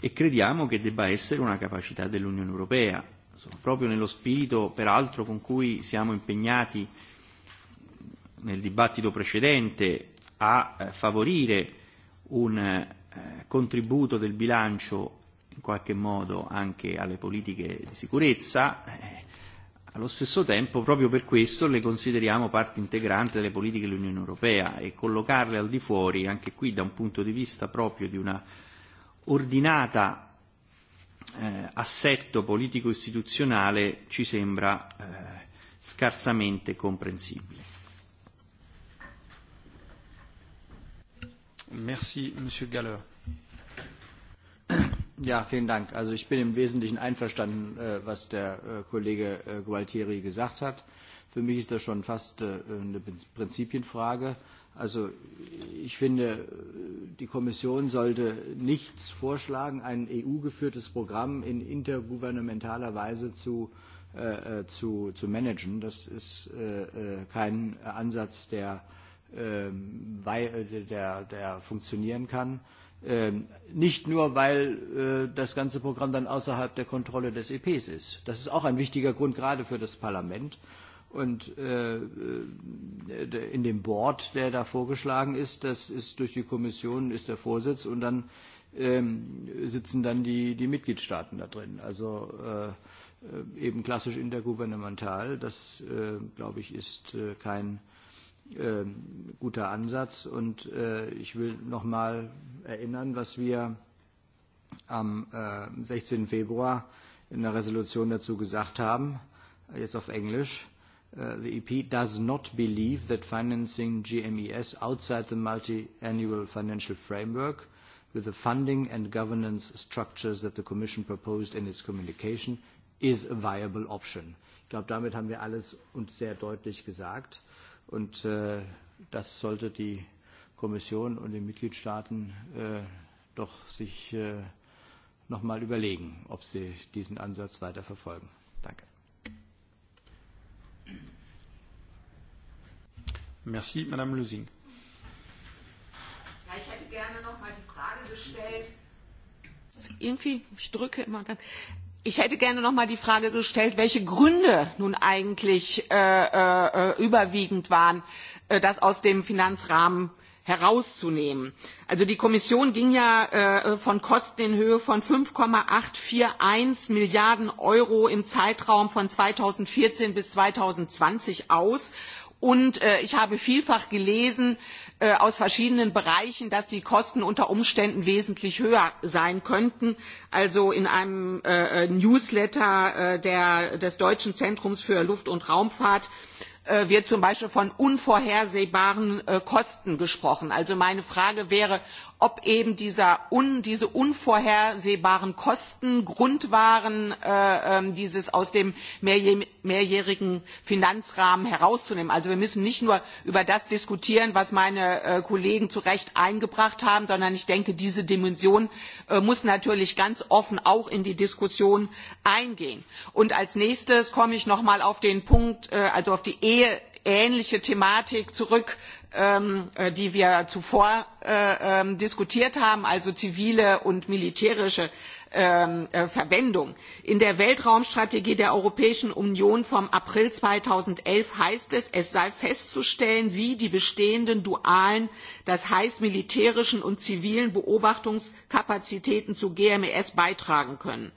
e crediamo che debba essere una capacità dell'Unione Europea, Insomma, proprio nello spirito peraltro con cui siamo impegnati nel dibattito precedente a eh, favorire un eh, contributo del bilancio in qualche modo anche alle politiche di sicurezza, eh, allo stesso tempo proprio per questo le consideriamo parte integrante delle politiche dell'Unione Europea e collocarle al di fuori, anche qui da un punto di vista proprio di una eh, ordinata eh, assetto politico istituzionale ci sembra eh, scarsamente comprensibile. Merci, Monsieur Galler. Ja, vielen Dank. Also ich bin im Wesentlichen einverstanden, äh, was der äh, Kollege äh, Gualtieri gesagt hat. Für mich ist das schon fast äh, eine Prinzipienfrage. Äh, Also ich finde, die Kommission sollte nichts vorschlagen, ein EU-geführtes Programm in intergouvernementaler Weise zu, äh, äh, zu, zu managen. Das ist äh, äh kein Ansatz, der, ähm, äh, der, der funktionieren kann. Äh, nicht nur, weil äh, das ganze Programm dann außerhalb der Kontrolle des EPs ist. Das ist auch ein wichtiger Grund, gerade für das Parlament. Äh, Und äh, äh, in dem Board, der da vorgeschlagen ist, das ist durch die Kommission, ist der Vorsitz und dann ähm, sitzen dann die, die Mitgliedstaaten da drin. Also äh, eben klassisch intergouvernemental, das, äh, glaube ich, ist äh, kein äh, guter Ansatz. Und äh, ich will nochmal erinnern, was wir am äh, 16. Februar in der Resolution dazu gesagt haben, jetzt auf Englisch, Uh, the EP does not believe that financing GMES outside the multi-annual financial framework with the funding and governance structures that the Commission proposed in its communication is a viable option. Ich glaube, damit haben wir alles uns sehr deutlich gesagt. Und äh, das sollte die Kommission und die Mitgliedstaaten äh, doch sich äh, nochmal überlegen, ob sie diesen Ansatz weiter verfolgen. Danke. Merci, Madame Lusing. Ja, ich hätte gerne noch mal die Frage gestellt. Irgendwie, ich drücke immer dann. Ich hätte gerne noch mal die Frage gestellt, welche Gründe nun eigentlich äh, äh, äh überwiegend waren, äh, das aus dem Finanzrahmen herauszunehmen. Also die Kommission ging ja äh, von Kosten in Höhe von 5,841 Milliarden Euro im Zeitraum von 2014 bis 2020 aus und äh, ich habe vielfach gelesen äh, aus verschiedenen bereichen dass die kosten unter umständen wesentlich höher sein könnten. also in einem äh, newsletter des deutschen zentrums für luft und raumfahrt wird zum beispiel von unvorhersehbaren kosten gesprochen. meine frage wäre ob eben dieser un, diese unvorhersehbaren Kosten Grund waren, äh, äh, dieses aus dem mehrjährigen Finanzrahmen herauszunehmen. Also wir müssen nicht nur über das diskutieren, was meine äh, Kollegen zu Recht eingebracht haben, sondern ich denke, diese Dimension äh, muss natürlich ganz offen auch in die Diskussion eingehen. Und als nächstes komme ich noch mal auf den Punkt, äh, also auf die Ehe ähnliche Thematik zurück, äh, Ähm, äh, die wir zuvor äh, ähm, diskutiert haben also zivile und militärische ähm, äh, verwendung. in der weltraumstrategie der europäischen union vom april zweitausendelf heißt es es sei festzustellen wie die bestehenden dualen das heißt militärischen und zivilen beobachtungskapazitäten zu gmes beitragen können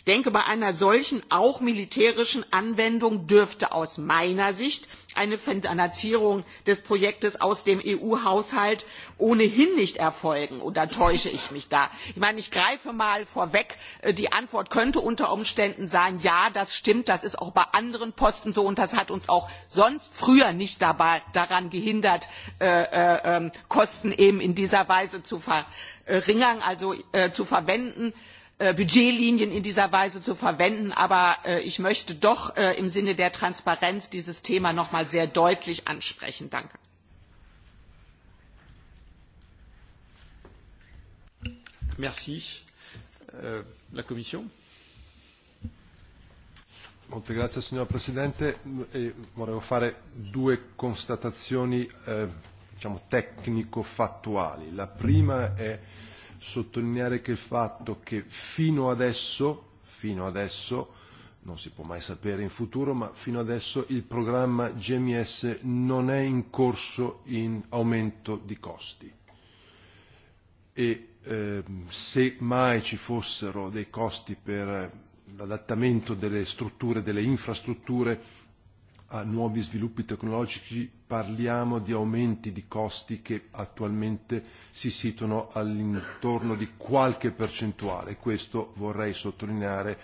ich denke bei einer solchen auch militärischen anwendung dürfte aus meiner sicht eine finanzierung des projektes aus dem eu haushalt ohnehin nicht erfolgen oder täusche ich mich da? ich meine ich greife mal vorweg äh, die antwort könnte unter umständen sein ja das stimmt das ist auch bei anderen posten so und das hat uns auch sonst früher nicht dabei, daran gehindert äh, äh, ähm, kosten eben in dieser weise zu verringern also äh, zu verwenden. Äh, budgetlinien in dieser weise zu verwenden aber äh, ich möchte doch äh, im sinne der transparenz dieses thema noch einmal sehr deutlich ansprechen. danke! signor presidente e volevo fare due constatazioni eh, diciamo tecnico fattuali. la prima è sottolineare che il fatto che fino adesso, fino adesso, non si può mai sapere in futuro, ma fino adesso il programma GMS non è in corso in aumento di costi. E ehm, se mai ci fossero dei costi per eh, l'adattamento delle strutture, delle infrastrutture, eh, a nuovi sviluppi tecnologici, parliamo di aumenti di costi che attualmente si situano all'intorno di qualche percentuale. Questo vorrei sottolineare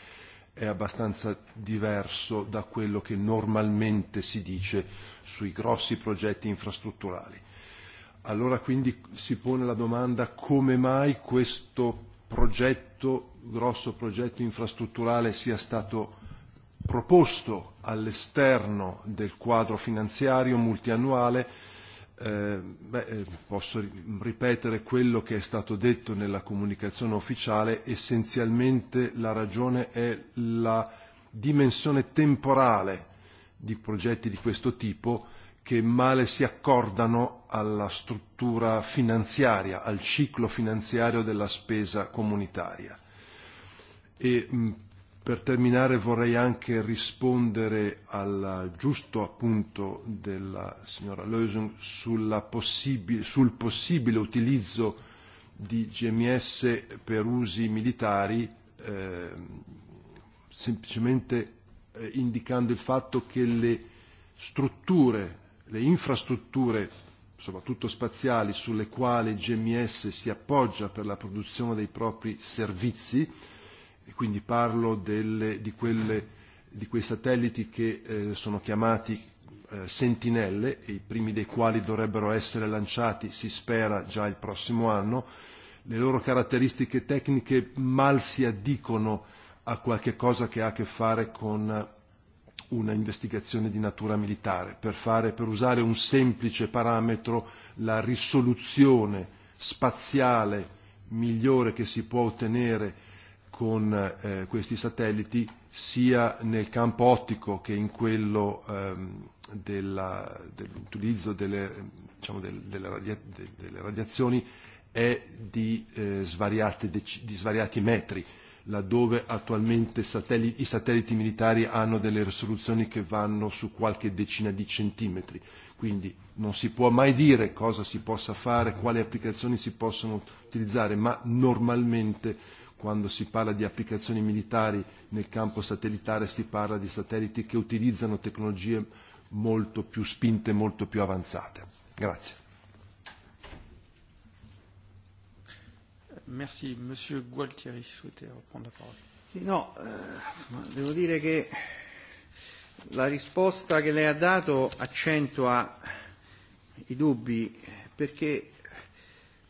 è abbastanza diverso da quello che normalmente si dice sui grossi progetti infrastrutturali. Allora quindi si pone la domanda come mai questo progetto, grosso progetto infrastrutturale sia stato proposto all'esterno del quadro finanziario multiannuale, eh, beh, eh, posso ripetere quello che è stato detto nella comunicazione ufficiale, essenzialmente la ragione è la dimensione temporale di progetti di questo tipo che male si accordano alla struttura finanziaria, al ciclo finanziario della spesa comunitaria. E, mh, Per terminare vorrei anche rispondere al giusto appunto della signora Leusung sulla possibile, sul possibile utilizzo di GMS per usi militari, eh, semplicemente eh, indicando il fatto che le strutture, le infrastrutture, soprattutto spaziali, sulle quali GMS si appoggia per la produzione dei propri servizi, eh, e quindi parlo delle, di, quelle, di quei satelliti che eh, sono chiamati eh, sentinelle, i primi dei quali dovrebbero essere lanciati, si spera, già il prossimo anno, le loro caratteristiche tecniche mal si addicono a qualche cosa che ha a che fare con una investigazione di natura militare. Per, fare, per usare un semplice parametro, la risoluzione spaziale migliore che si può ottenere con eh, questi satelliti sia nel campo ottico che in quello ehm, della, dell'utilizzo delle, diciamo, del, delle, radia- de- delle radiazioni è di, eh, dec- di svariati metri, laddove attualmente satelli- i satelliti militari hanno delle risoluzioni che vanno su qualche decina di centimetri. Quindi non si può mai dire cosa si possa fare, quali applicazioni si possono utilizzare, ma normalmente quando si parla di applicazioni militari nel campo satellitare si parla di satelliti che utilizzano tecnologie molto più spinte, molto più avanzate. Grazie. Merci. Monsieur Gualtieri, souhaitez reprendre la parole. Sì, no, eh, devo dire che la risposta che lei ha dato accentua i dubbi, perché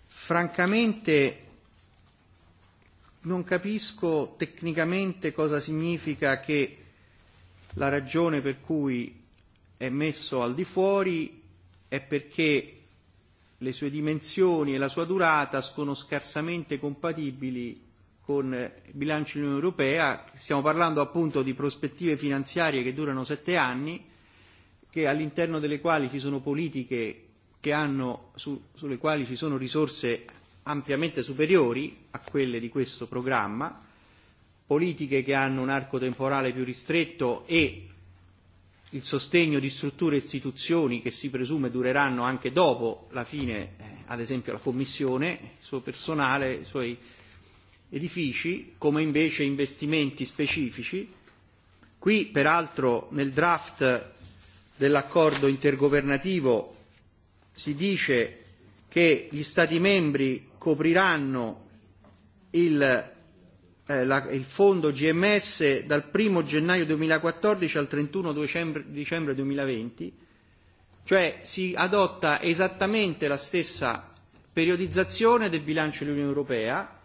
francamente non capisco tecnicamente cosa significa che la ragione per cui è messo al di fuori è perché le sue dimensioni e la sua durata sono scarsamente compatibili con il bilancio dell'Unione Europea, stiamo parlando appunto di prospettive finanziarie che durano sette anni, che all'interno delle quali ci sono politiche che hanno, su, sulle quali ci sono risorse ampiamente superiori a quelle di questo programma, politiche che hanno un arco temporale più ristretto e il sostegno di strutture e istituzioni che si presume dureranno anche dopo la fine, eh, ad esempio la Commissione, il suo personale, i suoi edifici, come invece investimenti specifici. Qui peraltro nel draft dell'accordo intergovernativo si dice che gli Stati membri copriranno il, eh, la, il fondo GMS dal 1 gennaio 2014 al 31 dicembre, dicembre 2020, cioè si adotta esattamente la stessa periodizzazione del bilancio dell'Unione Europea,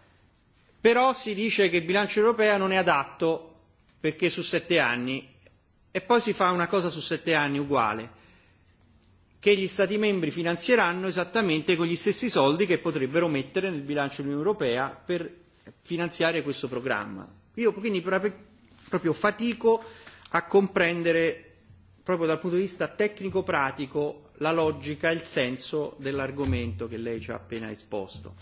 però si dice che il bilancio europeo non è adatto perché su sette anni e poi si fa una cosa su sette anni uguale che gli Stati membri finanzieranno esattamente con gli stessi soldi che potrebbero mettere nel bilancio dell'Unione Europea per finanziare questo programma. Io quindi proprio fatico a comprendere, proprio dal punto di vista tecnico-pratico, la logica e il senso dell'argomento che lei ci ha appena esposto.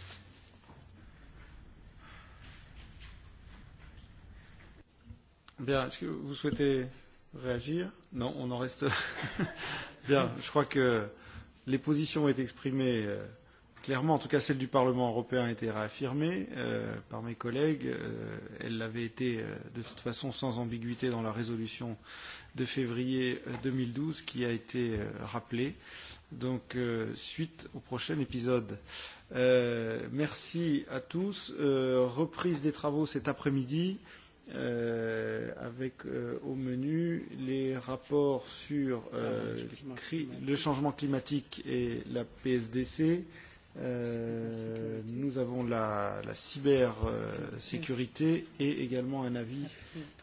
Bien, est-ce que vous souhaitez réagir Non, on en reste Bien, je crois que les positions ont été exprimées euh, clairement, en tout cas celle du Parlement européen a été réaffirmée euh, par mes collègues. Euh, elle l'avait été euh, de toute façon sans ambiguïté dans la résolution de février 2012 euh, qui a été euh, rappelée. Donc, euh, suite au prochain épisode. Euh, merci à tous. Euh, reprise des travaux cet après-midi euh, avec euh, au menu les rapports sur euh, le, changement le changement climatique et la PSDC. Euh, nous avons la, la cybersécurité euh, et également un avis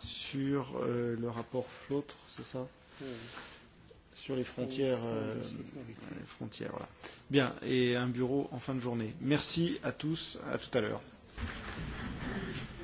sur euh, le rapport FLOTRE, c'est ça oui. Sur les frontières. Euh, les frontières voilà. Bien, et un bureau en fin de journée. Merci à tous, à tout à l'heure. Thank you.